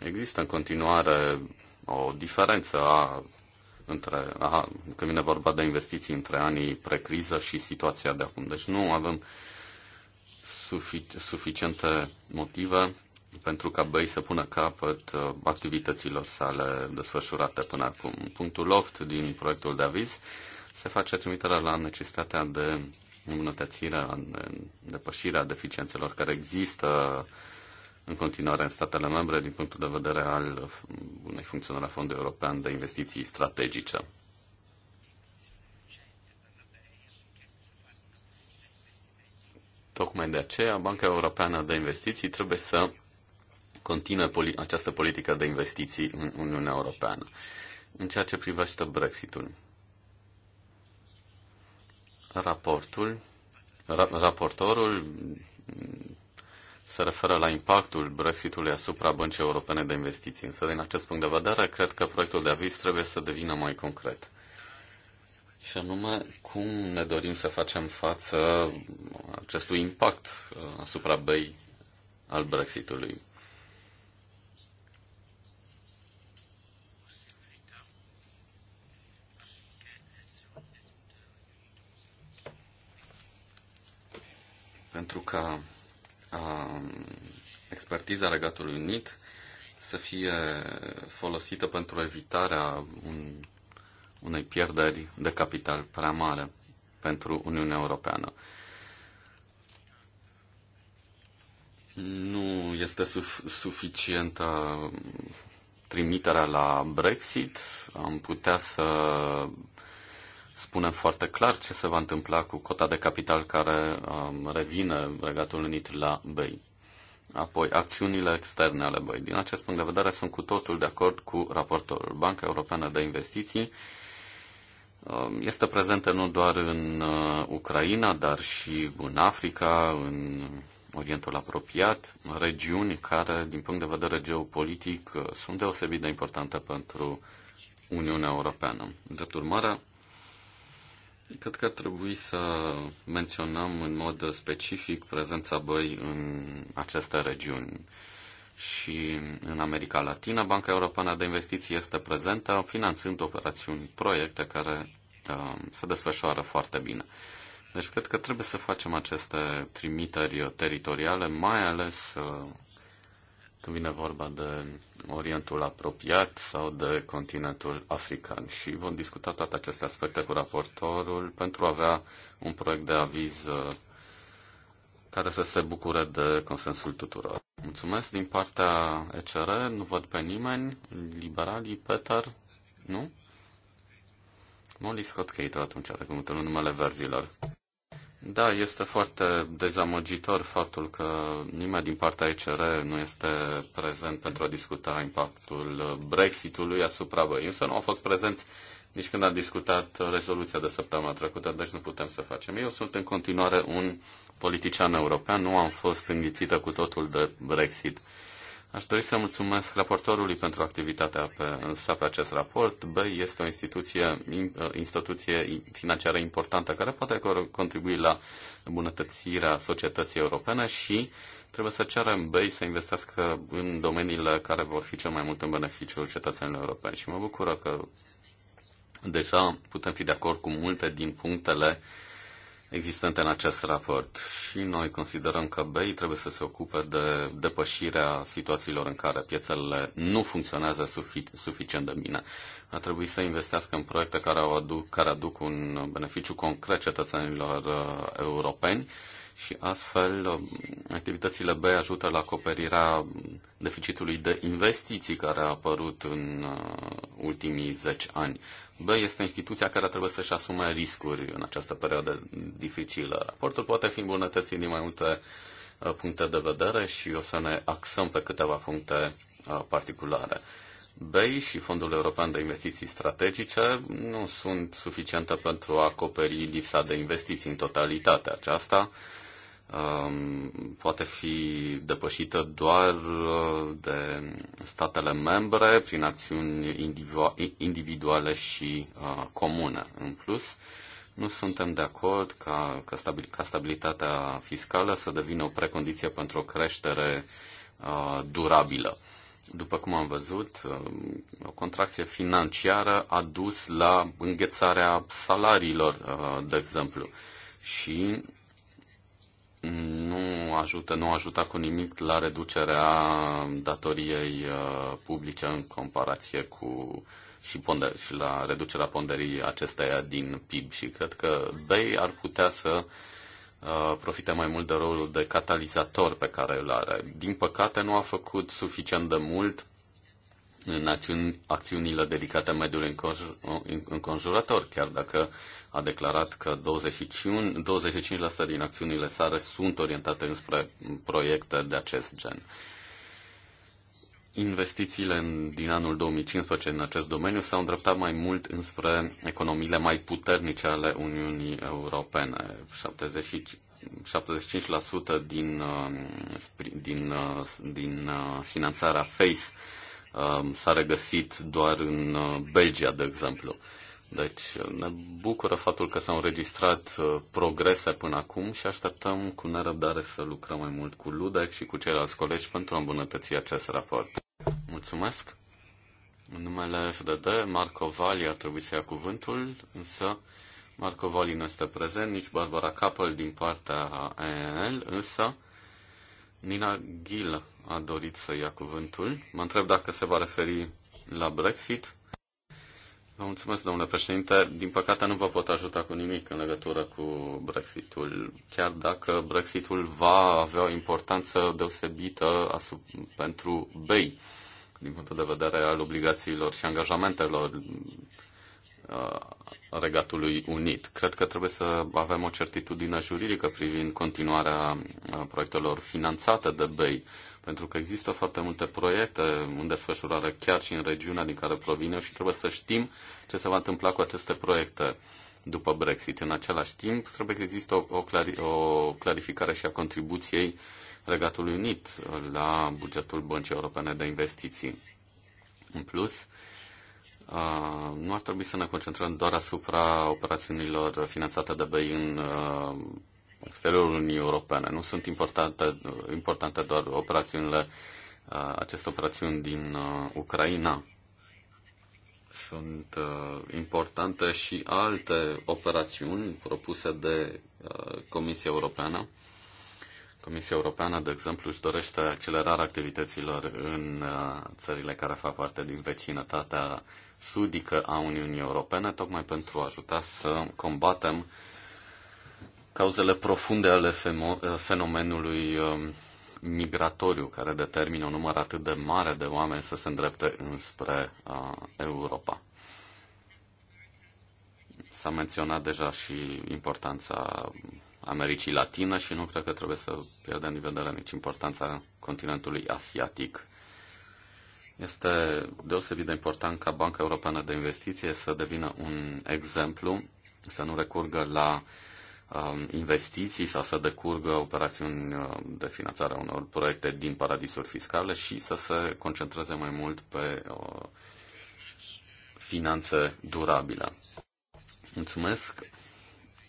Există în continuare o diferență a între, aha, când vine vorba de investiții între anii precriză și situația de acum. Deci nu avem sufic- suficiente motive pentru ca BEI să pună capăt uh, activităților sale desfășurate până acum. Punctul 8 din proiectul de aviz se face trimiterea la necesitatea de îmbunătățire, depășirea deficiențelor care există în continuare în statele membre din punctul de vedere al unei funcționări a Fondului European de Investiții Strategice. Tocmai de aceea, Banca Europeană de Investiții trebuie să continue poli- această politică de investiții în Uniunea Europeană. În ceea ce privește Brexitul, raportul, ra- raportorul se referă la impactul Brexitului asupra Băncii Europene de Investiții. Însă, din acest punct de vedere, cred că proiectul de aviz trebuie să devină mai concret. Și anume, cum ne dorim să facem față acestui impact uh, asupra băi al Brexitului? Pentru că Um, expertiza Regatului Unit să fie folosită pentru evitarea un, unei pierderi de capital prea mare pentru Uniunea Europeană. Nu este suf- suficientă trimiterea la Brexit. Am putea să spunem foarte clar ce se va întâmpla cu cota de capital care um, revine Regatul Unit la BEI. Apoi, acțiunile externe ale BEI. Din acest punct de vedere, sunt cu totul de acord cu raportorul. Banca Europeană de Investiții um, este prezentă nu doar în uh, Ucraina, dar și în Africa, în Orientul apropiat, regiuni care, din punct de vedere geopolitic, uh, sunt deosebit de importante pentru Uniunea Europeană. Drept urmare, Cred că ar trebui să menționăm în mod specific prezența băi în aceste regiuni. Și în America Latina, Banca Europeană de Investiții este prezentă, finanțând operațiuni, proiecte care uh, se desfășoară foarte bine. Deci cred că trebuie să facem aceste trimiteri teritoriale, mai ales uh, când vine vorba de Orientul apropiat sau de continentul african. Și vom discuta toate aceste aspecte cu raportorul pentru a avea un proiect de aviz uh, care să se bucure de consensul tuturor. Mulțumesc din partea ECR, nu văd pe nimeni, liberalii, Peter, nu? Molly Scott Cato atunci are cuvântul numele verzilor. Da, este foarte dezamăgitor faptul că nimeni din partea ECR nu este prezent pentru a discuta impactul Brexitului asupra băii. Însă nu au fost prezenți nici când a discutat rezoluția de săptămâna trecută, deci nu putem să facem. Eu sunt în continuare un politician european, nu am fost înghițită cu totul de Brexit. Aș dori să mulțumesc raportorului pentru activitatea pe, sa pe acest raport. BEI este o instituție, ă, instituție financiară importantă care poate contribui la îmbunătățirea societății europene și trebuie să cerem BEI să investească în domeniile care vor fi cel mai mult în beneficiul cetățenilor europeni. Și mă bucură că deja putem fi de acord cu multe din punctele uh, existente în acest raport și noi considerăm că BEI trebuie să se ocupe de depășirea situațiilor în care piețele nu funcționează suficient de bine. A trebuit să investească în proiecte care, au aduc, care aduc un beneficiu concret cetățenilor uh, europeni și astfel um, activitățile B ajută la acoperirea deficitului de investiții care a apărut în uh, ultimii 10 ani. B este instituția care trebuie să-și asume riscuri în această perioadă dificilă. Raportul poate fi îmbunătățit din mai multe uh, puncte de vedere și o să ne axăm pe câteva puncte uh, particulare. BEI și Fondul European de Investiții Strategice nu sunt suficiente pentru a acoperi lipsa de investiții în totalitate. Aceasta Um, poate fi depășită doar uh, de statele membre prin acțiuni individuale și uh, comune. În plus, nu suntem de acord ca, ca, stabil, ca stabilitatea fiscală să devină o precondiție pentru o creștere uh, durabilă. După cum am văzut, uh, o contracție financiară a dus la înghețarea salariilor, uh, de exemplu. Și nu ajută, nu ajuta cu nimic la reducerea datoriei uh, publice în comparație cu și, ponder, și la reducerea ponderii acesteia din PIB și cred că BEI ar putea să uh, profite mai mult de rolul de catalizator pe care îl are. Din păcate nu a făcut suficient de mult în acțiunile dedicate mediului înconjurător, chiar dacă a declarat că 25, din acțiunile sale sunt orientate înspre proiecte de acest gen. Investițiile în, din anul 2015 în acest domeniu s-au îndreptat mai mult înspre economiile mai puternice ale Uniunii Europene. 75% din, uh, din, uh, din uh, finanțarea FACE s-a regăsit doar în Belgia, de exemplu. Deci ne bucură faptul că s-au înregistrat uh, progrese până acum și așteptăm cu nerăbdare să lucrăm mai mult cu Ludec și cu ceilalți colegi pentru a îmbunătăți acest raport. Mulțumesc! În numele FDD, Marco Vali ar trebui să ia cuvântul, însă Marco Vali nu este prezent, nici Barbara Capel din partea ANL, însă Nina Gil a dorit să ia cuvântul. Mă întreb dacă se va referi la Brexit. Vă mulțumesc, domnule președinte. Din păcate nu vă pot ajuta cu nimic în legătură cu Brexitul, chiar dacă Brexitul va avea o importanță deosebită pentru BEI, din punctul de vedere al obligațiilor și angajamentelor uh, Regatului Unit. Cred că trebuie să avem o certitudine juridică privind continuarea proiectelor finanțate de BEI, pentru că există foarte multe proiecte în desfășurare chiar și în regiunea din care provine și trebuie să știm ce se va întâmpla cu aceste proiecte după Brexit. În același timp, trebuie să există o, o, clari, o clarificare și a contribuției Regatului Unit la bugetul Băncii Europene de Investiții. În plus, nu ar trebui să ne concentrăm doar asupra operațiunilor finanțate de BEI în exteriorul Uniunii Europene. Nu sunt importante, importante doar operațiunile, aceste operațiuni din Ucraina. Sunt importante și alte operațiuni propuse de Comisia Europeană. Comisia Europeană, de exemplu, își dorește accelerarea activităților în țările care fac parte din vecinătatea sudică a Uniunii Europene, tocmai pentru a ajuta să combatem cauzele profunde ale fenomenului um, migratoriu, care determină un număr atât de mare de oameni să se îndrepte înspre uh, Europa. S-a menționat deja și importanța Americii Latine și nu cred că trebuie să pierdem din vedere nici importanța continentului asiatic este deosebit de important ca Banca Europeană de Investiție să devină un exemplu, să nu recurgă la um, investiții sau să decurgă operațiuni uh, de finanțare a unor proiecte din paradisuri fiscale și să se concentreze mai mult pe uh, finanțe durabile. Mulțumesc.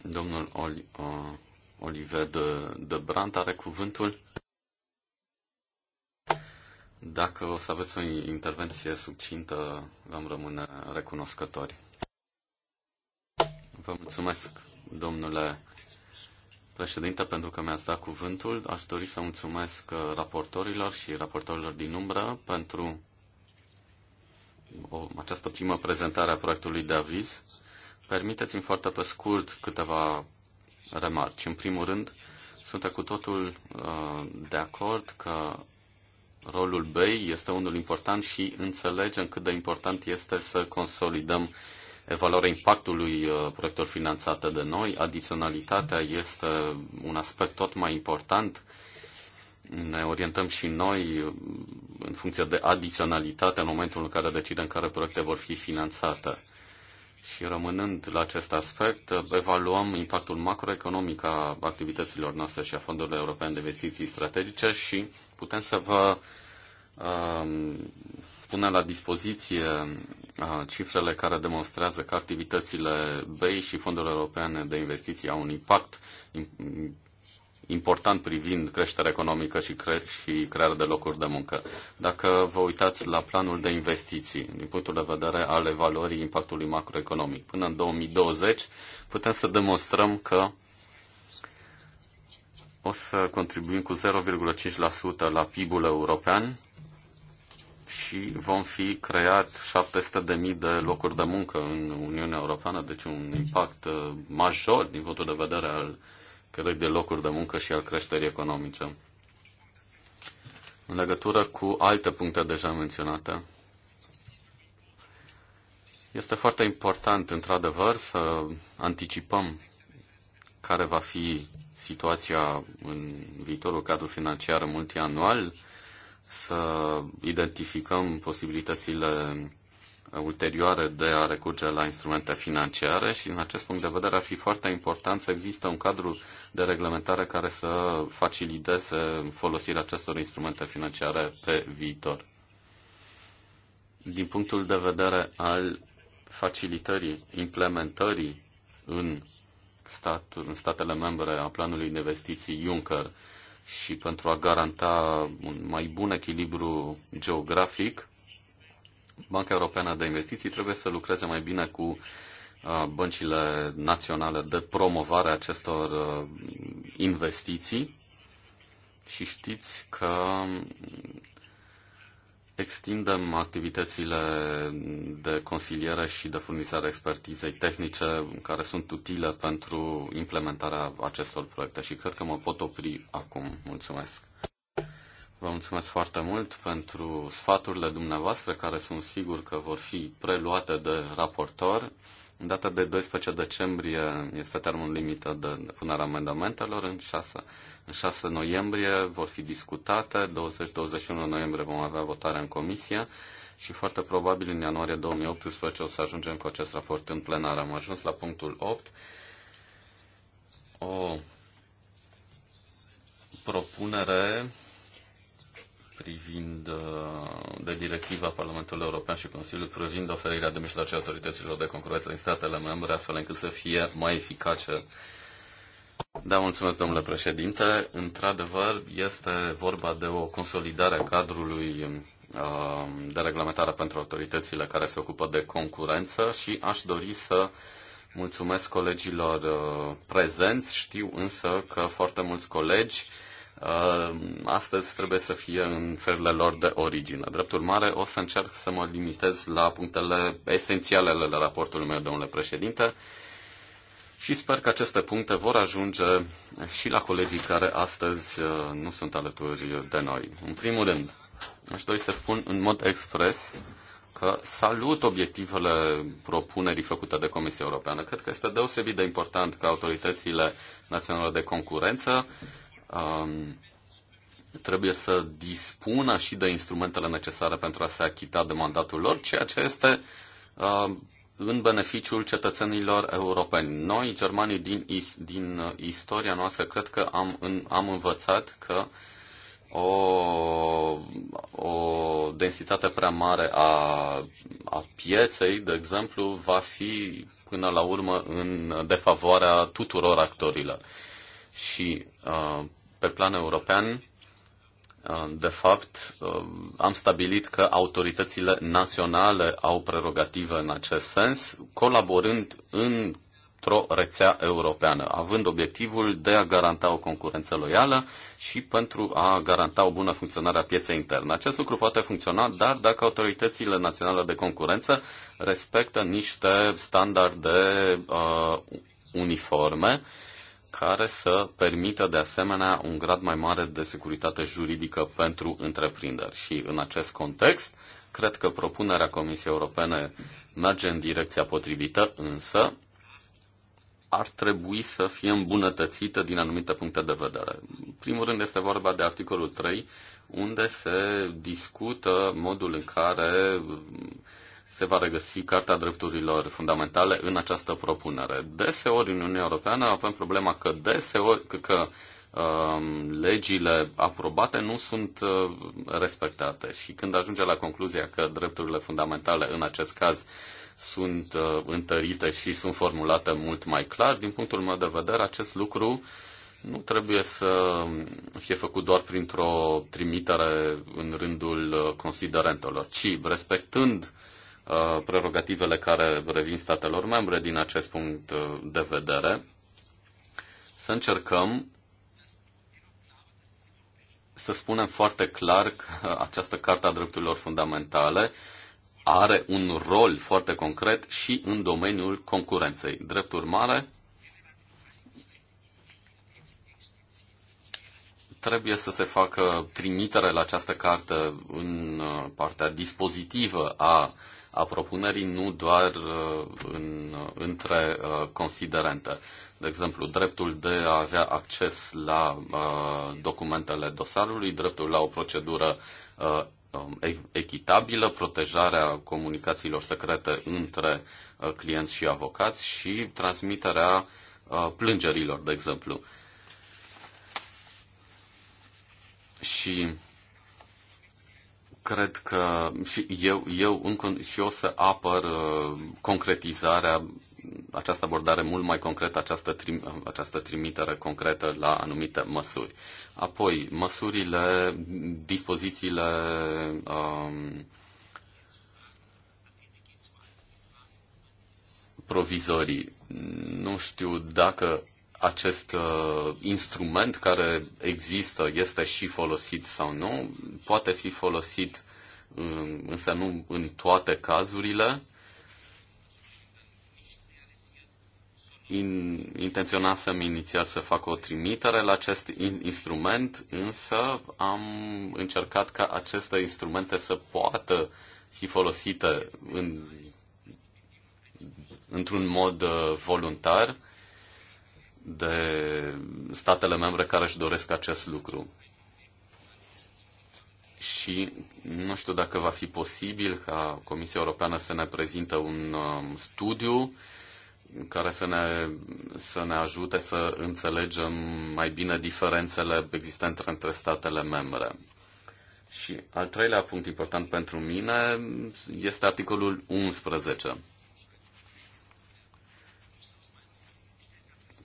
Domnul uh, Oliver de, de are cuvântul. Dacă o să aveți o intervenție succintă, vom rămâne recunoscători. Vă mulțumesc, domnule președinte, pentru că mi-ați dat cuvântul. Aș dori să mulțumesc uh, raportorilor și raportorilor din umbră pentru o, această primă prezentare a proiectului de aviz. Permiteți-mi foarte pe scurt câteva remarci. În primul rând, sunt cu totul uh, de acord că rolul BEI este unul important și înțelegem cât de important este să consolidăm evaluarea impactului uh, proiectelor finanțate de noi. Adiționalitatea este un aspect tot mai important. Ne orientăm și noi uh, în funcție de adiționalitate în momentul în care decidem care proiecte vor fi finanțate. Și rămânând la acest aspect, uh, evaluăm impactul macroeconomic a activităților noastre și a fondurilor europene de investiții strategice și putem să vă uh, um, punem la dispoziție uh, cifrele care demonstrează că activitățile BEI și fondurile europene de investiții au un impact important privind creșterea economică și, cre- și crearea de locuri de muncă. Dacă vă uitați la planul de investiții, din punctul de vedere al evaluării impactului macroeconomic, până în 2020 putem să demonstrăm că o să contribuim cu 0,5% la PIB-ul european și vom fi creat 700.000 de locuri de muncă în Uniunea Europeană, deci un impact uh, major din punctul de vedere al creării de locuri de muncă și al creșterii economice. În legătură cu alte puncte deja menționate, este foarte important, într-adevăr, să anticipăm care va fi situația în viitorul cadru financiar multianual, să identificăm posibilitățile ulterioare de a recurge la instrumente financiare și în acest punct de vedere ar fi foarte important să există un cadru de reglementare care să faciliteze folosirea acestor instrumente financiare pe viitor. Din punctul de vedere al facilitării implementării în în statele membre a planului de investiții Juncker și pentru a garanta un mai bun echilibru geografic, Banca Europeană de Investiții trebuie să lucreze mai bine cu uh, băncile naționale de promovare a acestor uh, investiții și știți că extindem activitățile de consiliere și de furnizare expertizei tehnice care sunt utile pentru implementarea acestor proiecte și cred că mă pot opri acum. Mulțumesc! Vă mulțumesc foarte mult pentru sfaturile dumneavoastră, care sunt sigur că vor fi preluate de raportor. În data de 12 decembrie este termenul limită de depunere amendamentelor. În 6, în 6 noiembrie vor fi discutate, 20-21 noiembrie vom avea votarea în comisie și foarte probabil în ianuarie 2018 o să ajungem cu acest raport în plenar. Am ajuns la punctul 8. O propunere privind uh, de directiva Parlamentului European și Consiliului privind oferirea de mijloace autorităților de concurență din statele membre, astfel încât să fie mai eficace. Da, mulțumesc, domnule președinte. Într-adevăr, este vorba de o consolidare a cadrului uh, de reglementare pentru autoritățile care se ocupă de concurență și aș dori să mulțumesc colegilor uh, prezenți. Știu însă că foarte mulți colegi Ehm, astăzi trebuie să fie în țările lor de origine. Drept urmare, o să încerc să mă limitez la punctele esențiale ale raportului meu, domnule președinte, și sper că aceste puncte vor ajunge și la colegii care astăzi eh, nu sunt alături de noi. În primul rând, aș dori să spun în mod expres că salut obiectivele propunerii făcute de Comisia Europeană. Cred că este deosebit de important ca autoritățile naționale de concurență um, trebuie să dispună și de instrumentele necesare pentru a se achita de mandatul lor, ceea ce este um, în beneficiul cetățenilor europeni. Noi, germanii, din, is, din uh, istoria noastră, cred că am, în, am învățat că o, o densitate prea mare a, a pieței, de exemplu, va fi până la urmă în defavoarea tuturor actorilor. Și uh, pe plan european, uh, de fapt, uh, am stabilit că autoritățile naționale au prerogative în acest sens, colaborând într-o rețea europeană, având obiectivul de a garanta o concurență loială și pentru a garanta o bună funcționare a pieței interne. Acest lucru poate funcționa, dar dacă autoritățile naționale de concurență respectă niște standarde uh, uniforme, uh, care să permită de asemenea un grad mai mare de securitate juridică pentru întreprinderi. Și în acest context, cred că propunerea Comisiei Europene merge în direcția potrivită, însă ar trebui să fie îmbunătățită din anumite puncte de vedere. În primul rând este vorba de articolul 3, unde se discută modul în care se va regăsi Carta Drepturilor Fundamentale în această propunere. Deseori în Uniunea Europeană avem problema că deseori că, că um, legile aprobate nu sunt uh, respectate și când ajunge la concluzia că drepturile fundamentale în acest caz sunt uh, întărite și sunt formulate mult mai clar, din punctul meu de vedere acest lucru nu trebuie să fie făcut doar printr-o trimitere în rândul uh, considerentelor, ci respectând Uh, prerogativele care revin statelor membre din acest punct uh, de vedere, să încercăm să spunem foarte clar că această Carta a Drepturilor Fundamentale are un rol foarte concret și în domeniul concurenței. Drept urmare, trebuie să se facă trimitere la această carte în uh, partea dispozitivă a uh, a propunerii, nu doar uh, în, între uh, considerente. De exemplu, dreptul de a avea acces la uh, documentele dosarului, dreptul la o procedură um, echitabilă, protejarea comunicațiilor secrete între clienți și avocați și transmiterea plângerilor, de exemplu. Și cred că și eu, eu încă, și eu să apăr uh, concretizarea, această abordare mult mai concretă, această, trim, această trimitere concretă la anumite măsuri. Apoi, măsurile, dispozițiile. Um, provizorii. Nu știu dacă acest uh, instrument care există, este și folosit sau nu, poate fi folosit, um, însă nu în toate cazurile. In, intenționasem inițial să fac o trimitere la acest in, instrument, însă am încercat ca aceste instrumente să poată fi folosite în, într-un mod uh, voluntar de statele membre care își doresc acest lucru. Și nu știu dacă va fi posibil ca Comisia Europeană să ne prezintă un um, studiu care să ne, să ne ajute să înțelegem mai bine diferențele existente între statele membre. Și al treilea punct important pentru mine este articolul 11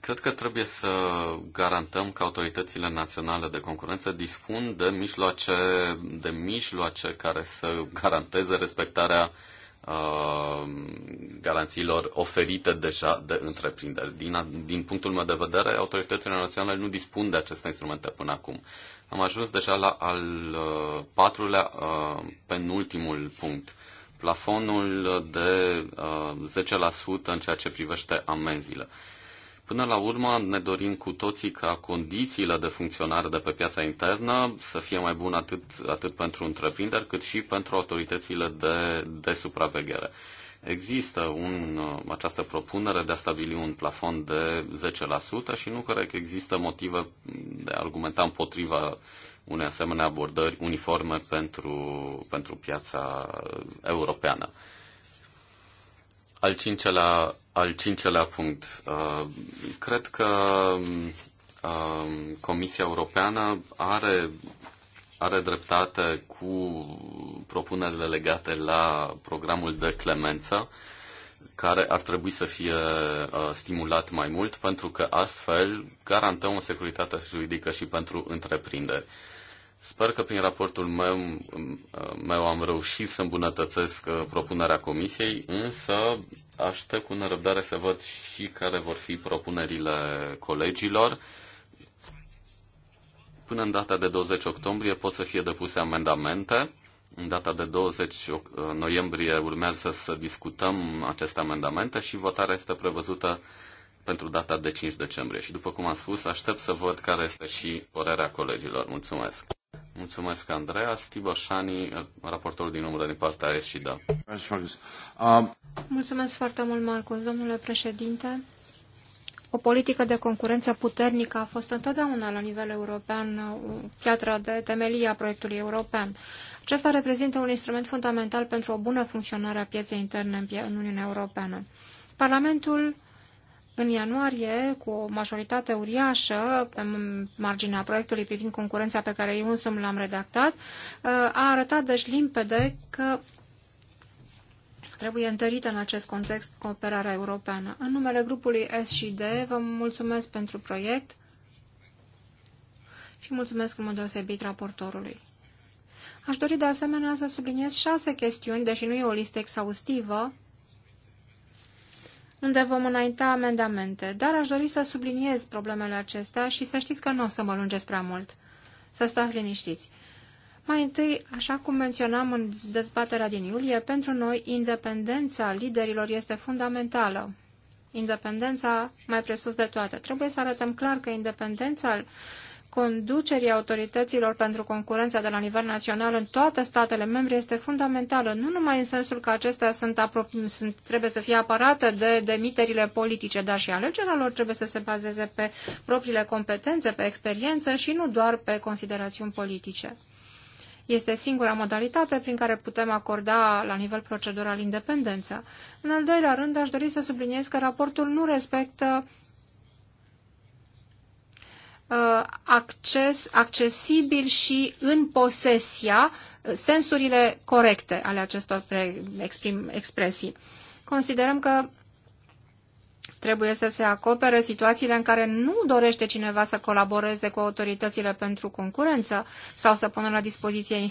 Cred că trebuie să garantăm că autoritățile naționale de concurență dispun de mijloace, de mijloace care să garanteze respectarea uh, garanțiilor oferite deja de întreprinderi. Din, din punctul meu de vedere, autoritățile naționale nu dispun de aceste instrumente până acum. Am ajuns deja la al uh, patrulea, uh, penultimul punct. Plafonul de uh, 10% în ceea ce privește amenziile. Uh, Până la urmă ne dorim cu toții ca condițiile de funcționare de pe piața internă să fie mai bune atât, atât pentru întreprinderi cât și pentru autoritățile de, de supraveghere. Există un, această propunere de a stabili un plafon de 10% și nu cred că există motive de a argumenta împotriva unei asemenea abordări uniforme pentru, pentru piața europeană. Al cincelea al cincelea punct. Uh, cred că um, Comisia Europeană are, are dreptate cu propunerile legate la programul de clemență care ar trebui să fie uh, stimulat mai mult, pentru că astfel garantăm o securitate juridică și pentru întreprinderi. Uh, Sper că prin raportul meu, meu am reușit să îmbunătățesc uh, propunerea comisiei, însă aștept cu nerăbdare să văd și care vor fi propunerile colegilor. Până în data de 20 octombrie pot să fie depuse amendamente. În data de 20 uh, noiembrie urmează să discutăm aceste amendamente și votarea este prevăzută pentru data de 5 decembrie. Și după cum am spus, aștept să văd care este și părerea colegilor. Mulțumesc! Mulțumesc, Andreea. Stiboșani, raportorul din umbră din partea S și da. Um, Mulțumesc foarte mult, Marcus, domnule președinte. O politică de concurență puternică a fost întotdeauna la nivel european uh, piatra de temelie a proiectului european. Aceasta reprezintă un instrument fundamental pentru o bună funcționare a pieței interne în Uniunea Europeană. Parlamentul în ianuarie, cu o majoritate uriașă, pe marginea proiectului privind concurența pe care eu însumi l-am redactat, uh, a arătat deci limpede că trebuie întărită în acest context cooperarea europeană. În numele grupului S și D, vă mulțumesc pentru proiect și mulțumesc în mod deosebit raportorului. Aș dori de asemenea să subliniez șase chestiuni, deși nu e o listă exhaustivă, unde vom înainta amendamente, dar aș dori să subliniez problemele acestea și să știți că nu o să mă lungesc prea mult. Să stați liniștiți. Mai întâi, așa cum menționam în dezbaterea din iulie, pentru noi independența liderilor este fundamentală. Independența mai presus de toate. Trebuie să arătăm clar că independența conducerii autorităților pentru concurența de la nivel național în toate statele membre este fundamentală, nu numai în sensul că acestea sunt, sunt trebuie să fie apărate de demiterile politice, dar și alegerea lor trebuie să se bazeze pe propriile competențe, pe experiență și nu doar pe considerațiuni politice. Este singura modalitate prin care putem acorda la nivel procedural independența. În al doilea rând, aș dori să subliniez că raportul nu respectă Uh, acces, accesibil și în posesia uh, sensurile corecte ale acestor exprim, expresii. Considerăm că trebuie să se acopere situațiile în care nu dorește cineva să colaboreze cu autoritățile pentru concurență sau să pună la dispoziție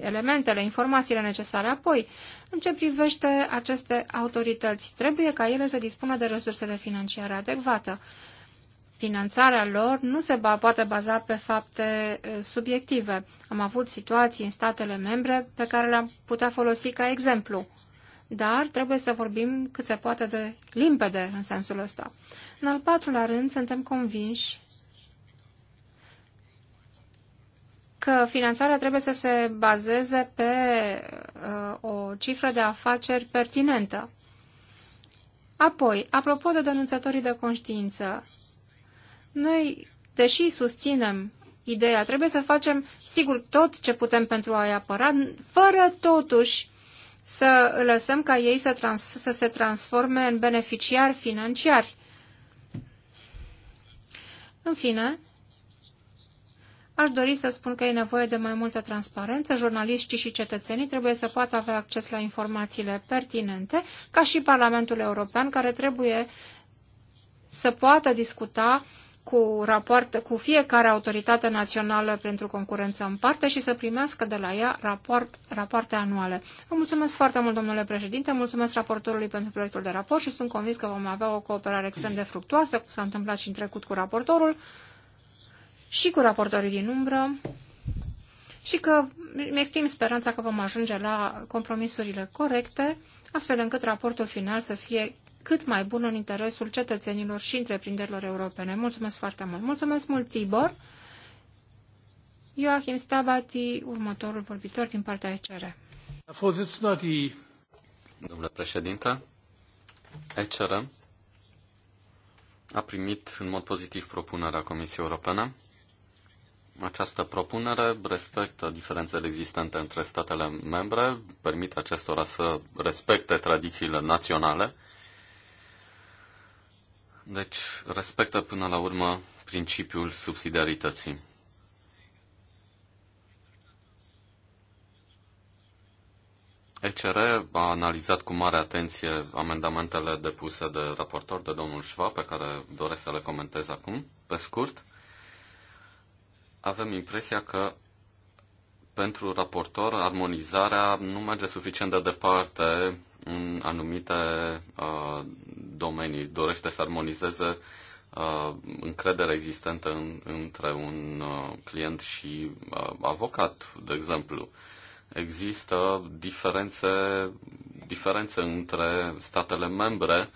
elementele, informațiile necesare. Apoi, în ce privește aceste autorități, trebuie ca ele să dispună de resursele financiare adecvate finanțarea lor nu se poate baza pe fapte subiective. Am avut situații în statele membre pe care le-am putea folosi ca exemplu. Dar trebuie să vorbim cât se poate de limpede în sensul ăsta. În al patrulea rând, suntem convinși că finanțarea trebuie să se bazeze pe uh, o cifră de afaceri pertinentă. Apoi, apropo de denunțătorii de conștiință, noi, deși susținem ideea, trebuie să facem, sigur, tot ce putem pentru a-i apăra, fără totuși să lăsăm ca ei să, trans- să se transforme în beneficiari financiari. În fine, aș dori să spun că e nevoie de mai multă transparență. Jurnaliștii și cetățenii trebuie să poată avea acces la informațiile pertinente, ca și Parlamentul European, care trebuie să poată discuta cu, rapoarte, cu fiecare autoritate națională pentru concurență în parte și să primească de la ea raport, rapoarte anuale. Vă mulțumesc foarte mult, domnule președinte, mulțumesc raportorului pentru proiectul de raport și sunt convins că vom avea o cooperare extrem de fructuoasă, cum s-a întâmplat și în trecut cu raportorul și cu raportorii din umbră și că îmi exprim speranța că vom ajunge la compromisurile corecte, astfel încât raportul final să fie cât mai bun în interesul cetățenilor și întreprinderilor europene. Mulțumesc foarte mult! Mulțumesc mult, Tibor! Joachim Stabati, următorul vorbitor din partea ECR. Domnule președinte, ECR a primit în mod pozitiv propunerea Comisiei Europene. Această propunere respectă diferențele existente între statele membre, permite acestora să respecte tradițiile naționale deci, respectă până la urmă principiul subsidiarității. ECR a analizat cu mare atenție amendamentele depuse de raportor, de domnul Schwab, pe care doresc să le comentez acum. Pe scurt, avem impresia că pentru raportor armonizarea nu merge suficient de departe în anumite uh, domenii, dorește să armonizeze uh, încrederea existentă în, între un uh, client și uh, avocat, de exemplu. Există diferențe, diferențe între statele membre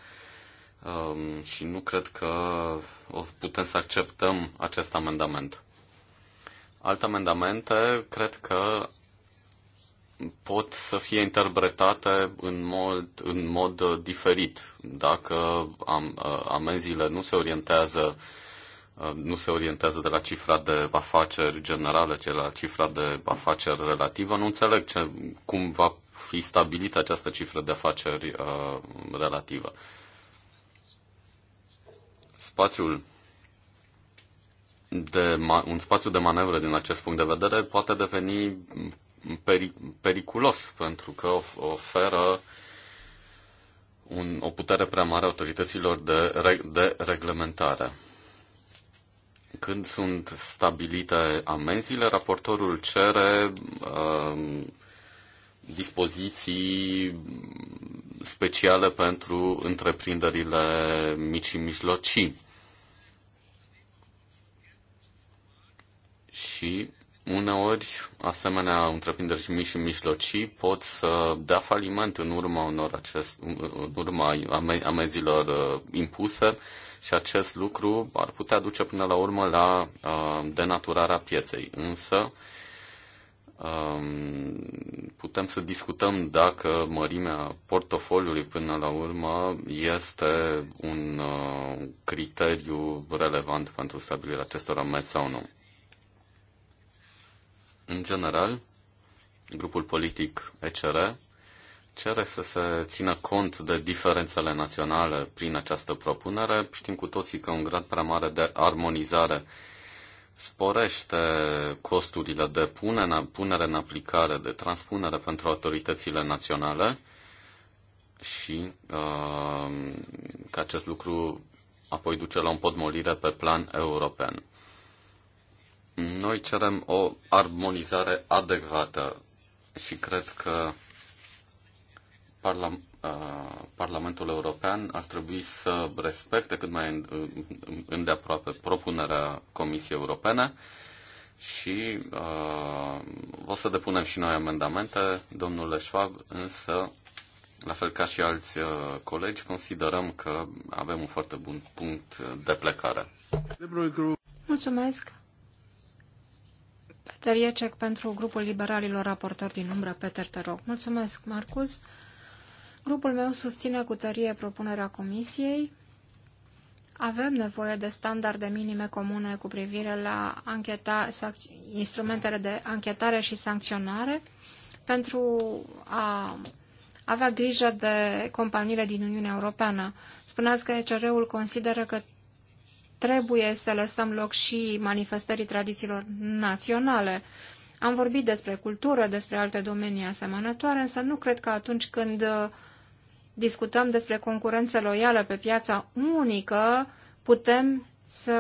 um, și nu cred că putem să acceptăm acest amendament. Alte amendamente cred că pot să fie interpretate în mod, în mod uh, diferit. Dacă am, uh, amenziile nu se orientează uh, nu se orientează de la cifra de afaceri generală, ci la cifra de afaceri relativă, nu înțeleg ce, cum va fi stabilită această cifră de afaceri uh, relativă. Spațiul de un spațiu de manevră din acest punct de vedere poate deveni periculos pentru că oferă un, o putere prea mare autorităților de, de reglementare. Când sunt stabilite amenziile, raportorul cere uh, dispoziții speciale pentru întreprinderile mici și mijlocii. Și Uneori, asemenea întreprinderi mici și mijlocii pot să dea faliment în urma, unor acest, în urma amezilor uh, impuse și acest lucru ar putea duce până la urmă la uh, denaturarea pieței. Însă, um, putem să discutăm dacă mărimea portofoliului până la urmă este un uh, criteriu relevant pentru stabilirea acestor amezi sau nu. În general, grupul politic ECR cere să se țină cont de diferențele naționale prin această propunere. Știm cu toții că un grad prea mare de armonizare sporește costurile de punere în aplicare, de transpunere pentru autoritățile naționale și uh, că acest lucru apoi duce la un podmolire pe plan european. Noi cerem o armonizare adecvată și cred că parla, uh, Parlamentul European ar trebui să respecte cât mai îndeaproape propunerea Comisiei Europene și uh, o să depunem și noi amendamente, domnule Schwab, însă, la fel ca și alți uh, colegi, considerăm că avem un foarte bun punct de plecare. Mulțumesc! Peter Iecek pentru grupul liberalilor raportor din umbră, Peter, te rog. Mulțumesc, Marcus. Grupul meu susține cu tărie propunerea comisiei. Avem nevoie de standarde minime comune cu privire la ancheta, instrumentele de anchetare și sancționare pentru a avea grijă de companiile din Uniunea Europeană. Spuneați că ECR-ul consideră că trebuie să lăsăm loc și manifestării tradițiilor naționale. Am vorbit despre cultură, despre alte domenii asemănătoare, însă nu cred că atunci când uh, discutăm despre concurență loială pe piața unică, putem să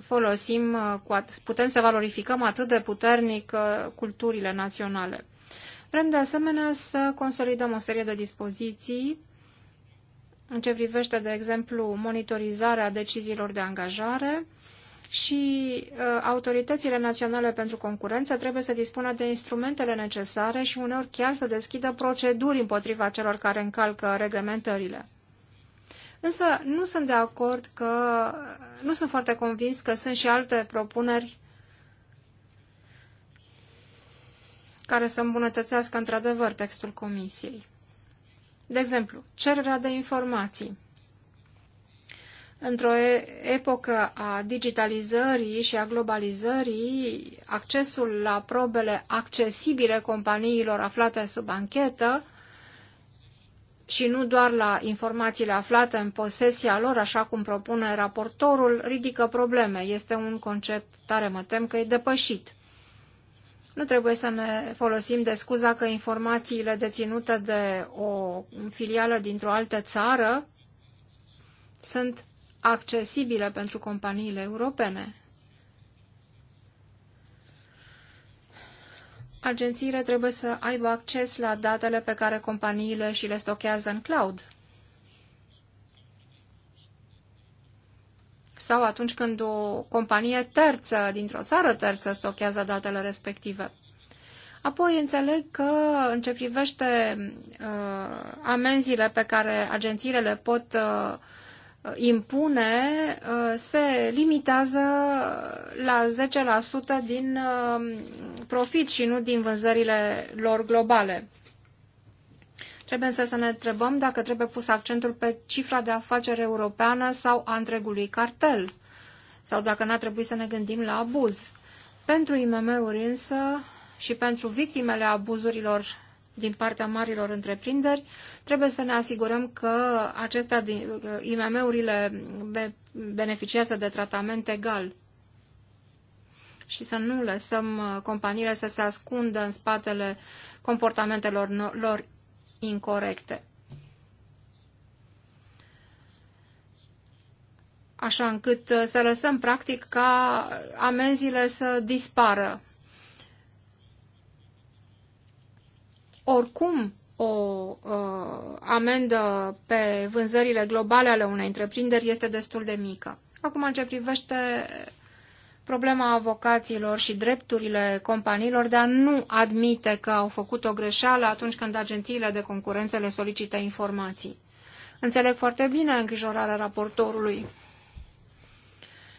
folosim, uh, putem să valorificăm atât de puternic uh, culturile naționale. Vrem de asemenea să consolidăm o serie de dispoziții în ce privește, de exemplu, monitorizarea deciziilor de angajare și uh, autoritățile naționale pentru concurență trebuie să dispună de instrumentele necesare și uneori chiar să deschidă proceduri împotriva celor care încalcă reglementările. Însă nu sunt de acord că, nu sunt foarte convins că sunt și alte propuneri care să îmbunătățească într-adevăr textul comisiei. De exemplu, cererea de informații. Într-o epocă a digitalizării și a globalizării, accesul la probele accesibile companiilor aflate sub anchetă și nu doar la informațiile aflate în posesia lor, așa cum propune raportorul, ridică probleme. Este un concept tare mă tem că e depășit. Nu trebuie să ne folosim de scuza că informațiile deținute de o filială dintr-o altă țară sunt accesibile pentru companiile europene. Agențiile trebuie să aibă acces la datele pe care companiile și le stochează în cloud. sau atunci când o companie terță dintr-o țară terță stochează datele respective. Apoi înțeleg că în ce privește uh, amenziile pe care agențiile le pot uh, impune uh, se limitează la 10% din uh, profit și nu din vânzările lor globale. Trebuie să ne întrebăm dacă trebuie pus accentul pe cifra de afaceri europeană sau a întregului cartel, sau dacă n-ar trebui să ne gândim la abuz. Pentru IMM-uri însă și pentru victimele abuzurilor din partea marilor întreprinderi, trebuie să ne asigurăm că acestea, IMM-urile beneficiază de tratament egal și să nu lăsăm uh, companiile să se ascundă în spatele comportamentelor lor incorrecte. Așa încât uh, să lăsăm practic ca amenziile să dispară. Oricum, o uh, amendă pe vânzările globale ale unei întreprinderi este destul de mică. Acum, în ce privește problema avocaților și drepturile companiilor de a nu admite că au făcut o greșeală atunci când agențiile de concurență le solicită informații. Înțeleg foarte bine îngrijorarea raportorului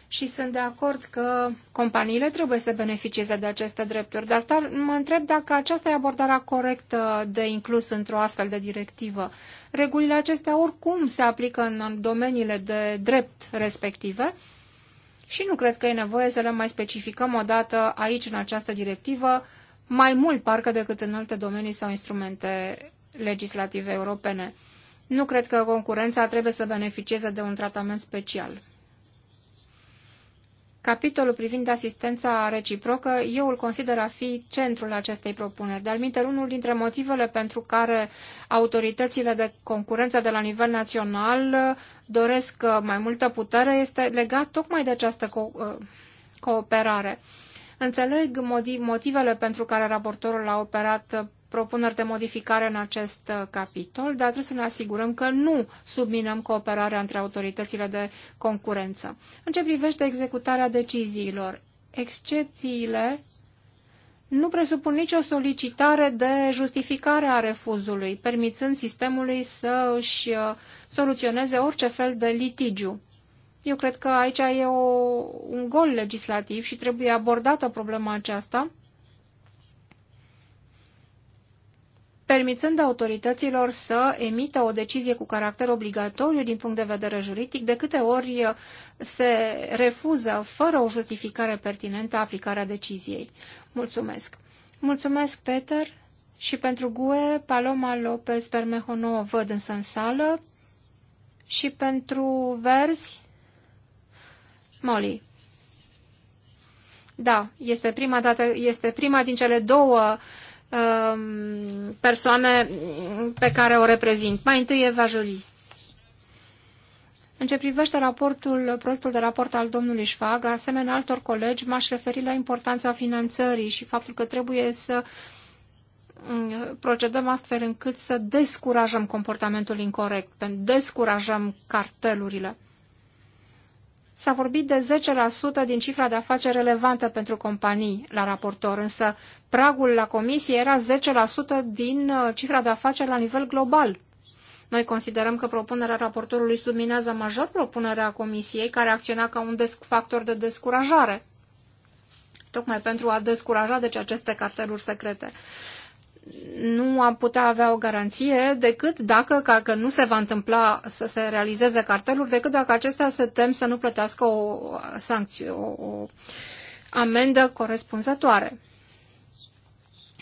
și sunt de acord că companiile trebuie să beneficieze de aceste drepturi, dar mă întreb dacă aceasta e abordarea corectă de inclus într-o astfel de directivă. Regulile acestea oricum se aplică în domeniile de drept respective și nu cred că e nevoie să le mai specificăm o dată aici, în această directivă, mai mult parcă decât în alte domenii sau instrumente legislative europene. Nu cred că concurența trebuie să beneficieze de un tratament special. Capitolul privind asistența reciprocă, eu îl consider a fi centrul acestei propuneri. De-al unul dintre motivele pentru care autoritățile de concurență de la nivel național uh, doresc uh, mai multă putere este legat tocmai de această co- uh, cooperare. Înțeleg motivele pentru care raportorul a operat propuneri de modificare în acest uh, capitol, dar trebuie să ne asigurăm că nu subminăm cooperarea între autoritățile de concurență. În ce privește executarea deciziilor, excepțiile nu presupun nicio solicitare de justificare a refuzului, permițând sistemului să își uh, soluționeze orice fel de litigiu. Eu cred că aici e o, un gol legislativ și trebuie abordată problema aceasta permițând autorităților să emită o decizie cu caracter obligatoriu din punct de vedere juridic, de câte ori se refuză, fără o justificare pertinentă, aplicarea deciziei. Mulțumesc! Mulțumesc, Peter, și pentru GUE, Paloma Lopez Bermejo o văd însă în sală, și pentru Verzi, Molly. Da, este prima dată, este prima din cele două uh, Um, persoane pe care o reprezint. Mai întâi Eva Jolie. În ce privește raportul, proiectul de raport al domnului Șfag, asemenea altor colegi, m-aș referi la importanța finanțării și faptul că trebuie să um, procedăm astfel încât să descurajăm comportamentul incorrect, descurajăm cartelurile. S-a vorbit de 10% din cifra de afaceri relevantă pentru companii la raportor, însă pragul la comisie era 10% din uh, cifra de afaceri la nivel global. Noi considerăm că propunerea raportorului subminează major propunerea comisiei, care acționa ca un factor de descurajare tocmai pentru a descuraja deci aceste carteluri secrete nu am putea avea o garanție decât dacă, ca că nu se va întâmpla să se realizeze cartelul, decât dacă acestea se tem să nu plătească o sancție, o, o amendă corespunzătoare.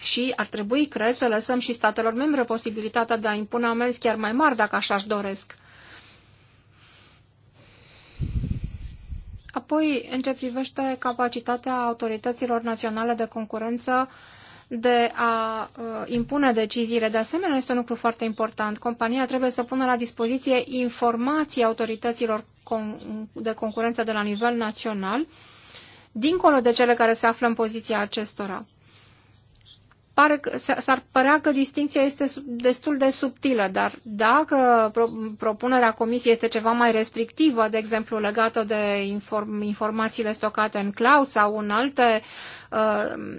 Și ar trebui, cred, să lăsăm și statelor membre posibilitatea de a impune amenzi chiar mai mari dacă așa își doresc. Apoi, în ce privește capacitatea autorităților naționale de concurență, uh, de a uh, impune deciziile. De asemenea, este un lucru foarte important. Compania trebuie să pună la dispoziție informații autorităților de concurență de la nivel național, dincolo de cele care se află în poziția acestora pare, s-ar părea că distinția este destul de subtilă, dar dacă propunerea comisiei este ceva mai restrictivă, de exemplu legată de inform, informațiile stocate în cloud sau în alte uh,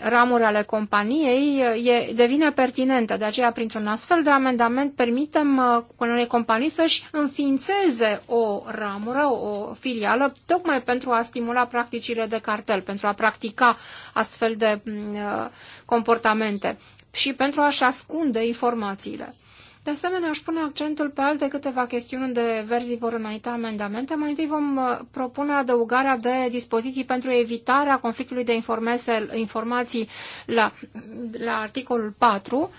ramuri ale companiei, uh, e, devine pertinentă. De aceea, printr-un astfel de amendament, permitem uh, unei companii să-și înființeze o ramură, o filială, tocmai pentru a stimula practicile de cartel, pentru a practica astfel de mm, uh, comportamente comportamente și pentru a-și ascunde informațiile. De asemenea, aș pune accentul pe alte câteva chestiuni unde verzii vor înainte amendamente. Mai întâi vom uh, propune adăugarea de dispoziții pentru evitarea conflictului de informații la, la articolul 4,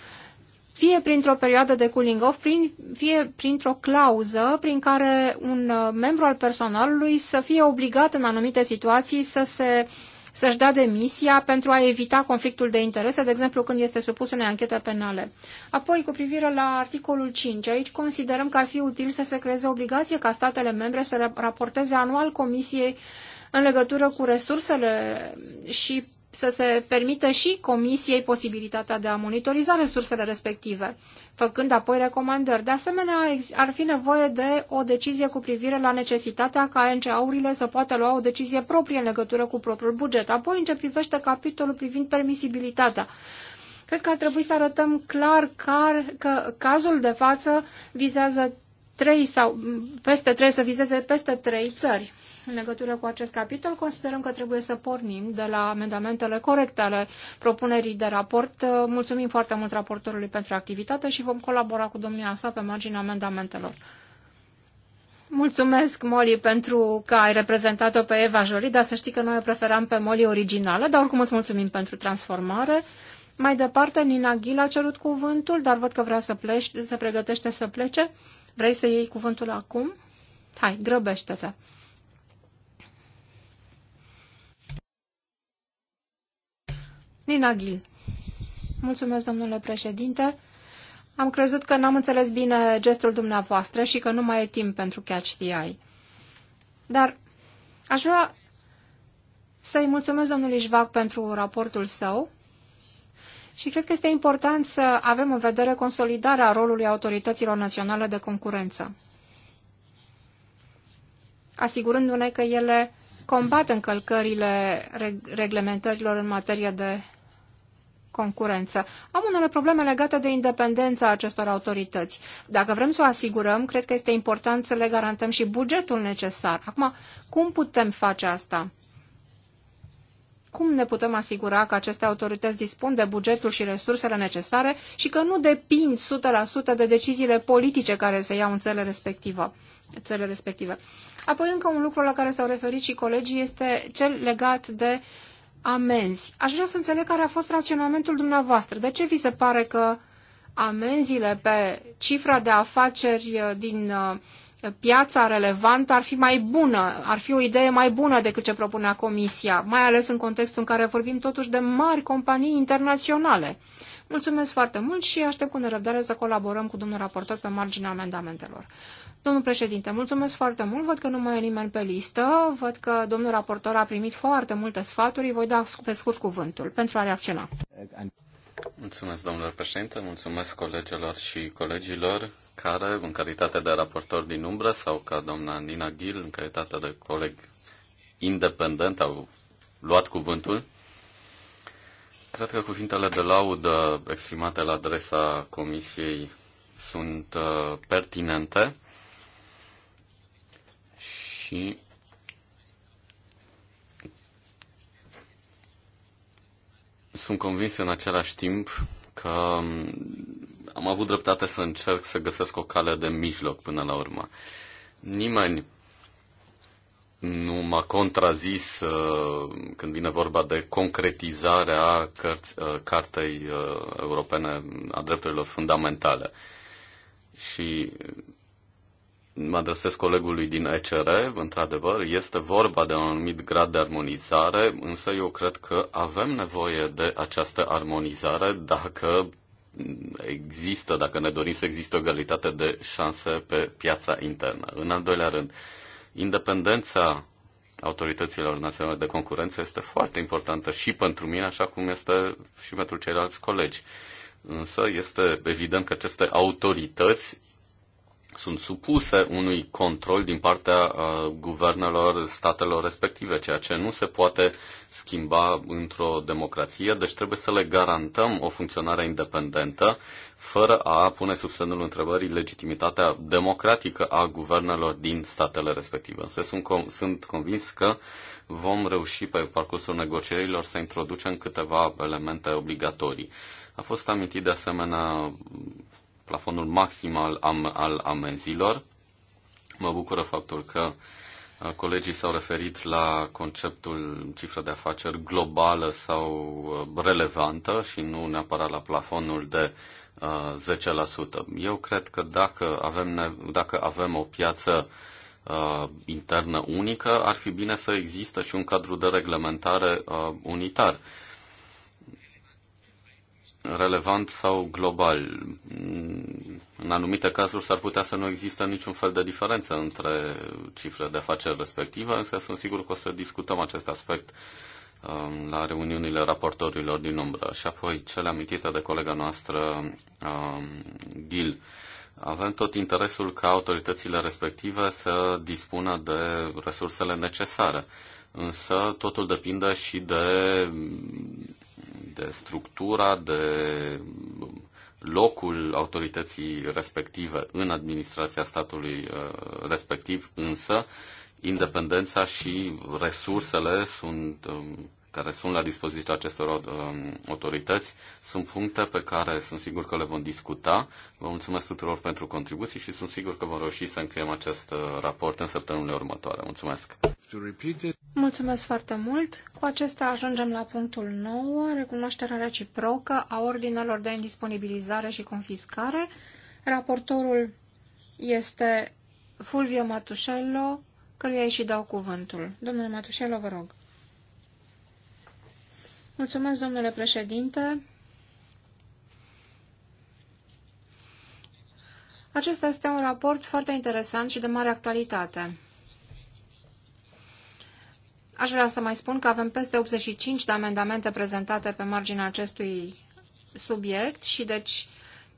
fie printr-o perioadă de cooling off, prin, fie printr-o clauză prin care un uh, membru al personalului să fie obligat în anumite situații să se uh, să-și dea demisia pentru a evita conflictul de interese, de exemplu când este supus unei anchete penale. Apoi, cu privire la articolul 5, aici considerăm că ar fi util să se creeze obligație ca statele membre să raporteze anual Comisiei în legătură cu resursele și să se permită și comisiei posibilitatea de a monitoriza resursele respective, făcând apoi recomandări. De asemenea, ar fi nevoie de o decizie cu privire la necesitatea ca NCA-urile să poată lua o decizie proprie în legătură cu propriul buget. Apoi, în ce privește capitolul privind permisibilitatea. Cred că ar trebui să arătăm clar car, că cazul de față vizează trei sau peste trei, să vizeze peste trei țări. În legătură cu acest capitol, considerăm că trebuie să pornim de la amendamentele corecte ale propunerii de raport. Mulțumim foarte mult raportorului pentru activitate și vom colabora cu domnia sa pe marginea amendamentelor. Mulțumesc, Molly, pentru că ai reprezentat-o pe Eva Jolie, dar să știi că noi o preferam pe Molly originală, dar oricum îți mulțumim pentru transformare. Mai departe, Nina Ghil a cerut cuvântul, dar văd că vrea să pleci, se pregătește să plece. Vrei să iei cuvântul acum? Hai, grăbește-te. Nina Ghil. Mulțumesc, domnule președinte. Am crezut că n-am înțeles bine gestul dumneavoastră și că nu mai e timp pentru Catch the Eye. Dar aș vrea să-i mulțumesc domnului Jvac pentru raportul său și cred că este important să avem în vedere consolidarea rolului autorităților naționale de concurență, asigurându-ne că ele combat încălcările reglementărilor în materie de concurență. Am unele probleme legate de independența acestor autorități. Dacă vrem să o asigurăm, cred că este important să le garantăm și bugetul necesar. Acum, cum putem face asta? Cum ne putem asigura că aceste autorități dispun de bugetul și resursele necesare și că nu depind 100% de deciziile politice care se iau în țările respective? Țările respective. Apoi, încă un lucru la care s-au referit și colegii este cel legat de uh, amenzi. Aș vrea să înțeleg care a fost raționamentul dumneavoastră. De ce vi se pare că amenziile pe cifra de afaceri uh, din uh, piața relevantă ar fi mai bună, ar fi o idee mai bună decât ce propunea Comisia, mai ales în contextul în care vorbim totuși de mari companii internaționale. Mulțumesc foarte mult și aștept cu nerăbdare să colaborăm cu domnul raportor pe marginea amendamentelor. Domnul președinte, mulțumesc foarte mult. Văd că nu mai e nimeni pe listă. Văd că domnul raportor a primit foarte multe sfaturi. Voi da pe scurt cuvântul pentru a reacționa. Mulțumesc, domnule președinte. Mulțumesc colegilor și colegilor care, în calitate de raportor din umbră sau ca doamna Nina Ghil, în calitate de coleg independent, au luat cuvântul. Cred că cuvintele de laudă exprimate la adresa Comisiei sunt uh, pertinente și sunt convins în același timp că am avut dreptate să încerc să găsesc o cale de mijloc până la urmă. Nimeni nu m-a contrazis uh, când vine vorba de concretizarea cărți, uh, Cartei uh, Europene a Drepturilor Fundamentale. Și mă adresez colegului din ECR, într-adevăr, este vorba de un anumit grad de armonizare, însă eu cred că avem nevoie de această armonizare dacă există, dacă ne dorim să există o egalitate de șanse pe piața internă. În al doilea rând, independența autorităților naționale de concurență este foarte importantă și pentru mine, așa cum este și pentru ceilalți colegi. Însă este evident că aceste autorități sunt supuse unui control din partea guvernelor statelor respective, ceea ce nu se poate schimba într-o democrație, deci trebuie să le garantăm o funcționare independentă, fără a pune sub semnul întrebării legitimitatea democratică a guvernelor din statele respective. Însă sunt, com- sunt convins că vom reuși pe parcursul negocierilor să introducem câteva elemente obligatorii. A fost amintit de asemenea plafonul maxim al, am, al amenzilor. Mă bucură faptul că uh, colegii s-au referit la conceptul cifră de afaceri globală sau uh, relevantă și nu neapărat la plafonul de 10%. Uh, Eu cred că dacă avem, dacă avem o piață internă unică, ar fi bine să există și un cadru de reglementare unitar relevant sau global. În anumite cazuri s-ar putea să nu există niciun fel de diferență între cifrele de afaceri respective, însă sunt sigur că o să discutăm acest aspect um, la reuniunile raportorilor din umbră. Și apoi cele amintite de colega noastră, um, Gil. Avem tot interesul ca autoritățile respective să dispună de resursele necesare însă totul depinde și de de structura, de um, locul autorității respective în administrația statului uh, respectiv, însă independența și resursele sunt um, care sunt la dispoziția acestor um, autorități sunt puncte pe care sunt sigur că le vom discuta. Vă mulțumesc tuturor pentru contribuții și sunt sigur că vom reuși să încheiem acest uh, raport în săptămâna următoare. Mulțumesc! Mulțumesc foarte mult! Cu acesta ajungem la punctul 9, recunoașterea reciprocă a ordinelor de indisponibilizare și confiscare. Raportorul este Fulvio Matușello, căruia îi și dau cuvântul. Domnule Matușello, vă rog. Mulțumesc, domnule președinte. Acesta este un raport foarte interesant și de mare actualitate. Aș vrea să mai spun că avem peste 85 de amendamente prezentate pe marginea acestui subiect și deci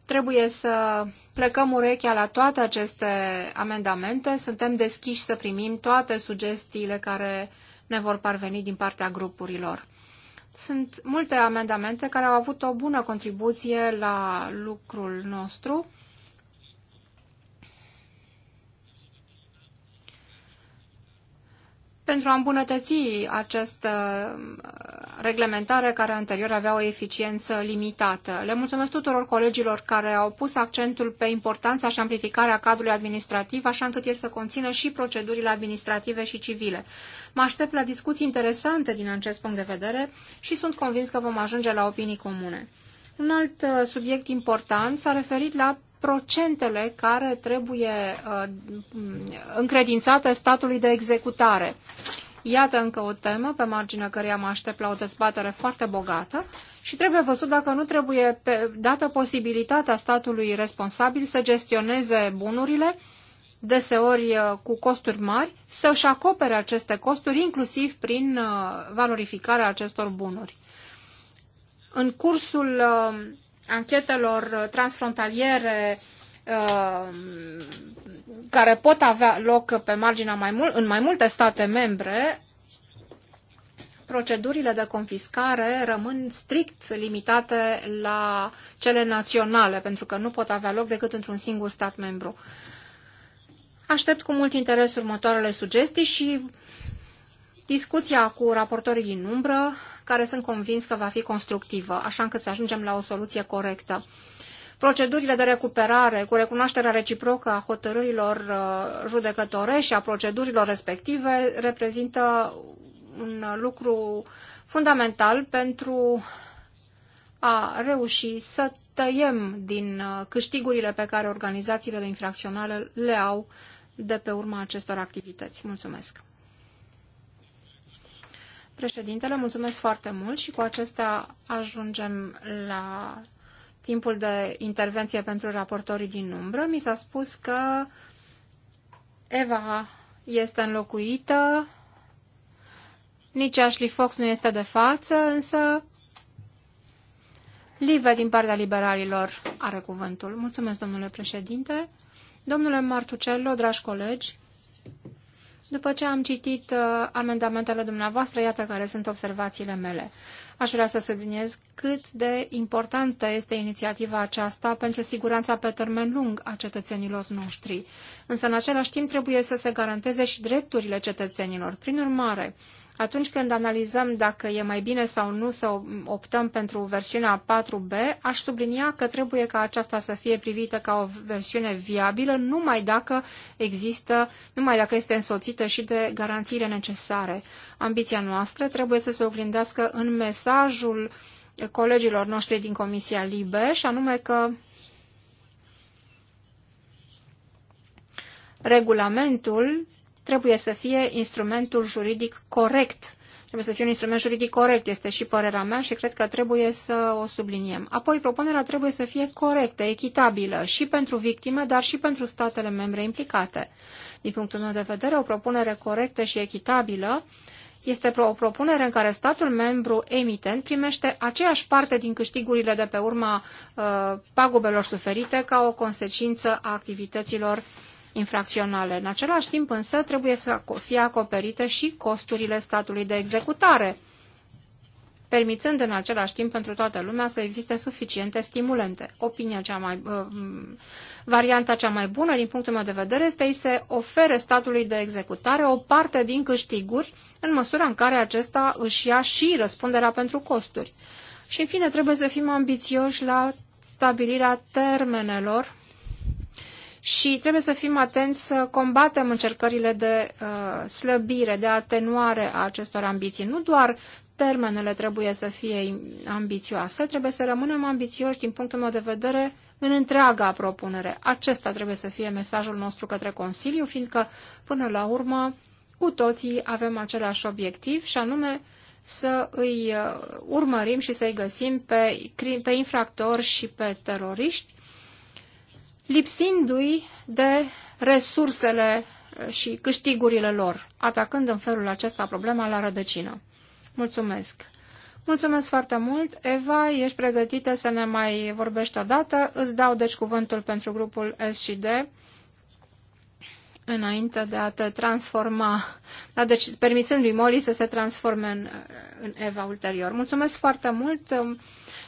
trebuie să plecăm urechea la toate aceste amendamente. Suntem deschiși să primim toate sugestiile care ne vor parveni din partea grupurilor. Sunt multe amendamente care au avut o bună contribuție la lucrul nostru pentru a îmbunătăți această uh, reglementare care anterior avea o eficiență limitată. Le mulțumesc tuturor colegilor care au pus accentul pe importanța și amplificarea cadrului administrativ, așa încât el să conțină și procedurile administrative și civile. Mă aștept la discuții interesante din acest punct de vedere și sunt convins că vom ajunge la opinii comune. Un alt uh, subiect important s-a referit la procentele care trebuie uh, încredințate statului de executare. Iată încă o temă pe marginea căreia mă aștept la o dezbatere foarte bogată și trebuie văzut dacă nu trebuie dată posibilitatea statului responsabil să gestioneze bunurile, deseori uh, cu costuri mari, să-și acopere aceste costuri, inclusiv prin uh, valorificarea acestor bunuri. În cursul anchetelor transfrontaliere uh, care pot avea loc pe marginea mai în mai multe state membre, procedurile de confiscare rămân strict limitate la cele naționale, pentru că nu pot avea loc decât într-un singur stat membru. Aștept cu mult interes următoarele sugestii și discuția cu raportorii din umbră care sunt convins că va fi constructivă, așa încât să ajungem la o soluție corectă. Procedurile de recuperare cu recunoașterea reciprocă a hotărârilor uh, judecătore și a procedurilor respective reprezintă un lucru fundamental pentru a reuși să tăiem din uh, câștigurile pe care organizațiile infracționale le au de pe urma acestor activități. Mulțumesc! Președintele, mulțumesc foarte mult și cu acesta ajungem la timpul de intervenție pentru raportorii din umbră. Mi s-a spus că Eva este înlocuită, nici Ashley Fox nu este de față, însă Live din partea liberalilor are cuvântul. Mulțumesc, domnule președinte. Domnule Martucello, dragi colegi, după ce am citit uh, amendamentele dumneavoastră, iată care sunt observațiile mele. Aș vrea să subliniez cât de importantă este inițiativa aceasta pentru siguranța pe termen lung a cetățenilor noștri. Însă, în același timp, trebuie să se garanteze și drepturile cetățenilor. Prin urmare, atunci când analizăm dacă e mai bine sau nu să optăm pentru versiunea 4B, aș sublinia că trebuie ca aceasta să fie privită ca o versiune viabilă numai dacă există, numai dacă este însoțită și de garanțiile necesare. Ambiția noastră trebuie să se oglindească în mesajul colegilor noștri din Comisia Libe, și anume că regulamentul trebuie să fie instrumentul juridic corect. Trebuie să fie un instrument juridic corect, este și părerea mea și cred că trebuie să o subliniem. Apoi, propunerea trebuie să fie corectă, echitabilă și pentru victime, dar și pentru statele membre implicate. Din punctul meu de vedere, o propunere corectă și echitabilă este o propunere în care statul membru emitent primește aceeași parte din câștigurile de pe urma uh, pagubelor suferite ca o consecință a activităților infracționale. În același timp însă trebuie să fie acoperite și costurile statului de executare, permițând în același timp pentru toată lumea să existe suficiente stimulente. Opinia cea mai, uh, varianta cea mai bună, din punctul meu de vedere, este să ofere statului de executare o parte din câștiguri în măsura în care acesta își ia și răspunderea pentru costuri. Și în fine, trebuie să fim ambițioși la stabilirea termenelor și trebuie să fim atenți să combatem încercările de uh, slăbire, de atenuare a acestor ambiții. Nu doar termenele trebuie să fie ambițioase, trebuie să rămânem ambițioși din punctul meu de vedere în întreaga propunere. Acesta trebuie să fie mesajul nostru către Consiliu, fiindcă până la urmă cu toții avem același obiectiv și anume să îi uh, urmărim și să-i găsim pe, pe infractori și pe teroriști lipsindu-i de resursele eh, și câștigurile lor, atacând în felul acesta problema la rădăcină. Mulțumesc! Mulțumesc foarte mult! Eva, ești pregătită să ne mai vorbești odată? Îți dau deci cuvântul pentru grupul S și D înainte de a te transforma, da, deci permițând lui Molly să se transforme în, în Eva ulterior. Mulțumesc foarte mult!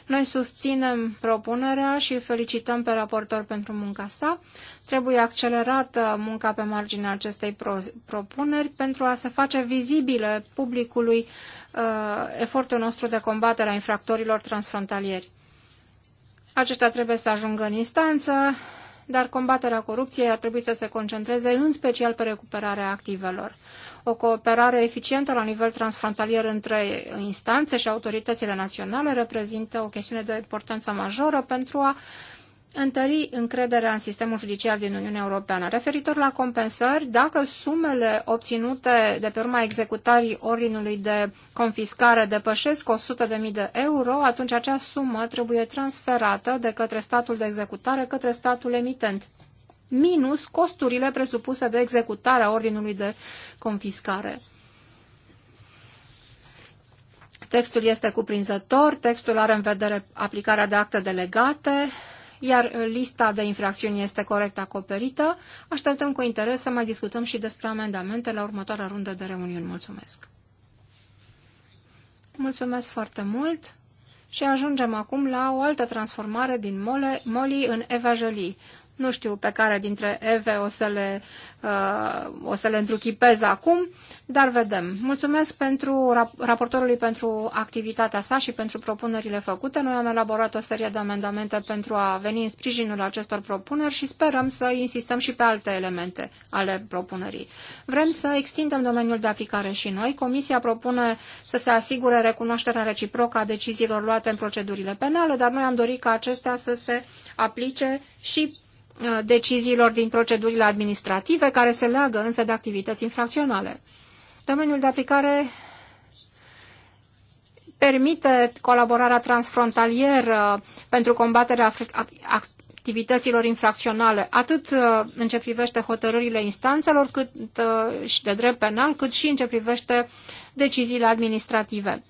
Noi susținem propunerea și felicităm pe raportor pentru munca sa. Trebuie accelerată munca pe marginea acestei pro- propuneri pentru a se face vizibile publicului uh, efortul nostru de combatere a infractorilor transfrontalieri. Aceștia trebuie să ajungă în instanță, dar combaterea corupției ar trebui să se concentreze în special pe recuperarea activelor. O cooperare eficientă la nivel transfrontalier între instanțe și autoritățile naționale reprezintă o chestiune de importanță majoră pentru a întări încrederea în sistemul judiciar din Uniunea Europeană. Referitor la compensări, dacă sumele obținute de pe urma executării ordinului de confiscare depășesc 100.000 de euro, atunci acea sumă trebuie transferată de către statul de executare către statul emitent, minus costurile presupuse de executarea ordinului de confiscare. Textul este cuprinzător, textul are în vedere aplicarea de acte delegate, iar lista de infracțiuni este corect acoperită. Așteptăm cu interes să mai discutăm și despre amendamente la următoarea rundă de reuniuni. Mulțumesc! Mulțumesc foarte mult! Și ajungem acum la o altă transformare din Moli în Eva Jolie, nu știu pe care dintre Eve o să le, uh, o să le întruchipez acum, dar vedem. Mulțumesc pentru rap- raportorului pentru activitatea sa și pentru propunerile făcute. Noi am elaborat o serie de amendamente pentru a veni în sprijinul acestor propuneri și sperăm să insistăm și pe alte elemente ale propunerii. Vrem să extindem domeniul de aplicare și noi. Comisia propune să se asigure recunoașterea reciprocă a deciziilor luate în procedurile penale, dar noi am dorit ca acestea să se aplice și Uh, deciziilor din procedurile administrative, care se leagă însă de activități infracționale. Domeniul de aplicare permite colaborarea transfrontalieră pentru combaterea activităților infracționale, atât uh, în ce privește hotărârile instanțelor cât uh, și de drept penal, cât și în ce privește deciziile administrative.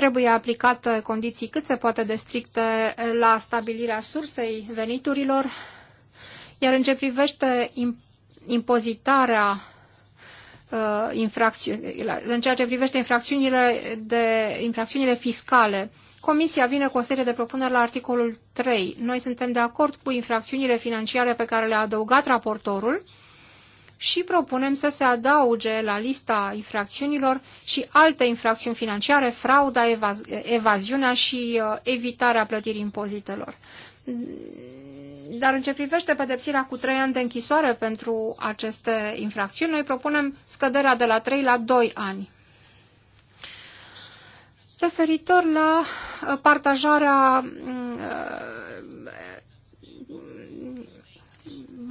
Trebuie aplicate condiții cât se poate de stricte la stabilirea sursei veniturilor, iar în ce privește impozitarea uh, în ceea ce privește infracțiunile, de, infracțiunile fiscale. Comisia vine cu o serie de propuneri la articolul 3. Noi suntem de acord cu infracțiunile financiare pe care le-a adăugat raportorul, și propunem să se adauge la lista infracțiunilor și alte infracțiuni financiare, frauda, evaz evaziunea și uh, evitarea plătirii impozitelor. Dar în ce privește pedepsirea cu trei ani de închisoare pentru aceste infracțiuni, noi propunem scăderea de la trei la doi ani. Referitor la uh, partajarea mm, uh,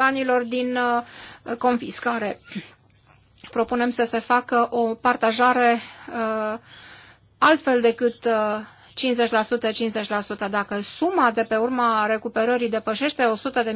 banilor din uh, confiscare. Propunem să se facă o partajare uh, altfel decât 50%, uh, 50%. Dacă suma de pe urma recuperării depășește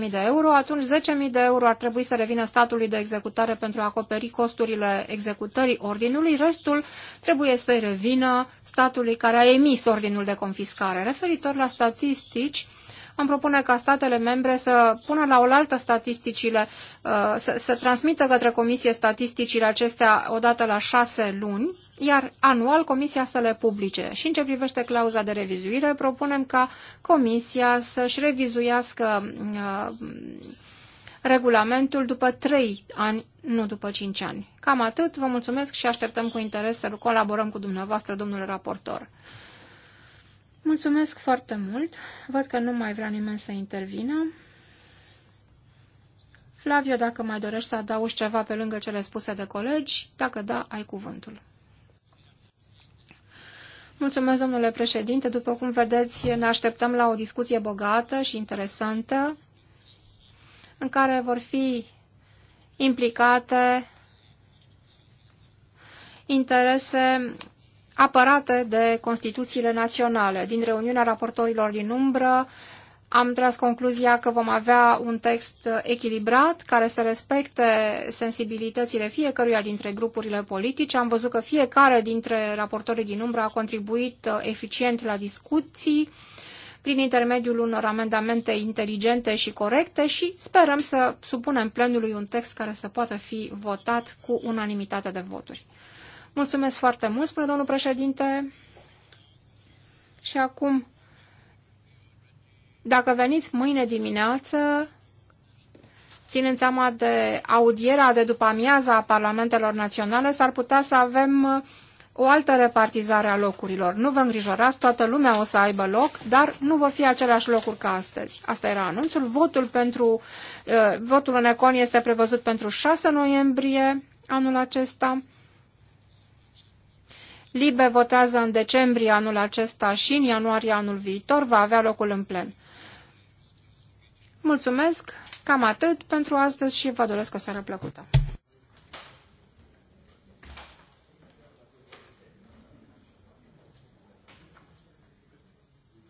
100.000 de euro, atunci 10.000 de euro ar trebui să revină statului de executare pentru a acoperi costurile executării ordinului. Restul trebuie să-i revină statului care a emis ordinul de confiscare. Referitor la statistici, am propune ca statele membre să pună la oaltă statisticile, uh, să, să transmită către comisie statisticile acestea odată la șase luni, iar anual comisia să le publice. Și în ce privește clauza de revizuire, propunem ca comisia să-și revizuiască uh, regulamentul după trei ani, nu după cinci ani. Cam atât, vă mulțumesc și așteptăm cu interes să colaborăm cu dumneavoastră, domnule raportor. Mulțumesc foarte mult. Văd că nu mai vrea nimeni să intervină. Flavio, dacă mai dorești să adaugi ceva pe lângă cele spuse de colegi, dacă da, ai cuvântul. Mulțumesc, domnule președinte. După cum vedeți, ne așteptăm la o discuție bogată și interesantă, în care vor fi implicate interese apărate de Constituțiile Naționale. Din reuniunea raportorilor din umbră am tras concluzia că vom avea un text echilibrat care să respecte sensibilitățile fiecăruia dintre grupurile politice. Am văzut că fiecare dintre raportorii din umbră a contribuit uh, eficient la discuții prin intermediul unor amendamente inteligente și corecte și sperăm să supunem plenului un text care să poată fi votat cu unanimitate de voturi. Mulțumesc foarte mult, spune domnul președinte. Și acum, dacă veniți mâine dimineață, ținând seama de audierea de după amiaza a parlamentelor naționale, s-ar putea să avem uh, o altă repartizare a locurilor. Nu vă îngrijorați, toată lumea o să aibă loc, dar nu vor fi aceleași locuri ca astăzi. Asta era anunțul. Votul, pentru, uh, votul în Econ este prevăzut pentru 6 noiembrie anul acesta. Libe votează în decembrie anul acesta și în ianuarie anul viitor va avea locul în plen. Mulțumesc, cam atât pentru astăzi și vă doresc o seară plăcută.